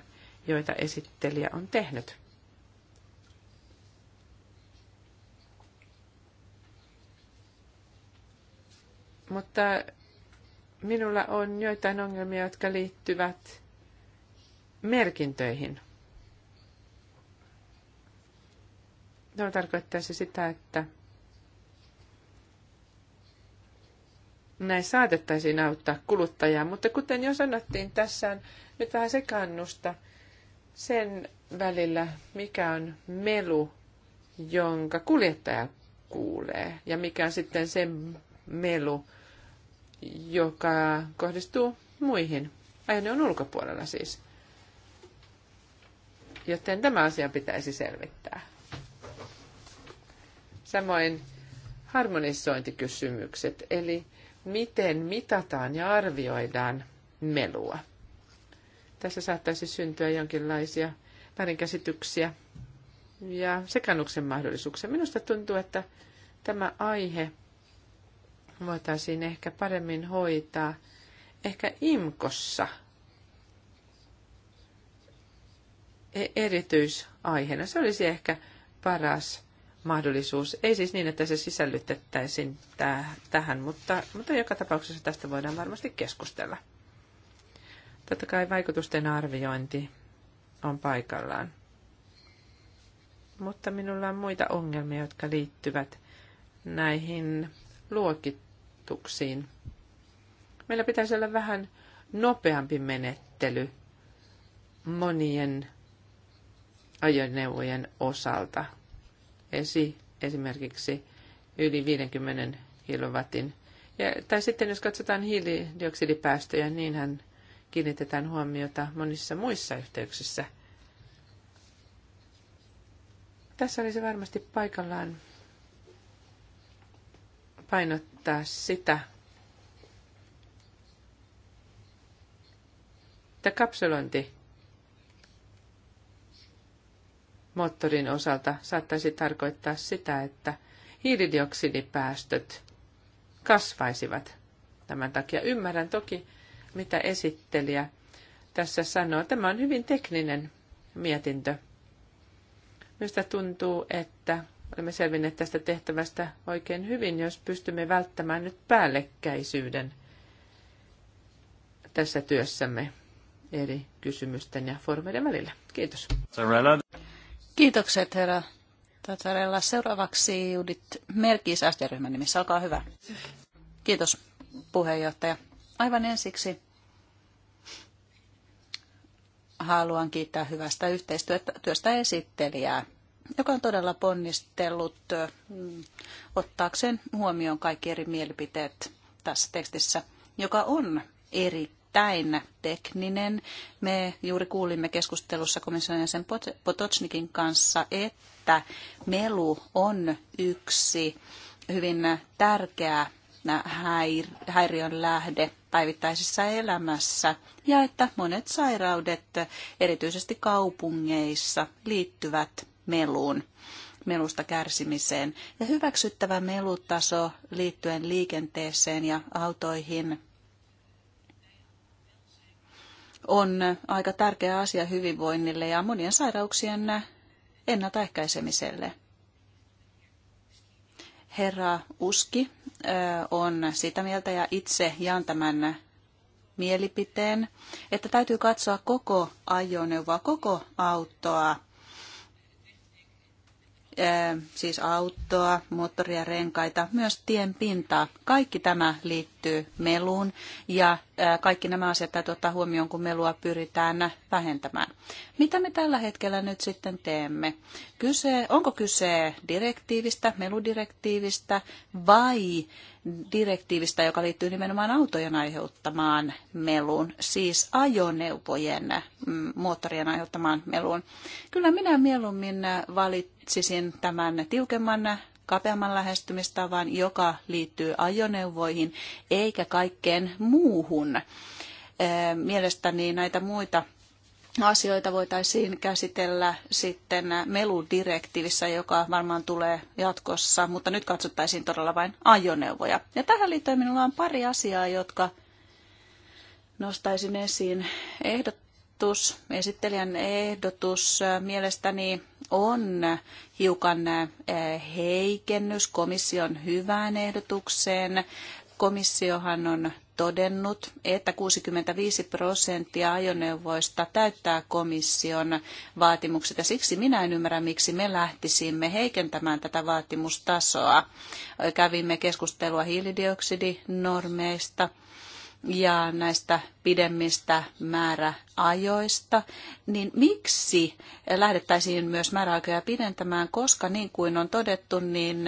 joita esittelijä on tehnyt. Mutta minulla on joitain ongelmia, jotka liittyvät merkintöihin. Tämä tarkoittaisi sitä, että näin saatettaisiin auttaa kuluttajaa, mutta kuten jo sanottiin, tässä on nyt vähän sekannusta sen välillä, mikä on melu, jonka kuljettaja kuulee, ja mikä on sitten se melu, joka kohdistuu muihin. Ajoneuvon ulkopuolella siis joten tämä asia pitäisi selvittää. Samoin harmonisointikysymykset, eli miten mitataan ja arvioidaan melua. Tässä saattaisi syntyä jonkinlaisia väärinkäsityksiä ja sekannuksen mahdollisuuksia. Minusta tuntuu, että tämä aihe voitaisiin ehkä paremmin hoitaa ehkä imkossa – E- erityisaiheena. Se olisi ehkä paras mahdollisuus. Ei siis niin, että se sisällytettäisiin tähän, mutta, mutta joka tapauksessa tästä voidaan varmasti keskustella. Totta kai vaikutusten arviointi on paikallaan. Mutta minulla on muita ongelmia, jotka liittyvät näihin luokituksiin. Meillä pitäisi olla vähän nopeampi menettely monien ajoneuvojen osalta. Esi, esimerkiksi yli 50 kilowatin. Ja, tai sitten jos katsotaan hiilidioksidipäästöjä, niinhän kiinnitetään huomiota monissa muissa yhteyksissä. Tässä olisi varmasti paikallaan painottaa sitä, että kapselointi moottorin osalta saattaisi tarkoittaa sitä, että hiilidioksidipäästöt kasvaisivat. Tämän takia ymmärrän toki, mitä esittelijä tässä sanoo. Tämä on hyvin tekninen mietintö. Myös tuntuu, että olemme selvinneet tästä tehtävästä oikein hyvin, jos pystymme välttämään nyt päällekkäisyyden tässä työssämme eri kysymysten ja foorumeiden välillä. Kiitos. Sarella, Kiitokset, herra Tatarella. Seuraavaksi Judit Merkis SD-ryhmän nimissä. Olkaa hyvä. Kiitos, puheenjohtaja. Aivan ensiksi haluan kiittää hyvästä yhteistyöstä esittelijää, joka on todella ponnistellut mm, ottaakseen huomioon kaikki eri mielipiteet tässä tekstissä, joka on eri erittäin tekninen. Me juuri kuulimme keskustelussa komission sen Potocnikin kanssa, että melu on yksi hyvin tärkeä häiriön lähde päivittäisessä elämässä ja että monet sairaudet, erityisesti kaupungeissa, liittyvät meluun melusta kärsimiseen. Ja hyväksyttävä melutaso liittyen liikenteeseen ja autoihin on aika tärkeä asia hyvinvoinnille ja monien sairauksien ennaltaehkäisemiselle. Herra Uski on sitä mieltä ja itse jaan tämän mielipiteen, että täytyy katsoa koko ajoneuvoa, koko autoa siis autoa, moottoria, renkaita, myös tien pintaa. Kaikki tämä liittyy meluun ja kaikki nämä asiat täytyy ottaa huomioon, kun melua pyritään vähentämään. Mitä me tällä hetkellä nyt sitten teemme? Kyse, onko kyse direktiivistä, meludirektiivistä vai direktiivistä, joka liittyy nimenomaan autojen aiheuttamaan meluun, siis ajoneuvojen mm, moottorien aiheuttamaan meluun. Kyllä minä mieluummin valitsisin tämän tiukemman kapeamman lähestymistavan, joka liittyy ajoneuvoihin eikä kaikkeen muuhun. Mielestäni näitä muita asioita voitaisiin käsitellä sitten meludirektiivissä, joka varmaan tulee jatkossa, mutta nyt katsottaisiin todella vain ajoneuvoja. Ja tähän liittyen minulla on pari asiaa, jotka nostaisin esiin. Ehdotus, esittelijän ehdotus mielestäni on hiukan eh, heikennys komission hyvään ehdotukseen. Komissiohan on todennut, että 65 prosenttia ajoneuvoista täyttää komission vaatimukset. Ja siksi minä en ymmärrä, miksi me lähtisimme heikentämään tätä vaatimustasoa. Kävimme keskustelua hiilidioksidinormeista ja näistä pidemmistä määräajoista, niin miksi lähdettäisiin myös määräaikoja pidentämään, koska niin kuin on todettu, niin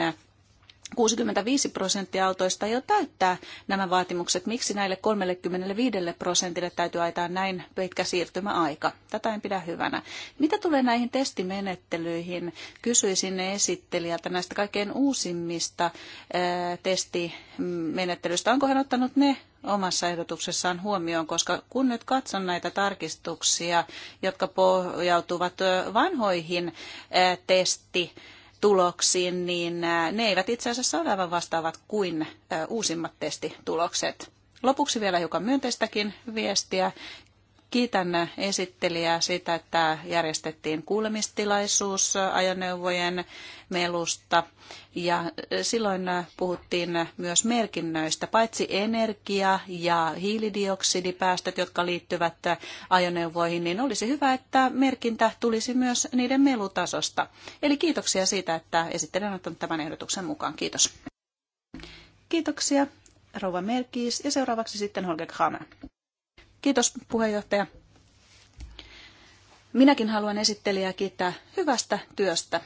65 prosenttia autoista jo täyttää nämä vaatimukset. Miksi näille 35 prosentille täytyy aitaa näin pitkä siirtymäaika? Tätä en pidä hyvänä. Mitä tulee näihin testimenettelyihin? Kysyisin esittelijältä näistä kaikkein uusimmista ää, testimenettelyistä. Onko hän ottanut ne omassa ehdotuksessaan huomioon, koska kun nyt katson näitä tarkistuksia, jotka pohjautuvat vanhoihin ää, testi testituloksiin, niin ne eivät itse asiassa ole aivan vastaavat kuin uusimmat testitulokset. Lopuksi vielä hiukan myönteistäkin viestiä. Kiitän esittelijää sitä, että järjestettiin kuulemistilaisuus ajoneuvojen melusta ja silloin puhuttiin myös merkinnöistä, paitsi energia- ja hiilidioksidipäästöt, jotka liittyvät ajoneuvoihin, niin olisi hyvä, että merkintä tulisi myös niiden melutasosta. Eli kiitoksia siitä, että esittelen on ottanut tämän ehdotuksen mukaan. Kiitos. Kiitoksia, rouva Merkiis, ja seuraavaksi sitten Holger Kramer. Kiitos puheenjohtaja. Minäkin haluan esittelijää kiittää hyvästä työstä.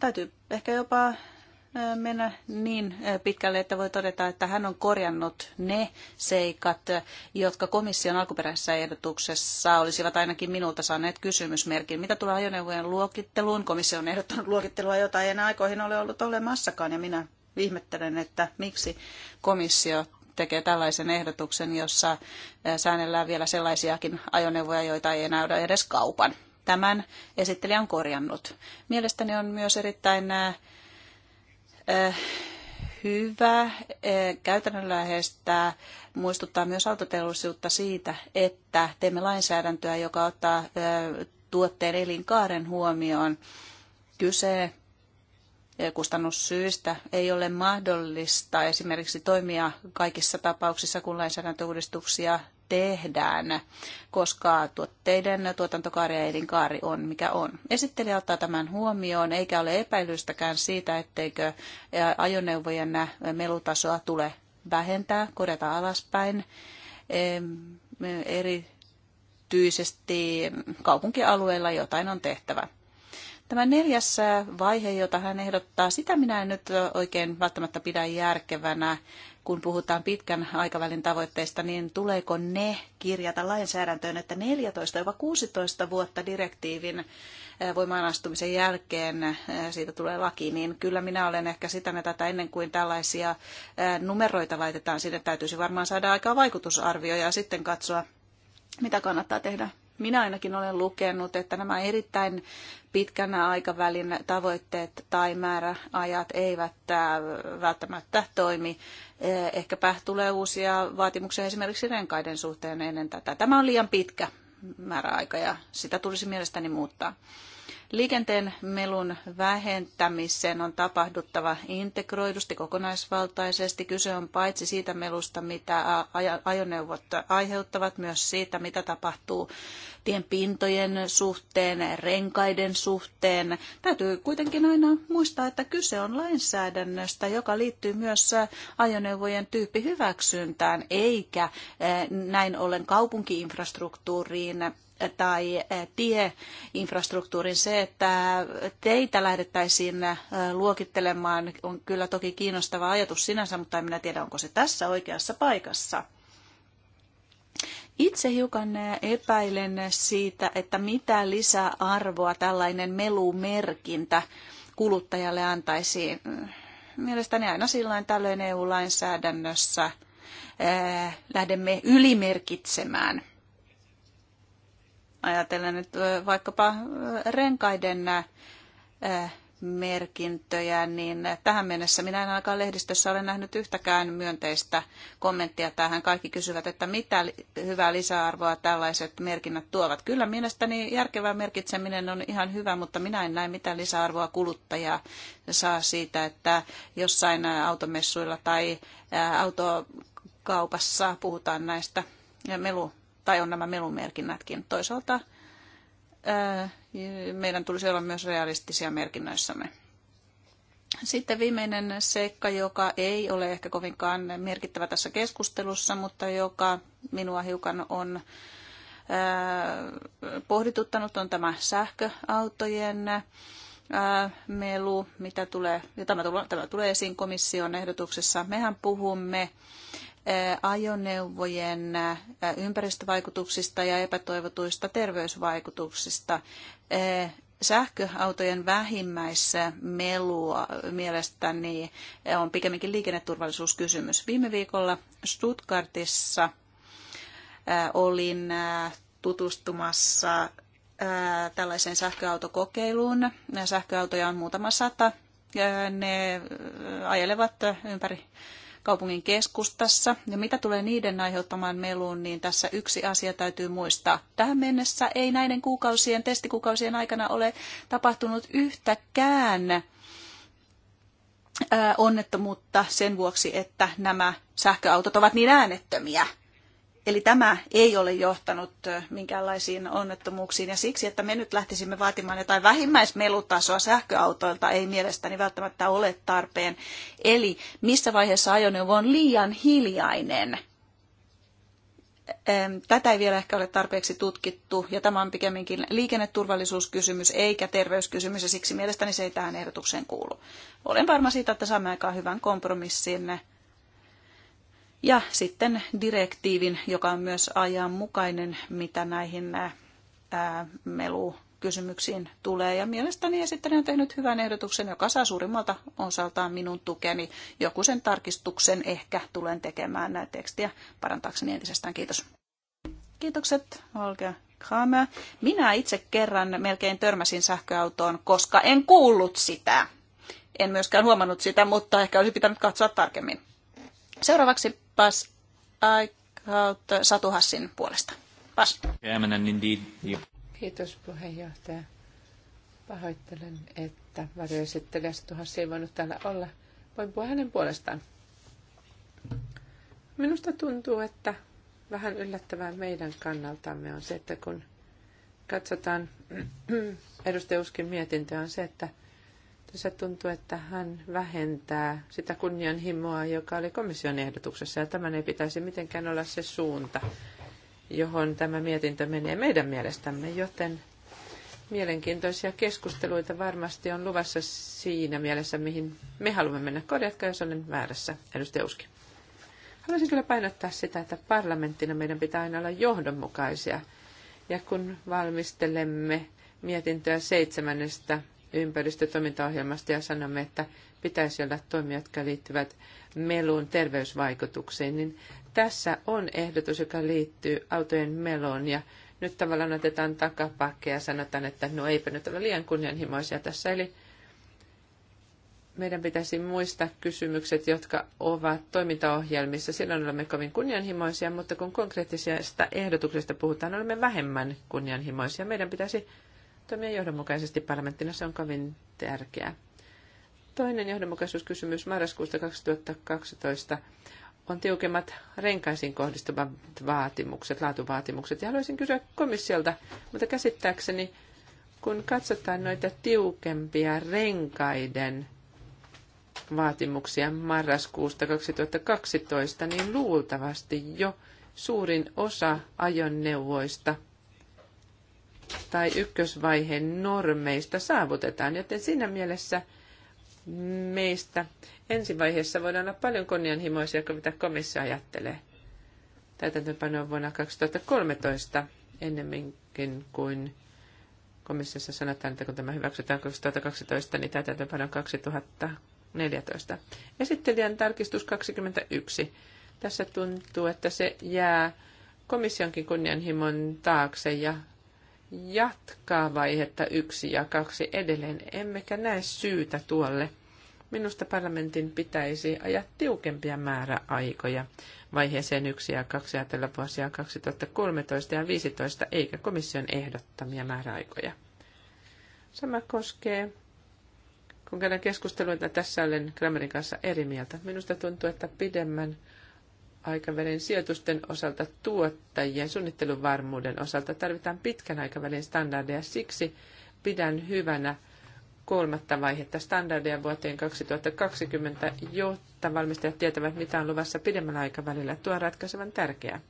Täytyy ehkä jopa mennä niin pitkälle, että voi todeta, että hän on korjannut ne seikat, jotka komission alkuperäisessä ehdotuksessa olisivat ainakin minulta saaneet kysymysmerkin. Mitä tulee ajoneuvojen luokitteluun? Komissio on ehdottanut luokittelua, jota ei enää aikoihin ole ollut olemassakaan, ja minä ihmettelen, että miksi komissio tekee tällaisen ehdotuksen, jossa säännellään vielä sellaisiakin ajoneuvoja, joita ei enää ole edes kaupan. Tämän esittelijä on korjannut. Mielestäni on myös erittäin hyvä, käytännönläheistä muistuttaa myös autoteollisuutta siitä, että teemme lainsäädäntöä, joka ottaa tuotteen elinkaaren huomioon. Kyse kustannussyistä ei ole mahdollista esimerkiksi toimia kaikissa tapauksissa, kun lainsäädäntöuudistuksia tehdään, koska tuotteiden tuotantokaari ja elinkaari on mikä on. Esittelijä ottaa tämän huomioon, eikä ole epäilystäkään siitä, etteikö ajoneuvojen melutasoa tule vähentää, korjata alaspäin. Erityisesti kaupunkialueilla jotain on tehtävä. Tämä neljäs vaihe, jota hän ehdottaa, sitä minä en nyt oikein välttämättä pidä järkevänä, kun puhutaan pitkän aikavälin tavoitteista, niin tuleeko ne kirjata lainsäädäntöön, että 14-16 vuotta direktiivin eh, voimaan astumisen jälkeen eh, siitä tulee laki, niin kyllä minä olen ehkä sitä mieltä, että ennen kuin tällaisia eh, numeroita laitetaan sinne, täytyisi varmaan saada aikaa vaikutusarvio ja sitten katsoa, mitä kannattaa tehdä minä ainakin olen lukenut, että nämä erittäin pitkänä aikavälin tavoitteet tai määräajat eivät välttämättä toimi. Ehkäpä tulee uusia vaatimuksia esimerkiksi renkaiden suhteen ennen tätä. Tämä on liian pitkä määräaika ja sitä tulisi mielestäni muuttaa. Liikenteen melun vähentämiseen on tapahduttava integroidusti kokonaisvaltaisesti. Kyse on paitsi siitä melusta, mitä ajoneuvot aiheuttavat, myös siitä, mitä tapahtuu tien pintojen suhteen, renkaiden suhteen. Täytyy kuitenkin aina muistaa, että kyse on lainsäädännöstä, joka liittyy myös ajoneuvojen tyyppihyväksyntään, eikä eh, näin ollen kaupunkiinfrastruktuuriin tai eh, tieinfrastruktuurin. Se, että teitä lähdettäisiin eh, luokittelemaan, on kyllä toki kiinnostava ajatus sinänsä, mutta en minä tiedä, onko se tässä oikeassa paikassa. Itse hiukan eh, epäilen siitä, että mitä lisäarvoa tällainen melumerkintä kuluttajalle antaisi. Mielestäni aina silloin tällöin EU-lainsäädännössä lähdemme ylimerkitsemään – Ajatellen nyt vaikkapa renkaiden merkintöjä, niin tähän mennessä minä en ainakaan lehdistössä ole nähnyt yhtäkään myönteistä kommenttia tähän. Kaikki kysyvät, että mitä hyvää lisäarvoa tällaiset merkinnät tuovat. Kyllä mielestäni järkevää merkitseminen on ihan hyvä, mutta minä en näe mitään lisäarvoa kuluttaja saa siitä, että jossain automessuilla tai autokaupassa puhutaan näistä melu tai on nämä melumerkinnätkin. Toisaalta äh, meidän tulisi olla myös realistisia merkinnöissämme. Sitten viimeinen seikka, joka ei ole ehkä kovinkaan merkittävä tässä keskustelussa, mutta joka minua hiukan on äh, pohdituttanut, on tämä sähköautojen äh, melu, mitä tulee, ja tämä, tulee, tämä tulee esiin komission ehdotuksessa. Mehän puhumme ajoneuvojen ympäristövaikutuksista ja epätoivotuista terveysvaikutuksista. Sähköautojen vähimmäismelua mielestäni on pikemminkin liikenneturvallisuuskysymys. Viime viikolla Stuttgartissa olin tutustumassa tällaiseen sähköautokokeiluun. Sähköautoja on muutama sata. Ne ajelevat ympäri kaupungin keskustassa. Ja mitä tulee niiden aiheuttamaan meluun, niin tässä yksi asia täytyy muistaa. Tähän mennessä ei näiden kuukausien, testikuukausien aikana ole tapahtunut yhtäkään onnettomuutta sen vuoksi, että nämä sähköautot ovat niin äänettömiä. Eli tämä ei ole johtanut minkäänlaisiin onnettomuuksiin ja siksi, että me nyt lähtisimme vaatimaan jotain vähimmäismelutasoa sähköautoilta, ei mielestäni välttämättä ole tarpeen. Eli missä vaiheessa ajoneuvo on liian hiljainen? Tätä ei vielä ehkä ole tarpeeksi tutkittu ja tämä on pikemminkin liikenneturvallisuuskysymys eikä terveyskysymys ja siksi mielestäni se ei tähän ehdotukseen kuulu. Olen varma siitä, että saamme aikaan hyvän kompromissin ja sitten direktiivin, joka on myös ajanmukainen, mitä näihin äh, äh, melukysymyksiin tulee. Ja mielestäni esittelijä on tehnyt hyvän ehdotuksen, joka saa suurimmalta osaltaan minun tukeni. Joku sen tarkistuksen ehkä tulen tekemään näitä tekstiä parantaakseni entisestään. Kiitos. Kiitokset, Olga Kramer. Minä itse kerran melkein törmäsin sähköautoon, koska en kuullut sitä. En myöskään huomannut sitä, mutta ehkä olisi pitänyt katsoa tarkemmin. Seuraavaksi Pas Aikaut Satu puolesta. Pas. Kiitos puheenjohtaja. Pahoittelen, että varjoesittelijä Satu Hassi ei voinut täällä olla. Voin puhua hänen puolestaan. Minusta tuntuu, että vähän yllättävää meidän kannaltamme on se, että kun katsotaan <clears throat> edustajuskin mietintöä, on se, että – tässä tuntuu, että hän vähentää sitä kunnianhimoa, joka oli komission ehdotuksessa, ja tämän ei pitäisi mitenkään olla se suunta, johon tämä mietintö menee meidän mielestämme, joten mielenkiintoisia keskusteluita varmasti on luvassa siinä mielessä, mihin me haluamme mennä. Korjatkaa, jos olen väärässä, edustaja Uski. Haluaisin kyllä painottaa sitä, että parlamenttina meidän pitää aina olla johdonmukaisia. Ja kun valmistelemme mietintöä seitsemännestä ympäristötoimintaohjelmasta ja sanomme, että pitäisi olla toimia, jotka liittyvät melun terveysvaikutuksiin, niin tässä on ehdotus, joka liittyy autojen meloon ja nyt tavallaan otetaan takapakkeja ja sanotaan, että no eipä nyt ole liian kunnianhimoisia tässä. Eli meidän pitäisi muistaa kysymykset, jotka ovat toimintaohjelmissa. Silloin olemme kovin kunnianhimoisia, mutta kun konkreettisesta ehdotuksesta puhutaan, olemme vähemmän kunnianhimoisia. Meidän pitäisi toimia johdonmukaisesti parlamenttina. Se on kovin tärkeää. Toinen johdonmukaisuuskysymys marraskuusta 2012 on tiukemmat renkaisiin kohdistuvat vaatimukset, laatuvaatimukset. Ja haluaisin kysyä komissiolta, mutta käsittääkseni, kun katsotaan noita tiukempia renkaiden vaatimuksia marraskuusta 2012, niin luultavasti jo suurin osa ajoneuvoista – tai ykkösvaiheen normeista saavutetaan, joten siinä mielessä meistä ensivaiheessa voidaan olla paljon kunnianhimoisia kuin mitä komissio ajattelee. Täytäntöönpano vuonna 2013 ennemminkin kuin komissiossa sanotaan, että kun tämä hyväksytään 2012, niin täytäntöönpano 2014. Esittelijän tarkistus 21. Tässä tuntuu, että se jää komissionkin kunnianhimon taakse ja jatkaa vaihetta yksi ja kaksi edelleen, emmekä näe syytä tuolle. Minusta parlamentin pitäisi ajaa tiukempia määräaikoja vaiheeseen 1 ja 2 ajatella vuosia 2013 ja 2015 eikä komission ehdottamia määräaikoja. Sama koskee, kun käydään keskustelua, että tässä olen Kramerin kanssa eri mieltä. Minusta tuntuu, että pidemmän aikavälin sijoitusten osalta tuottajien suunnitteluvarmuuden osalta tarvitaan pitkän aikavälin standardeja. Siksi pidän hyvänä kolmatta vaihetta standardeja vuoteen 2020, jotta valmistajat tietävät, mitä on luvassa pidemmällä aikavälillä. Tuo on ratkaisevan tärkeää.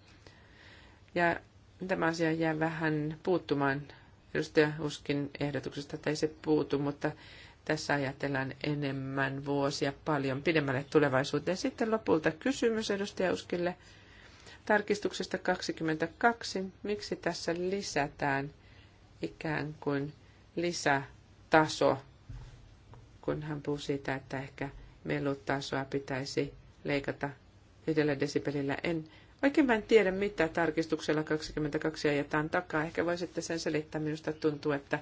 Ja tämä asia jää vähän puuttumaan edustaja Uskin ehdotuksesta, tai se puutu, mutta tässä ajatellaan enemmän vuosia paljon pidemmälle tulevaisuuteen. Sitten lopulta kysymys edustaja Uskille tarkistuksesta 22. Miksi tässä lisätään ikään kuin lisätaso, kun hän puhuu siitä, että ehkä melutasoa pitäisi leikata yhdellä desibelillä. En oikein mä en tiedä, mitä tarkistuksella 22 ajetaan takaa. Ehkä voisitte sen selittää. Minusta tuntuu, että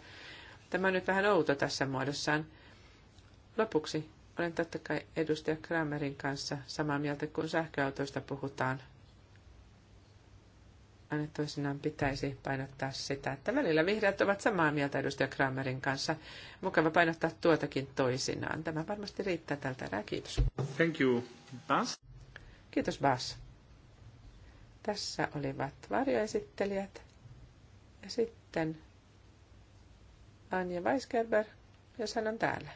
Tämä on nyt vähän outo tässä muodossaan. Lopuksi olen totta kai edustaja Kramerin kanssa samaa mieltä, kun sähköautoista puhutaan. Aina toisinaan pitäisi painottaa sitä, että välillä vihreät ovat samaa mieltä edustaja Kramerin kanssa. Mukava painottaa tuotakin toisinaan. Tämä varmasti riittää tältä erää. Kiitos. Thank you, Bas. Kiitos, Bas. Tässä olivat varjoesittelijät. Ja sitten Anja Weisgerber, jos hän on täällä.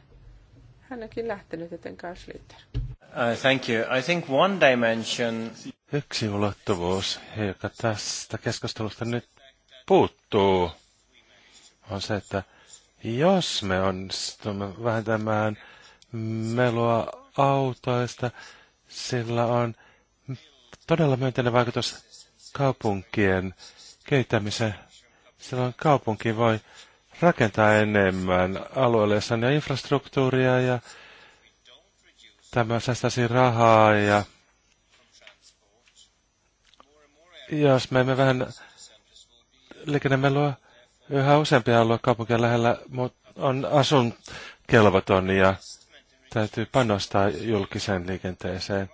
Hän onkin lähtenyt, joten Carl Uh, thank you. I think one dimension... Yksi ulottuvuus, joka tästä keskustelusta nyt puuttuu, on se, että jos me onnistumme vähentämään melua autoista, sillä on todella myönteinen vaikutus kaupunkien kehittämiseen. Silloin kaupunki voi rakentaa enemmän alueelle, ja infrastruktuuria ja tämä säästäisi rahaa ja jos me emme vähän luo yhä useampia alueita kaupunkien lähellä on kelvoton ja täytyy panostaa julkiseen liikenteeseen.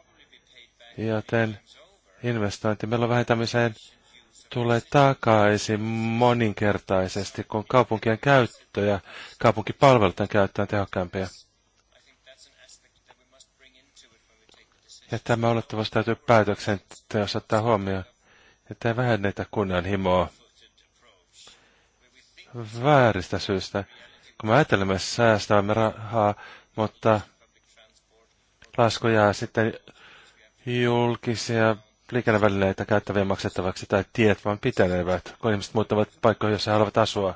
Joten investointi meillä on vähentämiseen tulee takaisin moninkertaisesti, kun kaupunkien käyttö ja kaupunkipalveluiden käyttö on tehokkaampia. Ja tämä olettavasti täytyy päätöksenteossa ottaa huomioon, ei vähennetä kunnianhimoa vääristä syystä. Kun me ajattelemme säästävämme rahaa, mutta lasku jää sitten julkisia liikennevälineitä käyttävien maksettavaksi tai tiet vaan pitenevät, kun ihmiset muuttavat paikkoja, joissa he haluavat asua.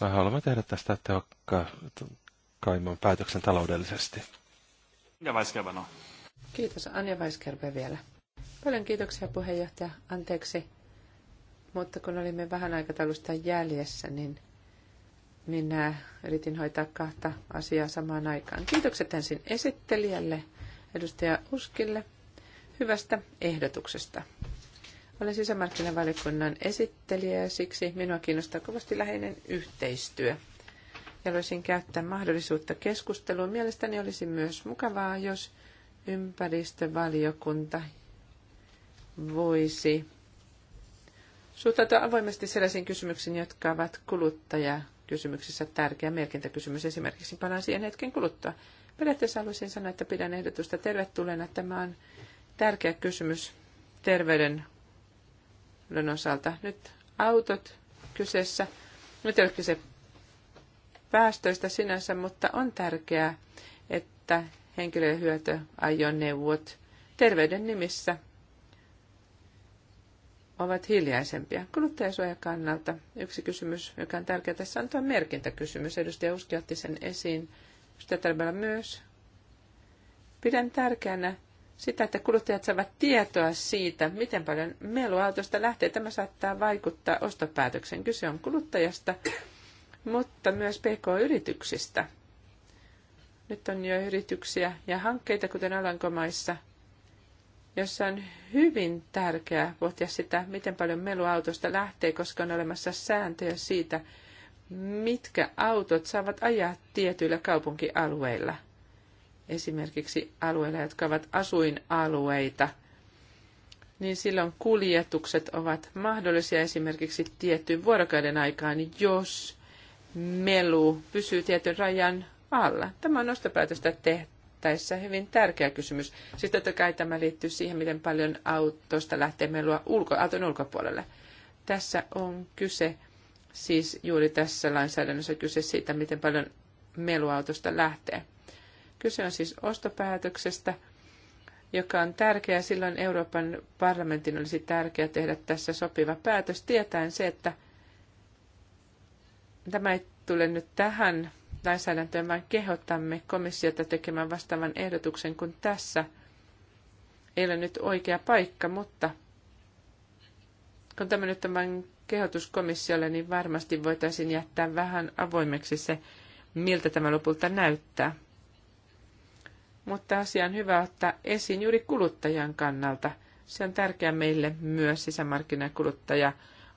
Me haluamme tehdä tästä tehokkaimman päätöksen taloudellisesti. Kiitos Anja Weiskerbe vielä. Paljon kiitoksia puheenjohtaja. Anteeksi, mutta kun olimme vähän aikataulusta jäljessä, niin minä yritin hoitaa kahta asiaa samaan aikaan. Kiitokset ensin esittelijälle edustaja Uskille hyvästä ehdotuksesta. Olen sisämarkkinavaliokunnan esittelijä ja siksi minua kiinnostaa kovasti läheinen yhteistyö. Ja voisin käyttää mahdollisuutta keskusteluun. Mielestäni olisi myös mukavaa, jos ympäristövaliokunta voisi suhtautua avoimesti sellaisiin kysymyksiin, jotka ovat kuluttajaa kysymyksessä tärkeä merkintäkysymys. Esimerkiksi palaan siihen hetken kuluttua. Periaatteessa haluaisin sanoa, että pidän ehdotusta tervetulleena. Tämä on tärkeä kysymys terveyden osalta. Nyt autot kyseessä. Nyt ei ole kyse päästöistä sinänsä, mutta on tärkeää, että henkilöhyötyajoneuvot terveyden nimissä ovat hiljaisempia. Kuluttajasuojan kannalta yksi kysymys, joka on tärkeä tässä on tuo merkintäkysymys. Edustaja Uski otti sen esiin, sitä tarvitaan myös. Pidän tärkeänä sitä, että kuluttajat saavat tietoa siitä, miten paljon meluautosta lähtee. Tämä saattaa vaikuttaa ostopäätöksen. Kyse on kuluttajasta, mutta myös pk-yrityksistä. Nyt on jo yrityksiä ja hankkeita, kuten Alankomaissa – jossa on hyvin tärkeää pohtia sitä, miten paljon melu autosta lähtee, koska on olemassa sääntöjä siitä, mitkä autot saavat ajaa tietyillä kaupunkialueilla. Esimerkiksi alueilla, jotka ovat asuinalueita, niin silloin kuljetukset ovat mahdollisia esimerkiksi tiettyyn vuorokauden aikaan, jos melu pysyy tietyn rajan alla. Tämä on ostopäätöstä tehty päätettäessä hyvin tärkeä kysymys. Siis totta kai tämä liittyy siihen, miten paljon autosta lähtee melua ulko, auton ulkopuolelle. Tässä on kyse, siis juuri tässä lainsäädännössä kyse siitä, miten paljon melua autosta lähtee. Kyse on siis ostopäätöksestä, joka on tärkeä. Silloin Euroopan parlamentin olisi tärkeää tehdä tässä sopiva päätös, tietäen se, että tämä ei tule nyt tähän lainsäädäntöön, vaan kehotamme komissiota tekemään vastaavan ehdotuksen, kun tässä ei ole nyt oikea paikka, mutta kun tämä nyt on vain kehotus komissiolle, niin varmasti voitaisiin jättää vähän avoimeksi se, miltä tämä lopulta näyttää. Mutta asia on hyvä ottaa esiin juuri kuluttajan kannalta. Se on tärkeää meille myös sisämarkkina-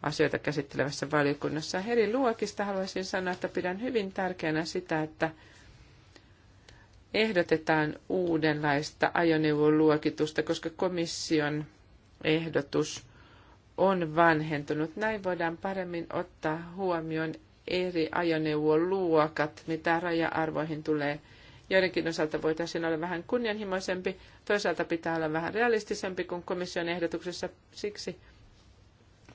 asioita käsittelevässä valiokunnassa. Heri Luokista haluaisin sanoa, että pidän hyvin tärkeänä sitä, että ehdotetaan uudenlaista luokitusta, koska komission ehdotus on vanhentunut. Näin voidaan paremmin ottaa huomioon eri luokat, mitä raja-arvoihin tulee. Joidenkin osalta voitaisiin olla vähän kunnianhimoisempi, toisaalta pitää olla vähän realistisempi kuin komission ehdotuksessa. Siksi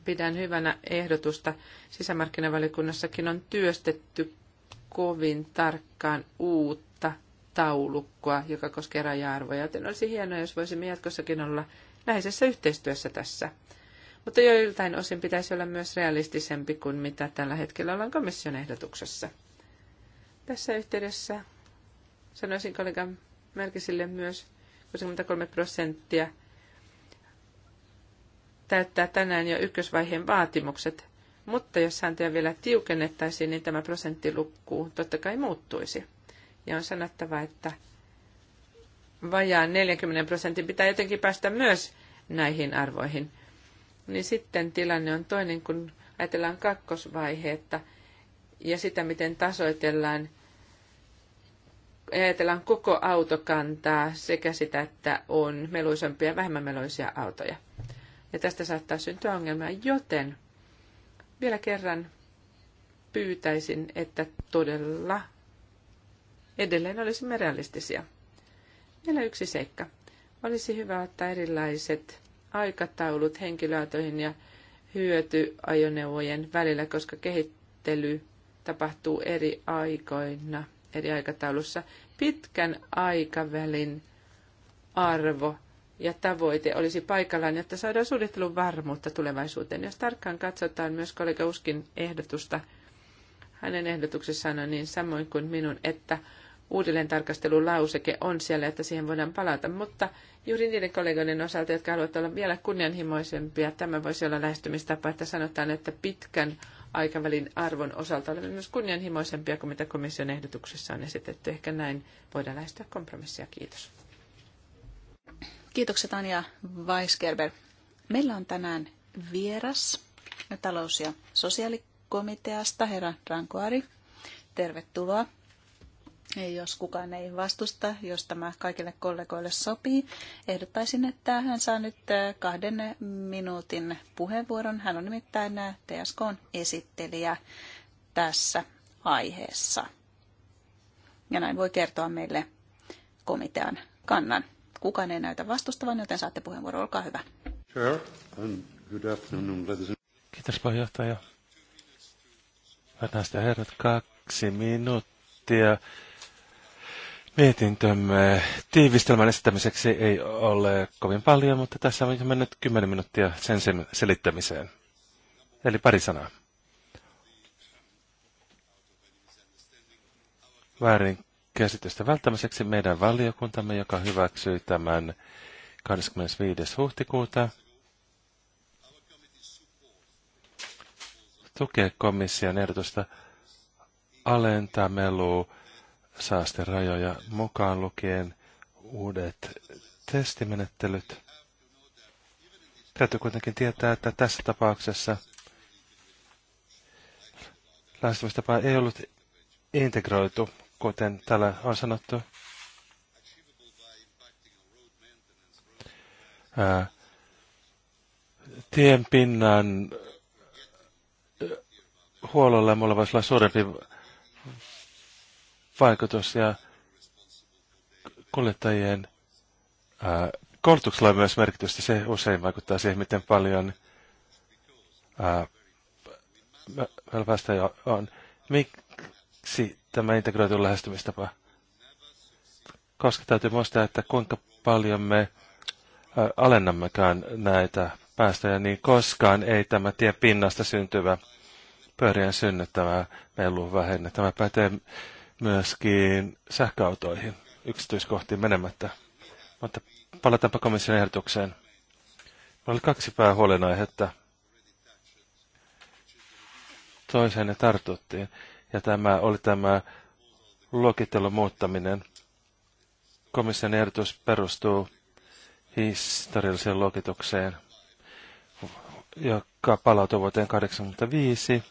pidän hyvänä ehdotusta. Sisämarkkinavaliokunnassakin on työstetty kovin tarkkaan uutta taulukkoa, joka koskee raja-arvoja, joten olisi hienoa, jos voisimme jatkossakin olla läheisessä yhteistyössä tässä. Mutta joiltain osin pitäisi olla myös realistisempi kuin mitä tällä hetkellä ollaan komission ehdotuksessa. Tässä yhteydessä sanoisin kollega Merkisille myös 63 prosenttia – täyttää tänään jo ykkösvaiheen vaatimukset, mutta jos sääntöjä vielä tiukennettaisiin, niin tämä prosenttilukku totta kai muuttuisi. Ja on sanottava, että vajaan 40 prosentin pitää jotenkin päästä myös näihin arvoihin. Niin sitten tilanne on toinen, kun ajatellaan kakkosvaihetta ja sitä, miten tasoitellaan ajatellaan koko autokantaa sekä sitä, että on meluisampia ja vähemmän meluisia autoja ja tästä saattaa syntyä ongelmia, joten vielä kerran pyytäisin, että todella edelleen olisimme realistisia. Vielä yksi seikka. Olisi hyvä ottaa erilaiset aikataulut henkilöautoihin ja hyötyajoneuvojen välillä, koska kehittely tapahtuu eri aikoina, eri aikataulussa. Pitkän aikavälin arvo ja tavoite olisi paikallaan, jotta saadaan suunnittelun varmuutta tulevaisuuteen. Jos tarkkaan katsotaan myös kollega Uskin ehdotusta, hänen ehdotuksessaan on niin samoin kuin minun, että uudelleen lauseke on siellä, että siihen voidaan palata, mutta juuri niiden kollegoiden osalta, jotka haluavat olla vielä kunnianhimoisempia, tämä voisi olla lähestymistapa, että sanotaan, että pitkän aikavälin arvon osalta olemme myös kunnianhimoisempia kuin mitä komission ehdotuksessa on esitetty. Ehkä näin voidaan lähestyä kompromissia. Kiitos. Kiitokset Anja Weisgerber. Meillä on tänään vieras talous- ja sosiaalikomiteasta, herra Rankoari. Tervetuloa. Jos kukaan ei vastusta, jos tämä kaikille kollegoille sopii, ehdottaisin, että hän saa nyt äh, kahden minuutin puheenvuoron. Hän on nimittäin äh, tsk esittelijä tässä aiheessa. Ja näin voi kertoa meille komitean kannan. Kukaan ei näytä vastustavan, joten saatte puheenvuoron. Olkaa hyvä. Kiitos puheenjohtaja. Hyvät sitä herrat, kaksi minuuttia. Mietintömme tiivistelmän esittämiseksi ei ole kovin paljon, mutta tässä on mennyt 10 minuuttia sen selittämiseen. Eli pari sanaa. Väärin käsitystä välttämiseksi meidän valiokuntamme, joka hyväksyi tämän 25. huhtikuuta, tukee komission ehdotusta alentaa melu saasterajoja mukaan lukien uudet testimenettelyt. Täytyy kuitenkin tietää, että tässä tapauksessa lähestymistapa ei ollut integroitu kuten täällä on sanottu. tien pinnan huollolla mulla voisi olla suurempi vaikutus ja kuljettajien koulutuksella on myös merkitystä. Se usein vaikuttaa siihen, miten paljon ää, meillä on. Miksi tämä integroitu lähestymistapa. Koska täytyy muistaa, että kuinka paljon me alennammekaan näitä päästöjä, niin koskaan ei tämä tien pinnasta syntyvä pyörien synnyttämä melu vähennä. Tämä pätee myöskin sähköautoihin yksityiskohtiin menemättä. Mutta palataanpa komission ehdotukseen. Meillä oli kaksi päähuolenaihetta. Toiseen ne tartuttiin ja tämä oli tämä luokittelun muuttaminen. Komission ehdotus perustuu historialliseen luokitukseen, joka palautui vuoteen 1985.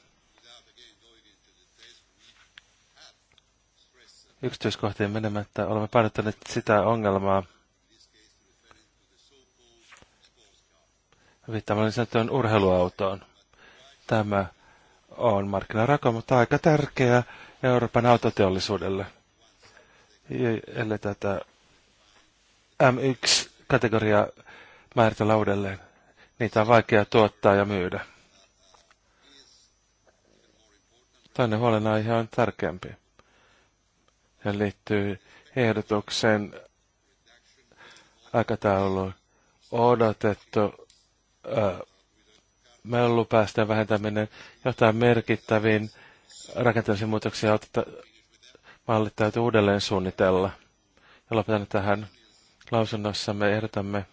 Yksityiskohtiin menemättä olemme painottaneet sitä ongelmaa, viittaamalla sanottuun urheiluautoon. Tämä on markkinarako, mutta aika tärkeä Euroopan autoteollisuudelle. Ellei tätä M1-kategoriaa määritellä uudelleen. Niitä on vaikea tuottaa ja myydä. Toinen huolenaihe on tärkeämpi. Se liittyy ehdotuksen aikatauluun. Odotettu äh, mellupäästöjen vähentäminen, jotain merkittäviin rakenteellisia muutoksia otetta, mallit täytyy uudelleen suunnitella. Ja lopetan tähän lausunnossa me ehdotamme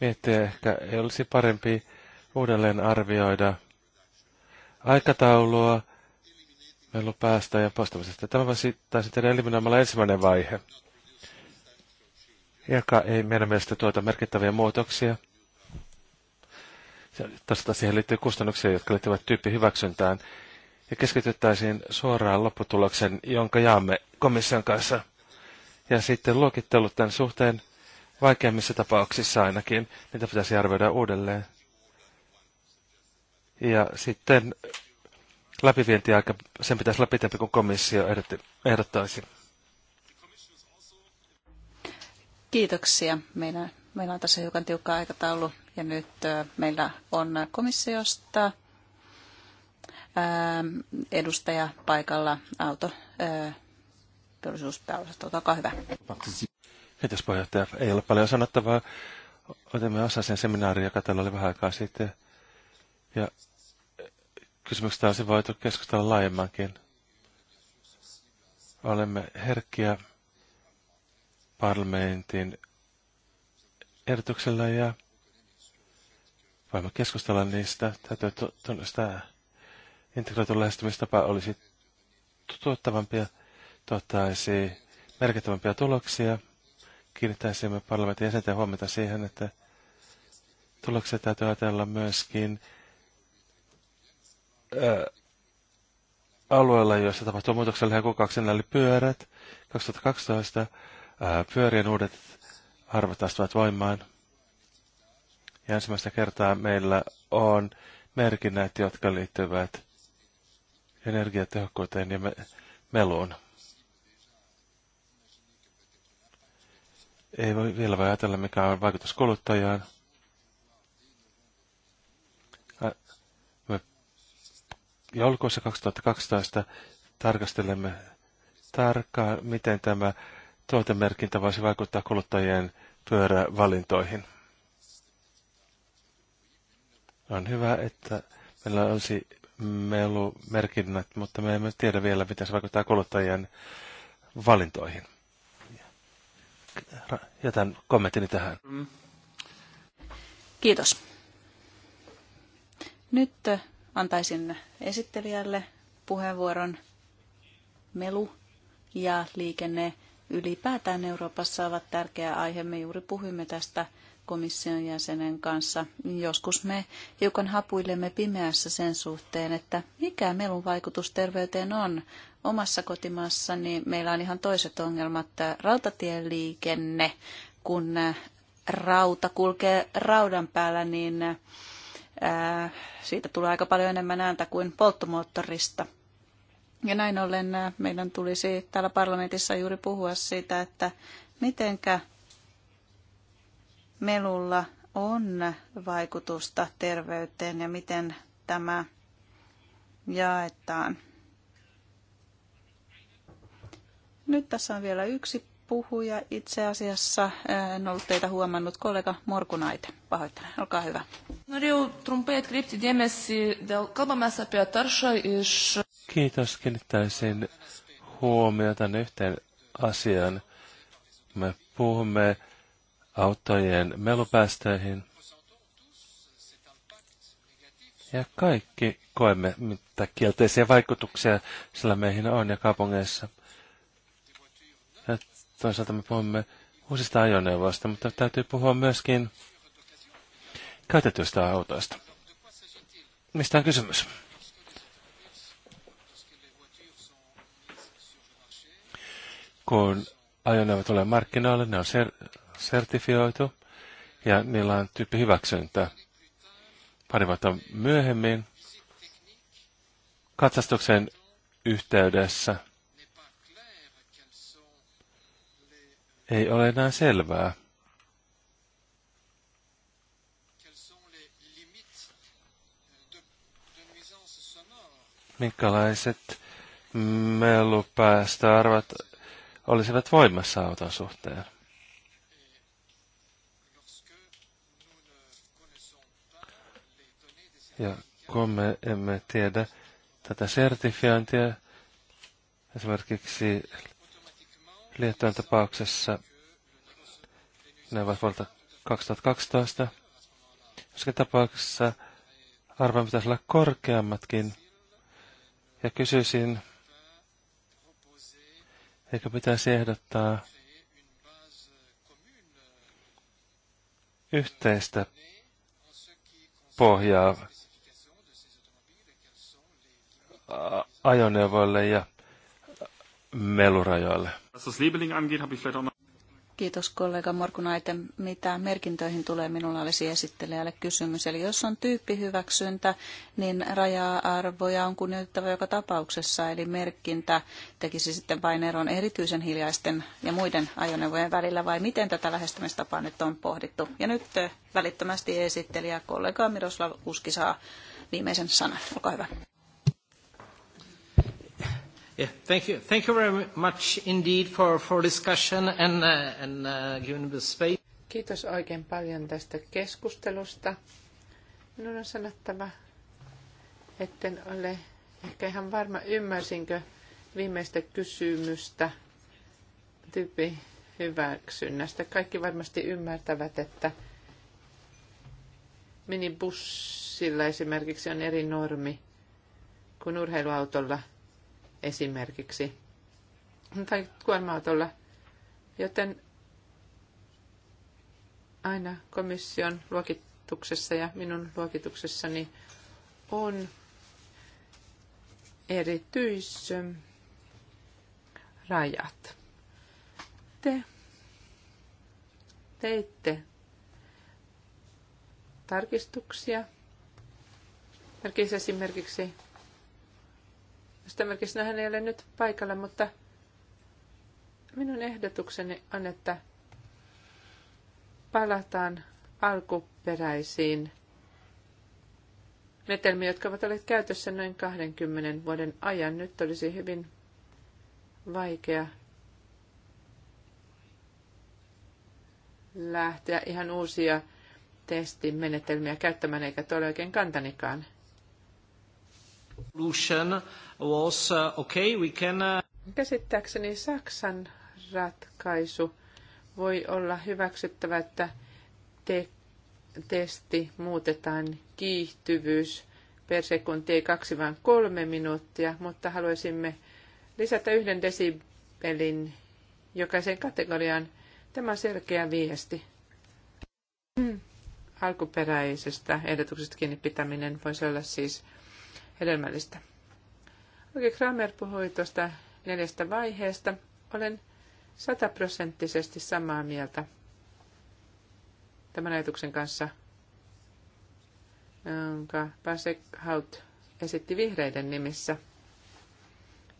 miettiä ehkä, ei olisi parempi uudelleen arvioida aikataulua, meillä on päästä ja poistamisesta. Tämä voisi tehdä eliminoimalla ensimmäinen vaihe joka ei meidän mielestä tuota merkittäviä muutoksia. Tästä siihen liittyy kustannuksia, jotka liittyvät tyyppi hyväksyntään. Ja keskityttäisiin suoraan lopputuloksen, jonka jaamme komission kanssa. Ja sitten luokittelut tämän suhteen vaikeimmissa tapauksissa ainakin, niitä pitäisi arvioida uudelleen. Ja sitten läpivientiaika, sen pitäisi olla pitempi kuin komissio ehdottaisi. Kiitoksia. Meillä, meillä on tässä hiukan tiukka aikataulu ja nyt meillä on komissiosta edustaja paikalla auto Äh, Olkaa hyvä. Kiitos puheenjohtaja. Ei ole paljon sanottavaa. Otimme osa sen seminaariin, joka täällä oli vähän aikaa sitten. Ja kysymyksestä olisi voitu keskustella laajemmankin. Olemme herkkiä parlamentin ehdotuksella ja voimme keskustella niistä. Täytyy tunnistaa, integroitu lähestymistapa olisi tuottavampi ja tuottaisi merkittävämpiä tuloksia. Kiinnittäisimme parlamentin jäsenten huomiota siihen, että tuloksia täytyy ajatella myöskin ää, alueella, jossa tapahtuu muutoksella lähes kuukausina, eli pyörät 2012 pyörien uudet arvot astuvat voimaan. Ja ensimmäistä kertaa meillä on merkinnät, jotka liittyvät energiatehokkuuteen ja meluun. Ei voi vielä voi ajatella, mikä on vaikutus kuluttajaan. Me joulukuussa 2012 tarkastelemme tarkkaan, miten tämä tuotemerkintä voisi vaikuttaa kuluttajien pyörävalintoihin. On hyvä, että meillä olisi melumerkinnät, mutta me emme tiedä vielä, miten se vaikuttaa kuluttajien valintoihin. Jätän kommenttini tähän. Kiitos. Nyt antaisin esittelijälle puheenvuoron melu- ja liikenne- ylipäätään Euroopassa ovat tärkeä aihe. Me juuri puhuimme tästä komission jäsenen kanssa. Joskus me hiukan hapuilemme pimeässä sen suhteen, että mikä melun vaikutus terveyteen on. Omassa niin meillä on ihan toiset ongelmat. Rautatieliikenne, kun rauta kulkee raudan päällä, niin siitä tulee aika paljon enemmän ääntä kuin polttomoottorista. Ja näin ollen äh, meidän tulisi täällä parlamentissa juuri puhua siitä, että mitenkä melulla on vaikutusta terveyteen ja miten tämä jaetaan. Nyt tässä on vielä yksi puhuja. Itse asiassa äh, en ollut teitä huomannut kollega Morkunaite. Pahoittelen, olkaa hyvä. Norėjau trumpeet kriptidiemessi, dėmesį, dėl, kalbamės apie iš Kiitos. Kiinnittäisin huomiota yhteen asiaan. Me puhumme autojen melupäästöihin. Ja kaikki koemme, mitä kielteisiä vaikutuksia sillä meihin on ja kaupungeissa. Ja toisaalta me puhumme uusista ajoneuvoista, mutta täytyy puhua myöskin käytetyistä autoista. Mistä on kysymys? kun ajoneuvo tulee markkinoille, ne on ser- sertifioitu ja niillä on tyyppi hyväksyntä. Pari vuotta myöhemmin katsastuksen yhteydessä ei ole enää selvää, minkälaiset melupäästöarvat olisivat voimassa auton suhteen. Ja kun me emme tiedä tätä sertifiointia, esimerkiksi Liettuan tapauksessa ne ovat vuodelta 2012. joskin tapauksessa arvojen pitäisi olla korkeammatkin. Ja kysyisin, Eikö pitäisi ehdottaa yhteistä pohjaa ajoneuvoille ja melurajoille? Was das Labeling angeht, habe ich vielleicht auch Kiitos kollega Morkunaiten. Mitä merkintöihin tulee, minulla olisi esittelijälle kysymys. Eli jos on tyyppihyväksyntä, niin raja-arvoja on kunnioitettava joka tapauksessa. Eli merkintä tekisi sitten vain eron erityisen hiljaisten ja muiden ajoneuvojen välillä, vai miten tätä lähestymistapaa nyt on pohdittu? Ja nyt välittömästi esittelijä kollega Miroslav Uski saa viimeisen sanan. Olkaa hyvä. Yeah, thank you. Thank you very much indeed for, for discussion and, uh, and uh, giving the space. Kiitos oikein paljon tästä keskustelusta. Minun on sanottava, etten ole ehkä ihan varma, ymmärsinkö viimeistä kysymystä tyyppi hyväksynnästä. Kaikki varmasti ymmärtävät, että minibussilla esimerkiksi on eri normi kuin urheiluautolla – esimerkiksi tai kuorma-autolla, joten aina komission luokituksessa ja minun luokituksessani on erityisrajat. Te teitte tarkistuksia. Tarkis esimerkiksi Stenbergis, hän ei ole nyt paikalla, mutta minun ehdotukseni on, että palataan alkuperäisiin metelmiin, jotka ovat olleet käytössä noin 20 vuoden ajan. Nyt olisi hyvin vaikea lähteä ihan uusia testimenetelmiä käyttämään, eikä tuolla oikein kantanikaan. Uh, uh, Käsittääkseni Saksan ratkaisu voi olla hyväksyttävä, että te- testi muutetaan kiihtyvyys per sekunti ei kaksi vaan kolme minuuttia, mutta haluaisimme lisätä yhden desibelin jokaisen kategoriaan. Tämä on selkeä viesti. Hmm. Alkuperäisestä ehdotuksesta kiinni pitäminen voisi olla siis hedelmällistä. Oikein Kramer puhui tuosta neljästä vaiheesta. Olen sataprosenttisesti samaa mieltä tämän ajatuksen kanssa, jonka Pasek Haut esitti vihreiden nimissä.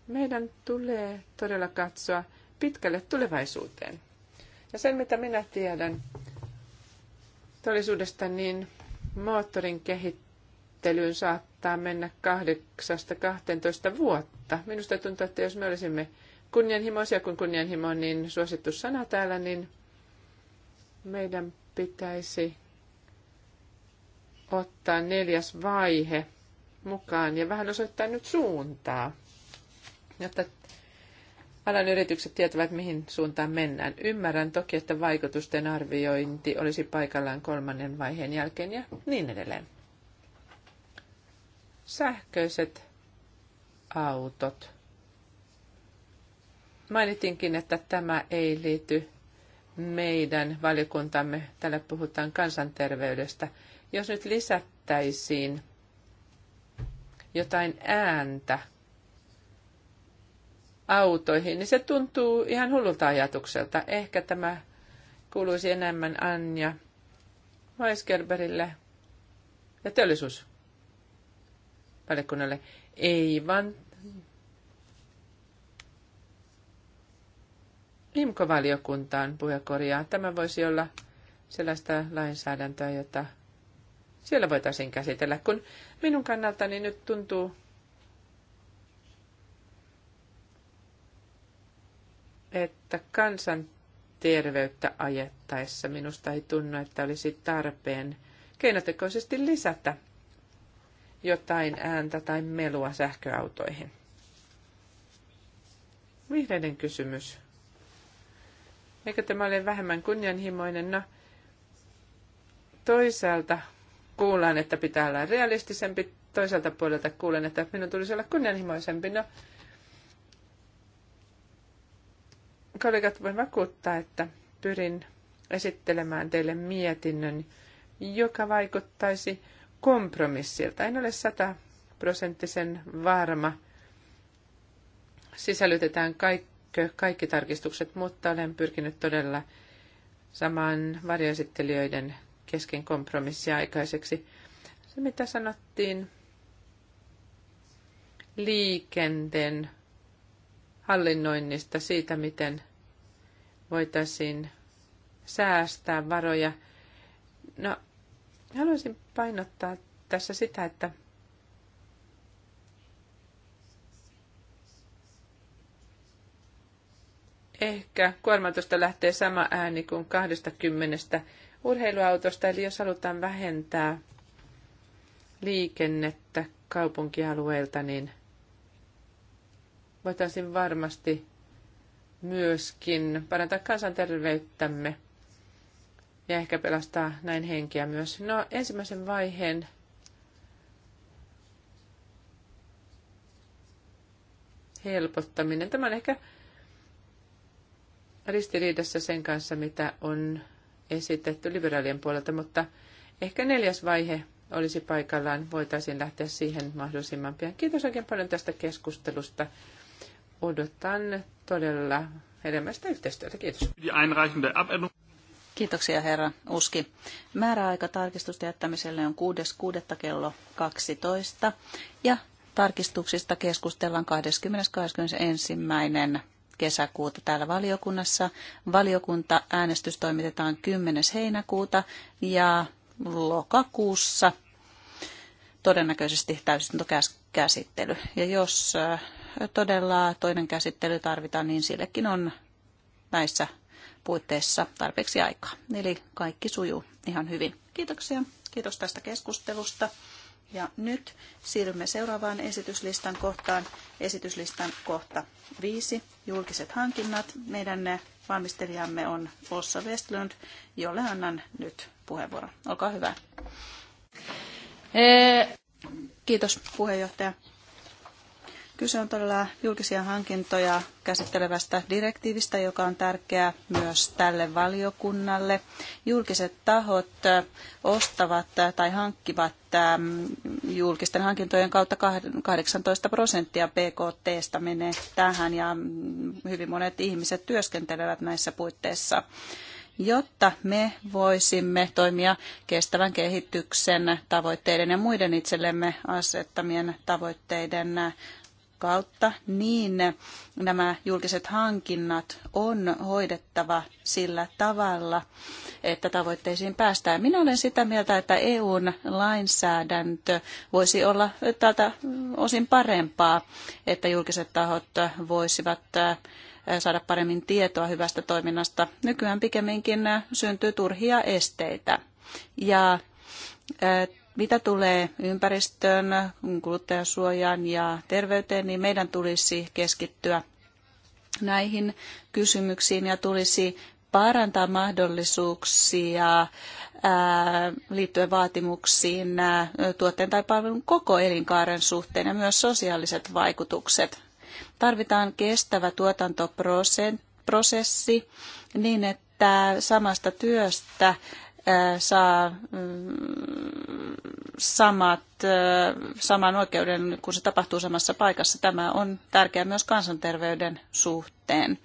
Meidän tulee todella katsoa pitkälle tulevaisuuteen. Ja sen, mitä minä tiedän todellisuudesta, niin moottorin kehittäminen käsittelyyn saattaa mennä 8-12 vuotta. Minusta tuntuu, että jos me olisimme kunnianhimoisia, kuin kunnianhimo on niin suosittu sana täällä, niin meidän pitäisi ottaa neljäs vaihe mukaan ja vähän osoittaa nyt suuntaa, jotta alan yritykset tietävät, mihin suuntaan mennään. Ymmärrän toki, että vaikutusten arviointi olisi paikallaan kolmannen vaiheen jälkeen ja niin edelleen. Sähköiset autot. Mainitinkin, että tämä ei liity meidän valikuntamme. Täällä puhutaan kansanterveydestä. Jos nyt lisättäisiin jotain ääntä autoihin, niin se tuntuu ihan hullulta ajatukselta. Ehkä tämä kuuluisi enemmän Anja Weisgerberille ja teollisuus valiokunnalle. Ei, vaan IMKO-valiokuntaan puhekorjaa. Tämä voisi olla sellaista lainsäädäntöä, jota siellä voitaisiin käsitellä, kun minun kannaltani nyt tuntuu, että kansan terveyttä ajettaessa minusta ei tunnu, että olisi tarpeen keinotekoisesti lisätä jotain ääntä tai melua sähköautoihin. Vihreiden kysymys. Eikö tämä ole vähemmän kunnianhimoinen? No, toisaalta kuulan, että pitää olla realistisempi, toiselta puolelta kuulen, että minun tulisi olla kunnianhimoisempi. No, kollegat, voin vakuuttaa, että pyrin esittelemään teille mietinnön, joka vaikuttaisi kompromissilta. En ole sataprosenttisen varma, sisällytetään kaikki, kaikki tarkistukset, mutta olen pyrkinyt todella samaan varjoesittelijöiden kesken kompromissia aikaiseksi. Se, mitä sanottiin liikenteen hallinnoinnista, siitä, miten voitaisiin säästää varoja. No, Haluaisin painottaa tässä sitä, että ehkä kuormatusta lähtee sama ääni kuin 20 urheiluautosta, eli jos halutaan vähentää liikennettä kaupunkialueelta, niin voitaisiin varmasti myöskin parantaa kansanterveyttämme ja ehkä pelastaa näin henkiä myös. No ensimmäisen vaiheen helpottaminen. Tämä on ehkä ristiriidassa sen kanssa, mitä on esitetty liberaalien puolelta, mutta ehkä neljäs vaihe olisi paikallaan. Voitaisiin lähteä siihen mahdollisimman pian. Kiitos oikein paljon tästä keskustelusta. Odotan todella hedelmästä yhteistyötä. Kiitos. Kiitoksia herra Uski. Määräaika tarkistusten jättämiselle on 6.6. kello 12 ja tarkistuksista keskustellaan 20.21. kesäkuuta täällä valiokunnassa. Valiokunta äänestys toimitetaan 10. heinäkuuta ja lokakuussa todennäköisesti täysistuntokäsittely. Ja jos äh, todella toinen käsittely tarvitaan, niin sillekin on näissä puitteissa tarpeeksi aikaa. Eli kaikki sujuu ihan hyvin. Kiitoksia. Kiitos tästä keskustelusta. Ja nyt siirrymme seuraavaan esityslistan kohtaan. Esityslistan kohta viisi, julkiset hankinnat. Meidän valmistelijamme on Ossa Westlund, jolle annan nyt puheenvuoron. Olkaa hyvä. Eh. Kiitos puheenjohtaja. Kyse on todella julkisia hankintoja käsittelevästä direktiivistä, joka on tärkeä myös tälle valiokunnalle. Julkiset tahot ostavat tai hankkivat ähm, julkisten hankintojen kautta 18 prosenttia BKT menee tähän ja mm, hyvin monet ihmiset työskentelevät näissä puitteissa jotta me voisimme toimia kestävän kehityksen tavoitteiden ja muiden itsellemme asettamien tavoitteiden kautta, niin nämä julkiset hankinnat on hoidettava sillä tavalla, että tavoitteisiin päästään. Minä olen sitä mieltä, että EUn lainsäädäntö voisi olla tältä osin parempaa, että julkiset tahot voisivat saada paremmin tietoa hyvästä toiminnasta. Nykyään pikemminkin syntyy turhia esteitä. Ja mitä tulee ympäristöön, kuluttajasuojaan ja terveyteen, niin meidän tulisi keskittyä näihin kysymyksiin ja tulisi parantaa mahdollisuuksia liittyen vaatimuksiin tuotteen tai palvelun koko elinkaaren suhteen ja myös sosiaaliset vaikutukset. Tarvitaan kestävä tuotantoprosessi niin, että samasta työstä saa mm, samat, saman oikeuden, kun se tapahtuu samassa paikassa. Tämä on tärkeää myös kansanterveyden suhteen.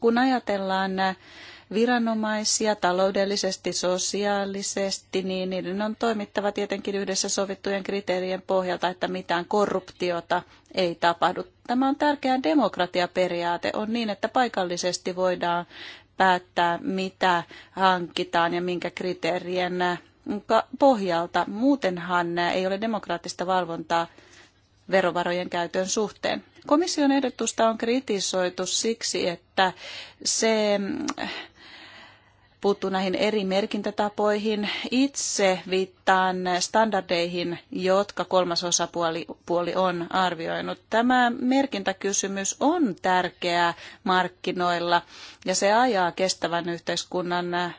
Kun ajatellaan viranomaisia taloudellisesti, sosiaalisesti, niin niiden on toimittava tietenkin yhdessä sovittujen kriteerien pohjalta, että mitään korruptiota ei tapahdu. Tämä on tärkeä demokratiaperiaate. On niin, että paikallisesti voidaan päättää, mitä hankitaan ja minkä kriteerien äh, pohjalta. Muutenhan äh, ei ole demokraattista valvontaa verovarojen käytön suhteen. Komission ehdotusta on kritisoitu siksi, että se mm, puuttuu näihin eri merkintätapoihin. Itse viittaan standardeihin, jotka kolmas osapuoli puoli on arvioinut. Tämä merkintäkysymys on tärkeää markkinoilla ja se ajaa kestävän yhteiskunnan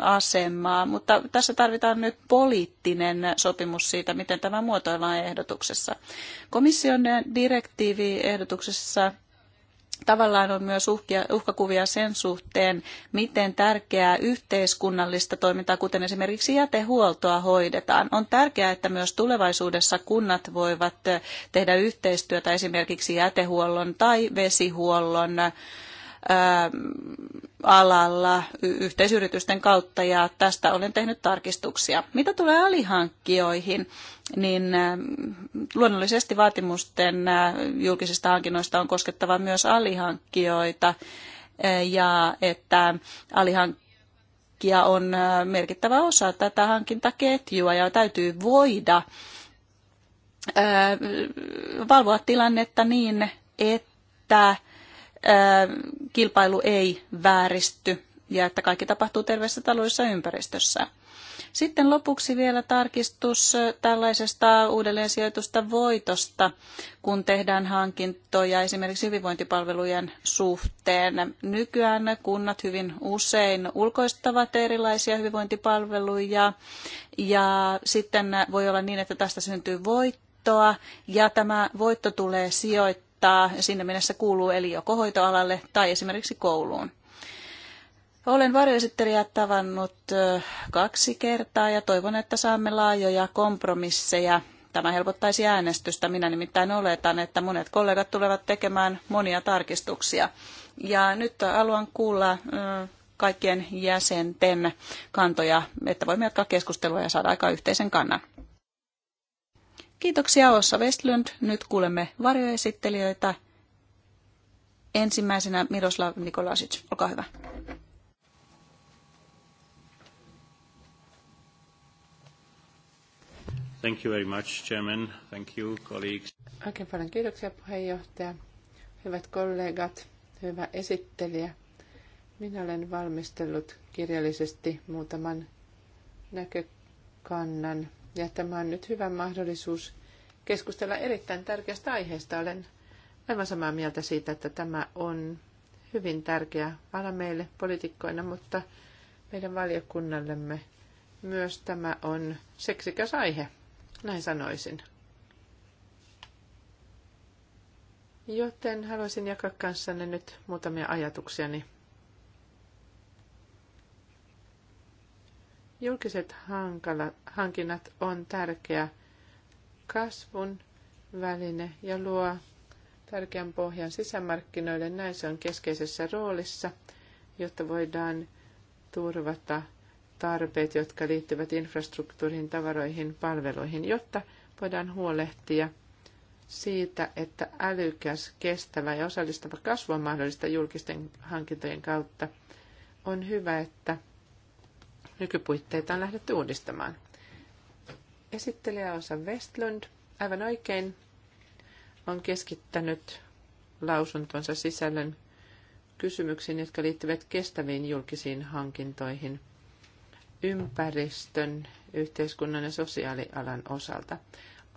asemaa, mutta tässä tarvitaan nyt poliittinen sopimus siitä, miten tämä muotoillaan ehdotuksessa. Komission direktiiviehdotuksessa tavallaan on myös uhkia, uhkakuvia sen suhteen, miten tärkeää yhteiskunnallista toimintaa, kuten esimerkiksi jätehuoltoa, hoidetaan. On tärkeää, että myös tulevaisuudessa kunnat voivat tehdä yhteistyötä esimerkiksi jätehuollon tai vesihuollon alalla yhteisyritysten kautta ja tästä olen tehnyt tarkistuksia. Mitä tulee alihankkijoihin, niin luonnollisesti vaatimusten julkisista hankinnoista on koskettava myös alihankkijoita ja että alihankkija on merkittävä osa tätä hankintaketjua ja täytyy voida valvoa tilannetta niin, että kilpailu ei vääristy ja että kaikki tapahtuu terveessä taloudellisessa ympäristössä. Sitten lopuksi vielä tarkistus tällaisesta uudelleen sijoitusta voitosta, kun tehdään hankintoja esimerkiksi hyvinvointipalvelujen suhteen. Nykyään kunnat hyvin usein ulkoistavat erilaisia hyvinvointipalveluja ja sitten voi olla niin, että tästä syntyy voittoa ja tämä voitto tulee sijoittaa kouluttaa sinne, minne kuuluu, eli joko hoitoalalle tai esimerkiksi kouluun. Olen varjoesittelijä tavannut kaksi kertaa ja toivon, että saamme laajoja kompromisseja. Tämä helpottaisi äänestystä. Minä nimittäin oletan, että monet kollegat tulevat tekemään monia tarkistuksia. Ja nyt haluan kuulla kaikkien jäsenten kantoja, että voimme jatkaa keskustelua ja saada aika yhteisen kannan. Kiitoksia Ossa Westlund. Nyt kuulemme varjoesittelijöitä. Ensimmäisenä Miroslav Nikolasic, olkaa hyvä. Thank you very much, Chairman. Thank you, colleagues. Oikein paljon kiitoksia puheenjohtaja. Hyvät kollegat, hyvä esittelijä. Minä olen valmistellut kirjallisesti muutaman näkökannan ja tämä on nyt hyvä mahdollisuus keskustella erittäin tärkeästä aiheesta. Olen aivan samaa mieltä siitä, että tämä on hyvin tärkeä ala meille poliitikkoina, mutta meidän valiokunnallemme myös tämä on seksikäs aihe, näin sanoisin. Joten haluaisin jakaa kanssanne nyt muutamia ajatuksiani. Julkiset hankalat, hankinnat on tärkeä kasvun väline ja luo tärkeän pohjan sisämarkkinoille. Näin se on keskeisessä roolissa, jotta voidaan turvata tarpeet, jotka liittyvät infrastruktuuriin, tavaroihin, palveluihin, jotta voidaan huolehtia siitä, että älykäs, kestävä ja osallistava kasvu on mahdollista julkisten hankintojen kautta. On hyvä, että nykypuitteita on lähdetty uudistamaan. Esittelijä Osa Westlund aivan oikein on keskittänyt lausuntonsa sisällön kysymyksiin, jotka liittyvät kestäviin julkisiin hankintoihin ympäristön, yhteiskunnan ja sosiaalialan osalta.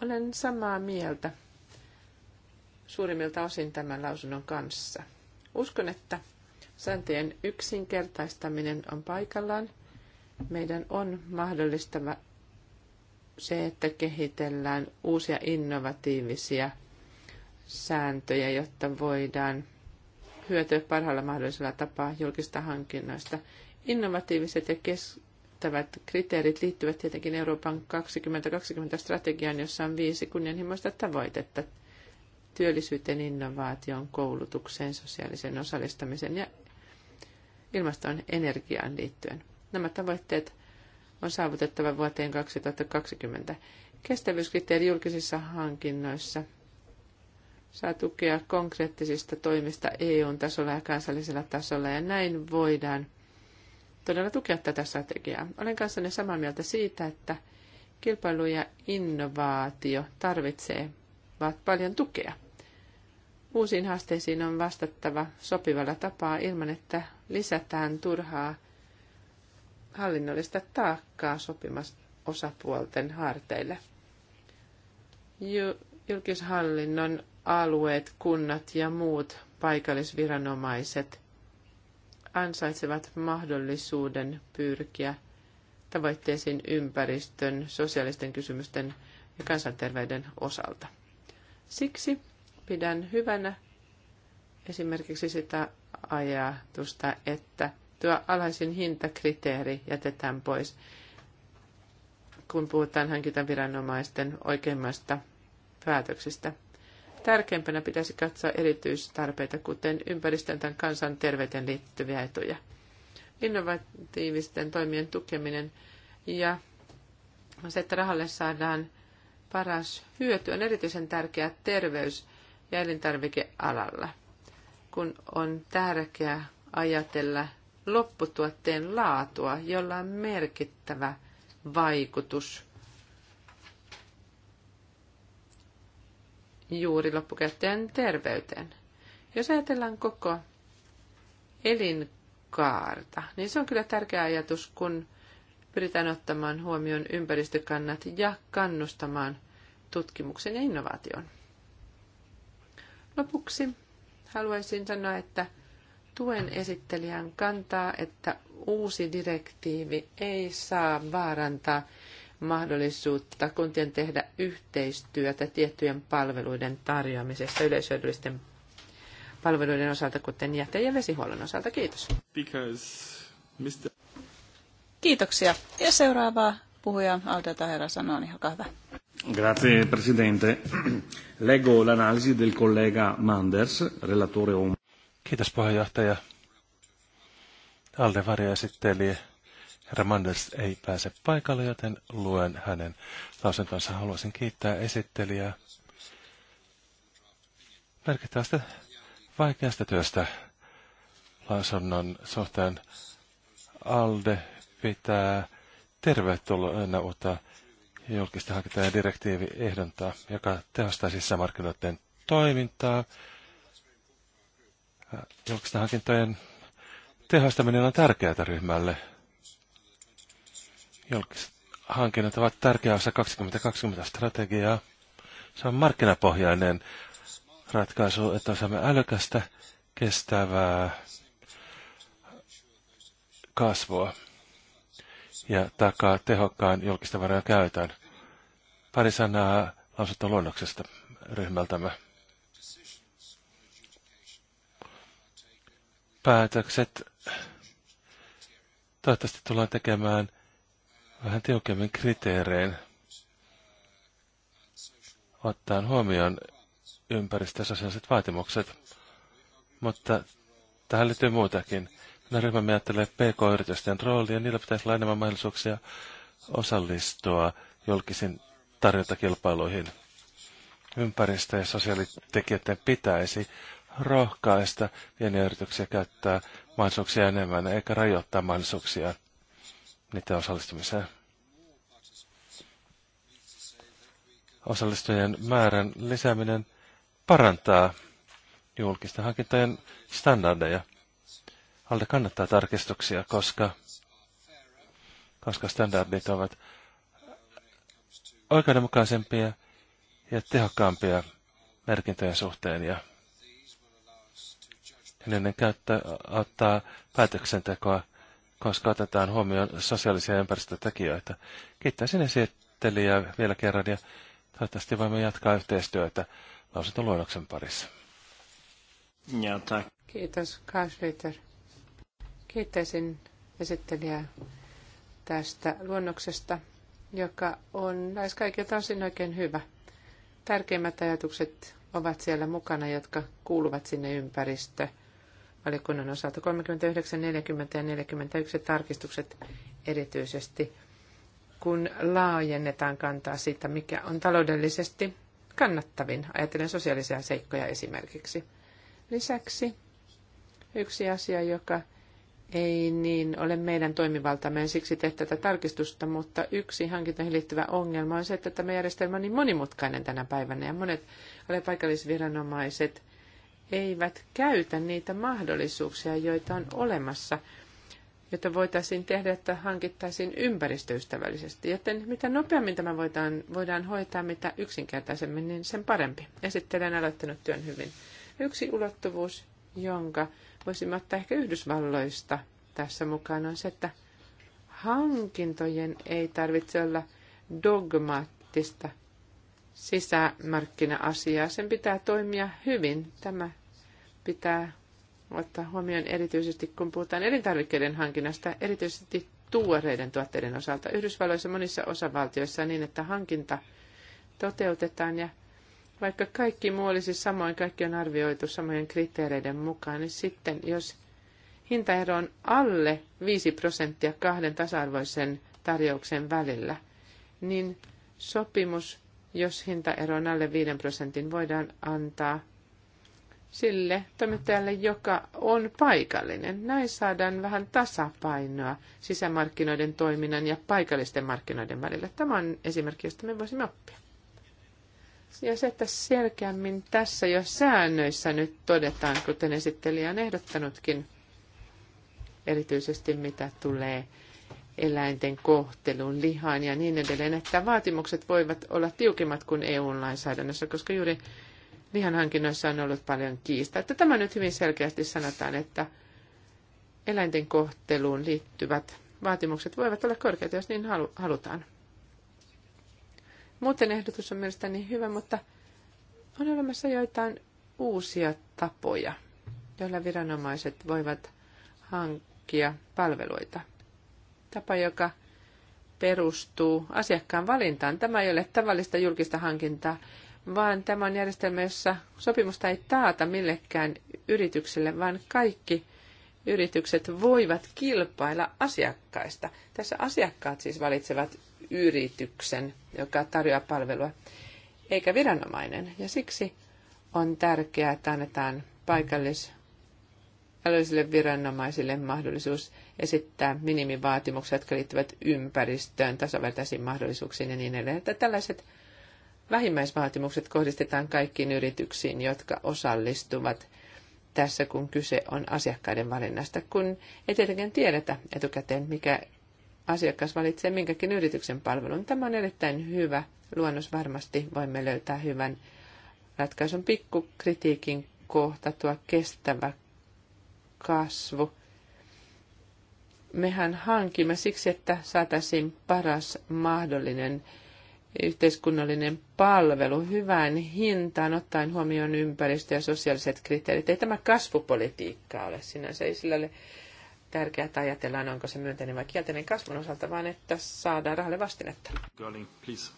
Olen samaa mieltä suurimmilta osin tämän lausunnon kanssa. Uskon, että sääntöjen yksinkertaistaminen on paikallaan. Meidän on mahdollistava se, että kehitellään uusia innovatiivisia sääntöjä, jotta voidaan hyötyä parhaalla mahdollisella tapaa julkista hankinnoista. Innovatiiviset ja kestävät kriteerit liittyvät tietenkin Euroopan 2020-strategiaan, jossa on viisi kunnianhimoista tavoitetta työllisyyteen, innovaation, koulutukseen, sosiaalisen osallistamisen ja ilmaston energiaan liittyen. Nämä tavoitteet on saavutettava vuoteen 2020. Kestävyyskriteeri julkisissa hankinnoissa saa tukea konkreettisista toimista EU-tasolla ja kansallisella tasolla, ja näin voidaan todella tukea tätä strategiaa. Olen kanssanne samaa mieltä siitä, että kilpailu ja innovaatio tarvitsee vaat paljon tukea. Uusiin haasteisiin on vastattava sopivalla tapaa ilman, että lisätään turhaa hallinnollista taakkaa sopimasosapuolten harteille. Julkishallinnon alueet, kunnat ja muut paikallisviranomaiset ansaitsevat mahdollisuuden pyrkiä tavoitteisiin ympäristön, sosiaalisten kysymysten ja kansanterveyden osalta. Siksi pidän hyvänä esimerkiksi sitä ajatusta, että tuo alhaisin hintakriteeri jätetään pois, kun puhutaan hankintaviranomaisten oikeimmasta päätöksestä. Tärkeimpänä pitäisi katsoa erityistarpeita, kuten ympäristön tai kansanterveyteen liittyviä etuja. Innovatiivisten toimien tukeminen ja se, että rahalle saadaan paras hyöty, on erityisen tärkeää terveys- ja elintarvikealalla, kun on tärkeää ajatella lopputuotteen laatua, jolla on merkittävä vaikutus juuri loppukäyttäjän terveyteen. Jos ajatellaan koko elinkaarta, niin se on kyllä tärkeä ajatus, kun pyritään ottamaan huomioon ympäristökannat ja kannustamaan tutkimuksen ja innovaation. Lopuksi haluaisin sanoa, että Tuen esittelijän kantaa, että uusi direktiivi ei saa vaarantaa mahdollisuutta kuntien tehdä yhteistyötä tiettyjen palveluiden tarjoamisessa yleishyödyllisten palveluiden osalta, kuten jäte- ja vesihuollon osalta. Kiitos. Kiitoksia. Ja seuraavaa puhuja Alde Tahera sanoo, niin olkaa hyvä. Grazie Presidente. Leggo l'analisi del collega Manders, relatore Om. Kiitos puheenjohtaja. Alde esitteli. Herra Manders ei pääse paikalle, joten luen hänen lausuntonsa. Haluaisin kiittää esittelijää merkittävästä vaikeasta työstä lausunnon suhteen. ALDE pitää tervetuloa uutta julkista hankintaa ja direktiivi ehdontaa, joka tehostaa sisämarkkinoiden toimintaa Julkisten hankintojen tehostaminen on tärkeää ryhmälle. Julkiset hankinnat ovat tärkeä osa 2020-strategiaa. Se on markkinapohjainen ratkaisu, että osaamme älykästä, kestävää kasvua ja takaa tehokkaan julkista varoja käytön. Pari sanaa luonnoksesta ryhmältämme. päätökset toivottavasti tullaan tekemään vähän tiukemmin kriteerein, ottaen huomioon ympäristösosiaaliset vaatimukset. Mutta tähän liittyy muutakin. Minä ryhmä ajattelee PK-yritysten roolia, niillä pitäisi olla enemmän mahdollisuuksia osallistua julkisin tarjontakilpailuihin. Ympäristö- ja sosiaalitekijöiden pitäisi rohkaista pieniä yrityksiä käyttää mahdollisuuksia enemmän, eikä rajoittaa mahdollisuuksia niiden osallistumiseen. Osallistujien määrän lisääminen parantaa julkisten hankintojen standardeja. Alde kannattaa tarkistuksia, koska, koska standardit ovat oikeudenmukaisempia ja tehokkaampia merkintöjen suhteen ja tekninen käyttää auttaa päätöksentekoa, koska otetaan huomioon sosiaalisia ympäristötekijöitä. Kiittäisin esittelijää vielä kerran ja toivottavasti voimme jatkaa yhteistyötä lausuntoluonnoksen parissa. Ja, tak. Kiitos, Kaasveter. Kiittäisin esittelijää tästä luonnoksesta, joka on näissä kaikilta osin oikein hyvä. Tärkeimmät ajatukset ovat siellä mukana, jotka kuuluvat sinne ympäristö- valiokunnan osalta 39, 40 ja 41 tarkistukset erityisesti, kun laajennetaan kantaa siitä, mikä on taloudellisesti kannattavin, ajatellen sosiaalisia seikkoja esimerkiksi. Lisäksi yksi asia, joka ei niin ole meidän toimivaltamme, en siksi tehdä tätä tarkistusta, mutta yksi hankintoihin liittyvä ongelma on se, että tämä järjestelmä on niin monimutkainen tänä päivänä ja monet alle paikallisviranomaiset eivät käytä niitä mahdollisuuksia, joita on olemassa, jotta voitaisiin tehdä, että hankittaisiin ympäristöystävällisesti. Joten mitä nopeammin tämä voidaan, voidaan hoitaa, mitä yksinkertaisemmin, niin sen parempi. Esittelen aloittanut työn hyvin. Yksi ulottuvuus, jonka voisimme ottaa ehkä Yhdysvalloista tässä mukaan, on se, että hankintojen ei tarvitse olla dogmaattista sisämarkkina-asiaa. Sen pitää toimia hyvin. Tämä pitää ottaa huomioon erityisesti, kun puhutaan elintarvikkeiden hankinnasta, erityisesti tuoreiden tuotteiden osalta. Yhdysvalloissa monissa osavaltioissa niin, että hankinta toteutetaan ja vaikka kaikki muu olisi samoin, kaikki on arvioitu samojen kriteereiden mukaan, niin sitten jos hintaero on alle 5 prosenttia kahden tasa-arvoisen tarjouksen välillä, niin sopimus, jos hintaero on alle 5 prosentin, voidaan antaa sille toimittajalle, joka on paikallinen. Näin saadaan vähän tasapainoa sisämarkkinoiden toiminnan ja paikallisten markkinoiden välillä. Tämä on esimerkki, josta me voisimme oppia. Ja se, että selkeämmin tässä jo säännöissä nyt todetaan, kuten esittelijä on ehdottanutkin, erityisesti mitä tulee eläinten kohteluun, lihaan ja niin edelleen, että vaatimukset voivat olla tiukimmat kuin EU-lainsäädännössä, koska juuri lihanhankinnoissa on ollut paljon kiistaa. Että tämä nyt hyvin selkeästi sanotaan, että eläinten kohteluun liittyvät vaatimukset voivat olla korkeita, jos niin halutaan. Muuten ehdotus on mielestäni hyvä, mutta on olemassa joitain uusia tapoja, joilla viranomaiset voivat hankkia palveluita. Tapa, joka perustuu asiakkaan valintaan. Tämä ei ole tavallista julkista hankintaa vaan tämä on järjestelmä, jossa sopimusta ei taata millekään yritykselle, vaan kaikki yritykset voivat kilpailla asiakkaista. Tässä asiakkaat siis valitsevat yrityksen, joka tarjoaa palvelua, eikä viranomainen. Ja siksi on tärkeää, että annetaan paikallisille viranomaisille mahdollisuus esittää minimivaatimuksia, jotka liittyvät ympäristöön, tasavertaisiin mahdollisuuksiin ja niin edelleen. Että tällaiset vähimmäisvaatimukset kohdistetaan kaikkiin yrityksiin, jotka osallistuvat tässä, kun kyse on asiakkaiden valinnasta, kun ei tietenkään tiedetä etukäteen, mikä asiakas valitsee minkäkin yrityksen palvelun. Tämä on erittäin hyvä luonnos. Varmasti voimme löytää hyvän ratkaisun. Pikkukritiikin kohta tuo kestävä kasvu. Mehän hankimme siksi, että saataisiin paras mahdollinen yhteiskunnallinen palvelu hyvään hintaan, ottaen huomioon ympäristö- ja sosiaaliset kriteerit. Ei tämä kasvupolitiikka ole sinänsä, ei sillä ole tärkeää, että ajatellaan, onko se myönteinen vai kielteinen kasvun osalta, vaan että saadaan rahalle vastinetta. Girling, please.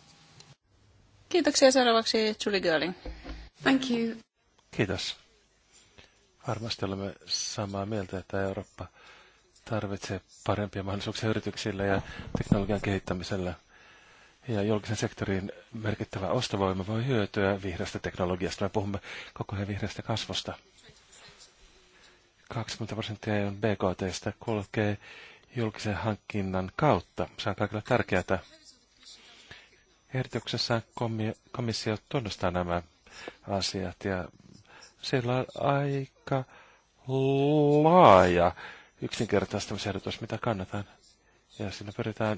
Kiitoksia seuraavaksi Julie Girling. Thank you. Kiitos. Varmasti olemme samaa mieltä, että Eurooppa tarvitsee parempia mahdollisuuksia yrityksille ja teknologian kehittämiselle – ja julkisen sektorin merkittävä ostovoima voi hyötyä vihreästä teknologiasta. Me puhumme koko ajan vihreästä kasvusta. 20 prosenttia EUn BKTstä kulkee julkisen hankinnan kautta. Se on kaikille tärkeää. Ehdotuksessa komissio tunnustaa nämä asiat ja sillä on aika laaja yksinkertaistamisehdotus, mitä kannatan. Ja siinä pyritään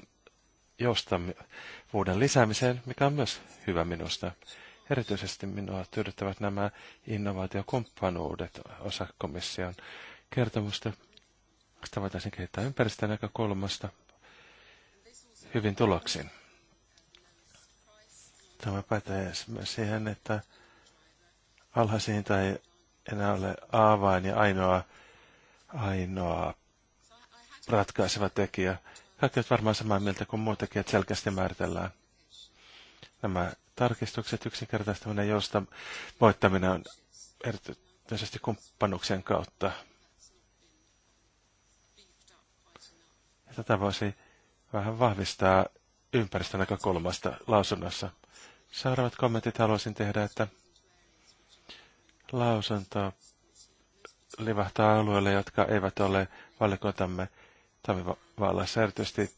joustavuuden lisäämiseen, mikä on myös hyvä minusta. Erityisesti minua tyydyttävät nämä innovaatiokumppanuudet osa kertomusta. Sitä voitaisiin kehittää ympäristön näkökulmasta hyvin tuloksiin. Tämä pätee myös siihen, että alhaisiin tai enää ole A vain ja ainoa, ainoa ratkaiseva tekijä kaikki ovat varmaan samaa mieltä kuin muutakin, että selkeästi määritellään nämä tarkistukset, yksinkertaistaminen, josta voittaminen on erityisesti kumppanuksien kautta. Ja tätä voisi vähän vahvistaa ympäristönäkökulmasta lausunnossa. Seuraavat kommentit haluaisin tehdä, että lausunto livahtaa alueelle, jotka eivät ole valikoitamme talvivaallassa erityisesti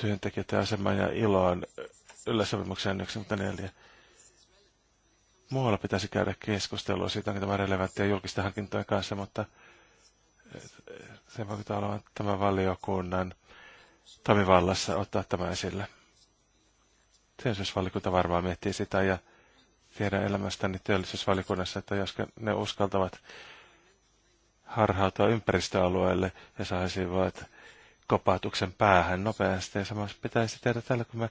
työntekijöiden aseman ja iloon yleissopimuksen säännöksen 94. Muualla pitäisi käydä keskustelua siitä, onko tämä relevanttia julkisten hankintojen kanssa, mutta eh, se vaikuttaa olevan tämän valiokunnan toimivallassa ottaa tämä esille. Työllisyysvaliokunta varmaan miettii sitä ja tiedän elämästäni työllisyysvaliokunnassa, että jos ne uskaltavat harhautua ympäristöalueelle ja saisivat kopautuksen päähän nopeasti. Ja samassa pitäisi tehdä tällä, kun me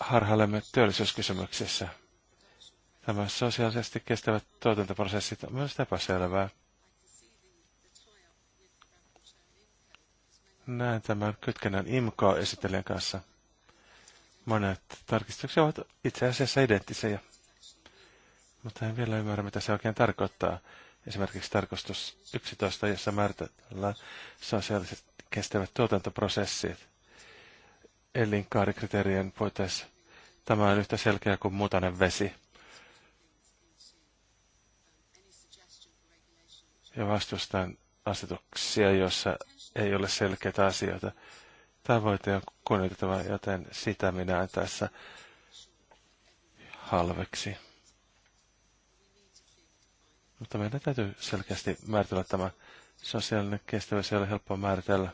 harhailemme työllisyyskysymyksissä. Tämä sosiaalisesti kestävät tuotantoprosessit on myös epäselvää. Näen tämän kytkennän IMCO-esittelijän kanssa. Monet tarkistukset ovat itse asiassa identtisiä, mutta en vielä ymmärrä, mitä se oikein tarkoittaa esimerkiksi tarkastus 11, jossa määritellään sosiaaliset kestävät tuotantoprosessit elinkaarikriteerien puitteissa. Tämä on yhtä selkeä kuin mutainen vesi. Ja vastustan asetuksia, joissa ei ole selkeitä asioita. Tavoite on kunnioitettava, joten sitä minä en tässä halveksi. Mutta meidän täytyy selkeästi määritellä tämä sosiaalinen kestävyys, ei ole helppoa määritellä.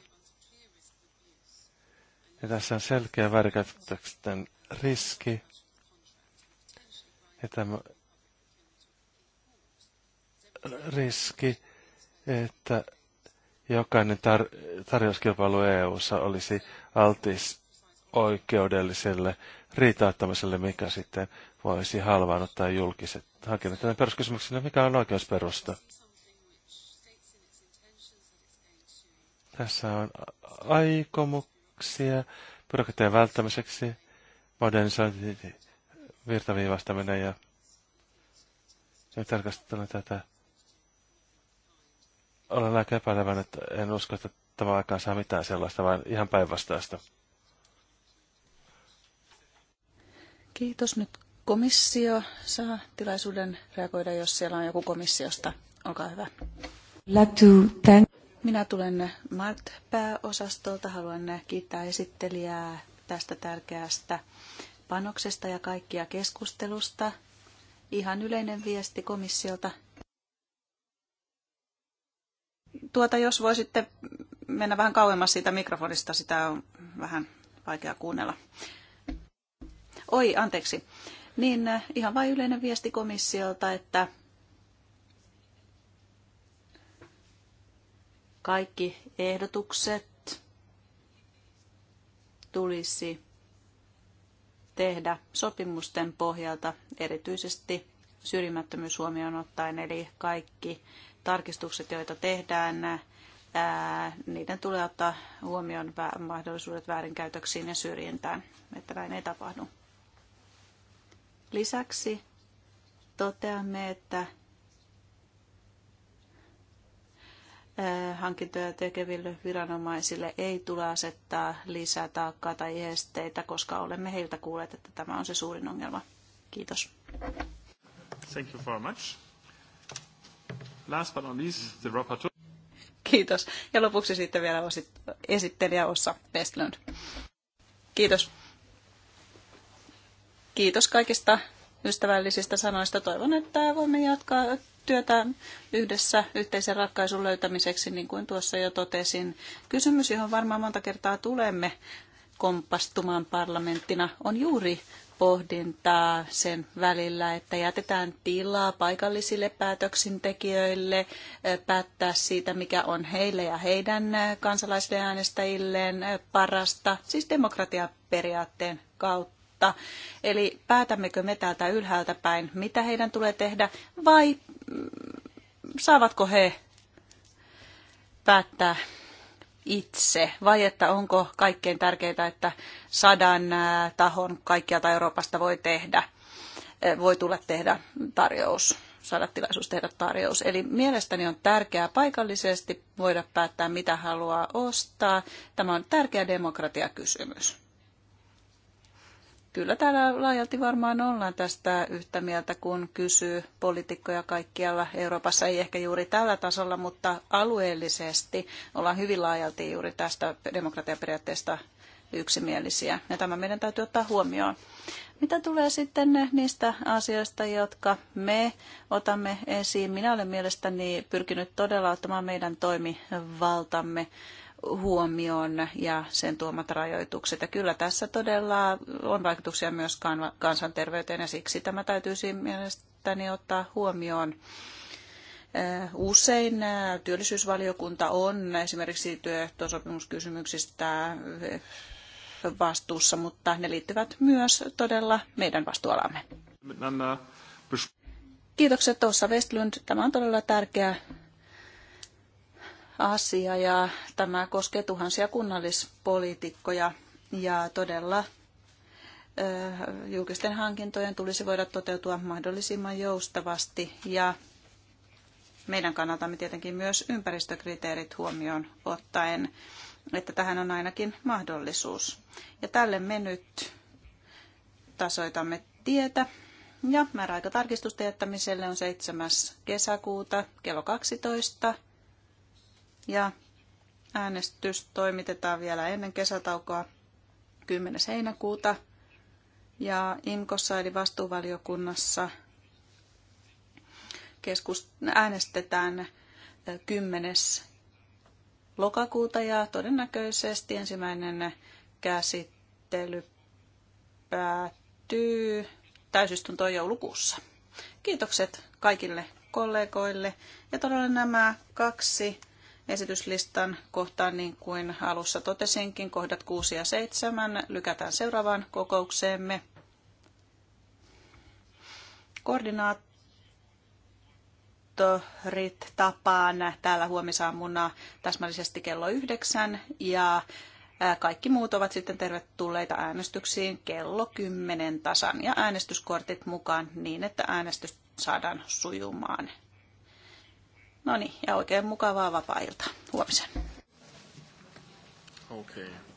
Ja tässä on selkeä väärinkäytösten riski. Ja tämä riski, että jokainen tar- tarjouskilpailu EU-ssa olisi altis oikeudelliselle riitauttamiselle, mikä sitten voisi halvaannuttaa julkiset hakemme tämän peruskysymyksenä, mikä on oikeusperusta. Tässä on aikomuksia byrokratian välttämiseksi, modernisointi, virtaviivastaminen ja nyt tarkastelen tätä. Olen aika epäilevän, että en usko, että tämä aikaan saa mitään sellaista, vaan ihan päinvastaista. Kiitos. Nyt Komissio saa tilaisuuden reagoida, jos siellä on joku komissiosta. Olkaa hyvä. Minä tulen MART-pääosastolta. Haluan kiittää esittelijää tästä tärkeästä panoksesta ja kaikkia keskustelusta. Ihan yleinen viesti komissiolta. Tuota, jos voisitte mennä vähän kauemmas siitä mikrofonista, sitä on vähän vaikea kuunnella. Oi, anteeksi niin äh, ihan vain yleinen viesti komissiolta, että kaikki ehdotukset tulisi tehdä sopimusten pohjalta, erityisesti syrjimättömyys huomioon ottaen, eli kaikki tarkistukset, joita tehdään, ää, äh, niiden tulee ottaa huomioon mahdollisuudet väärinkäytöksiin ja syrjintään, että näin ei tapahdu. Lisäksi toteamme, että hankintoja tekeville viranomaisille ei tule asettaa lisää taakkaa tai esteitä, koska olemme heiltä kuulleet, että tämä on se suurin ongelma. Kiitos. Thank you very much. Last but not least, the rapporteur. Kiitos. Ja lopuksi sitten vielä esittelijä Ossa Westlund. Kiitos kiitos kaikista ystävällisistä sanoista. Toivon, että voimme jatkaa työtä yhdessä yhteisen ratkaisun löytämiseksi, niin kuin tuossa jo totesin. Kysymys, johon varmaan monta kertaa tulemme kompastumaan parlamenttina, on juuri pohdintaa sen välillä, että jätetään tilaa paikallisille päätöksentekijöille eh, päättää siitä, mikä on heille ja heidän eh, kansalaisille äänestäjilleen eh, parasta, siis demokratiaperiaatteen kautta kautta. Eli päätämmekö me täältä ylhäältä päin, mitä heidän tulee tehdä, vai mm, saavatko he päättää itse, vai että onko kaikkein tärkeintä, että sadan tahon kaikkialta Euroopasta voi tehdä, voi tulla tehdä tarjous saada tilaisuus tehdä tarjous. Eli mielestäni on tärkeää paikallisesti voida päättää, mitä haluaa ostaa. Tämä on tärkeä demokratiakysymys kyllä täällä laajalti varmaan ollaan tästä yhtä mieltä, kun kysyy poliitikkoja kaikkialla Euroopassa, ei ehkä juuri tällä tasolla, mutta alueellisesti ollaan hyvin laajalti juuri tästä demokratiaperiaatteesta yksimielisiä. Ja tämä meidän täytyy ottaa huomioon. Mitä tulee sitten niistä asioista, jotka me otamme esiin? Minä olen mielestäni pyrkinyt todella ottamaan meidän toimivaltamme huomioon ja sen tuomat rajoitukset. Ja kyllä tässä todella on vaikutuksia myös kansanterveyteen ja siksi tämä täytyisi mielestäni ottaa huomioon. Usein työllisyysvaliokunta on esimerkiksi työehtosopimuskysymyksistä vastuussa, mutta ne liittyvät myös todella meidän vastuualamme. Kiitokset Tuossa Westlund. Tämä on todella tärkeä asia ja tämä koskee tuhansia kunnallispoliitikkoja ja todella julkisten hankintojen tulisi voida toteutua mahdollisimman joustavasti ja meidän kannaltamme tietenkin myös ympäristökriteerit huomioon ottaen, että tähän on ainakin mahdollisuus. Ja tälle me nyt tasoitamme tietä. Ja määräaikatarkistusten jättämiselle on 7. kesäkuuta kello 12 ja äänestys toimitetaan vielä ennen kesätaukoa 10. heinäkuuta ja IMKossa eli vastuuvaliokunnassa keskust- äänestetään 10. Äh, lokakuuta ja todennäköisesti ensimmäinen käsittely päättyy täysistuntoon joulukuussa. Kiitokset kaikille kollegoille ja todella nämä kaksi esityslistan kohtaan, niin kuin alussa totesinkin, kohdat 6 ja 7 lykätään seuraavaan kokoukseemme. Koordinaattorit tapaan täällä huomisaamuna täsmällisesti kello 9 ja kaikki muut ovat sitten tervetulleita äänestyksiin kello 10 tasan ja äänestyskortit mukaan niin, että äänestys saadaan sujumaan No niin, ja oikein mukavaa vapaa-iltaa. Huomisen. Okay.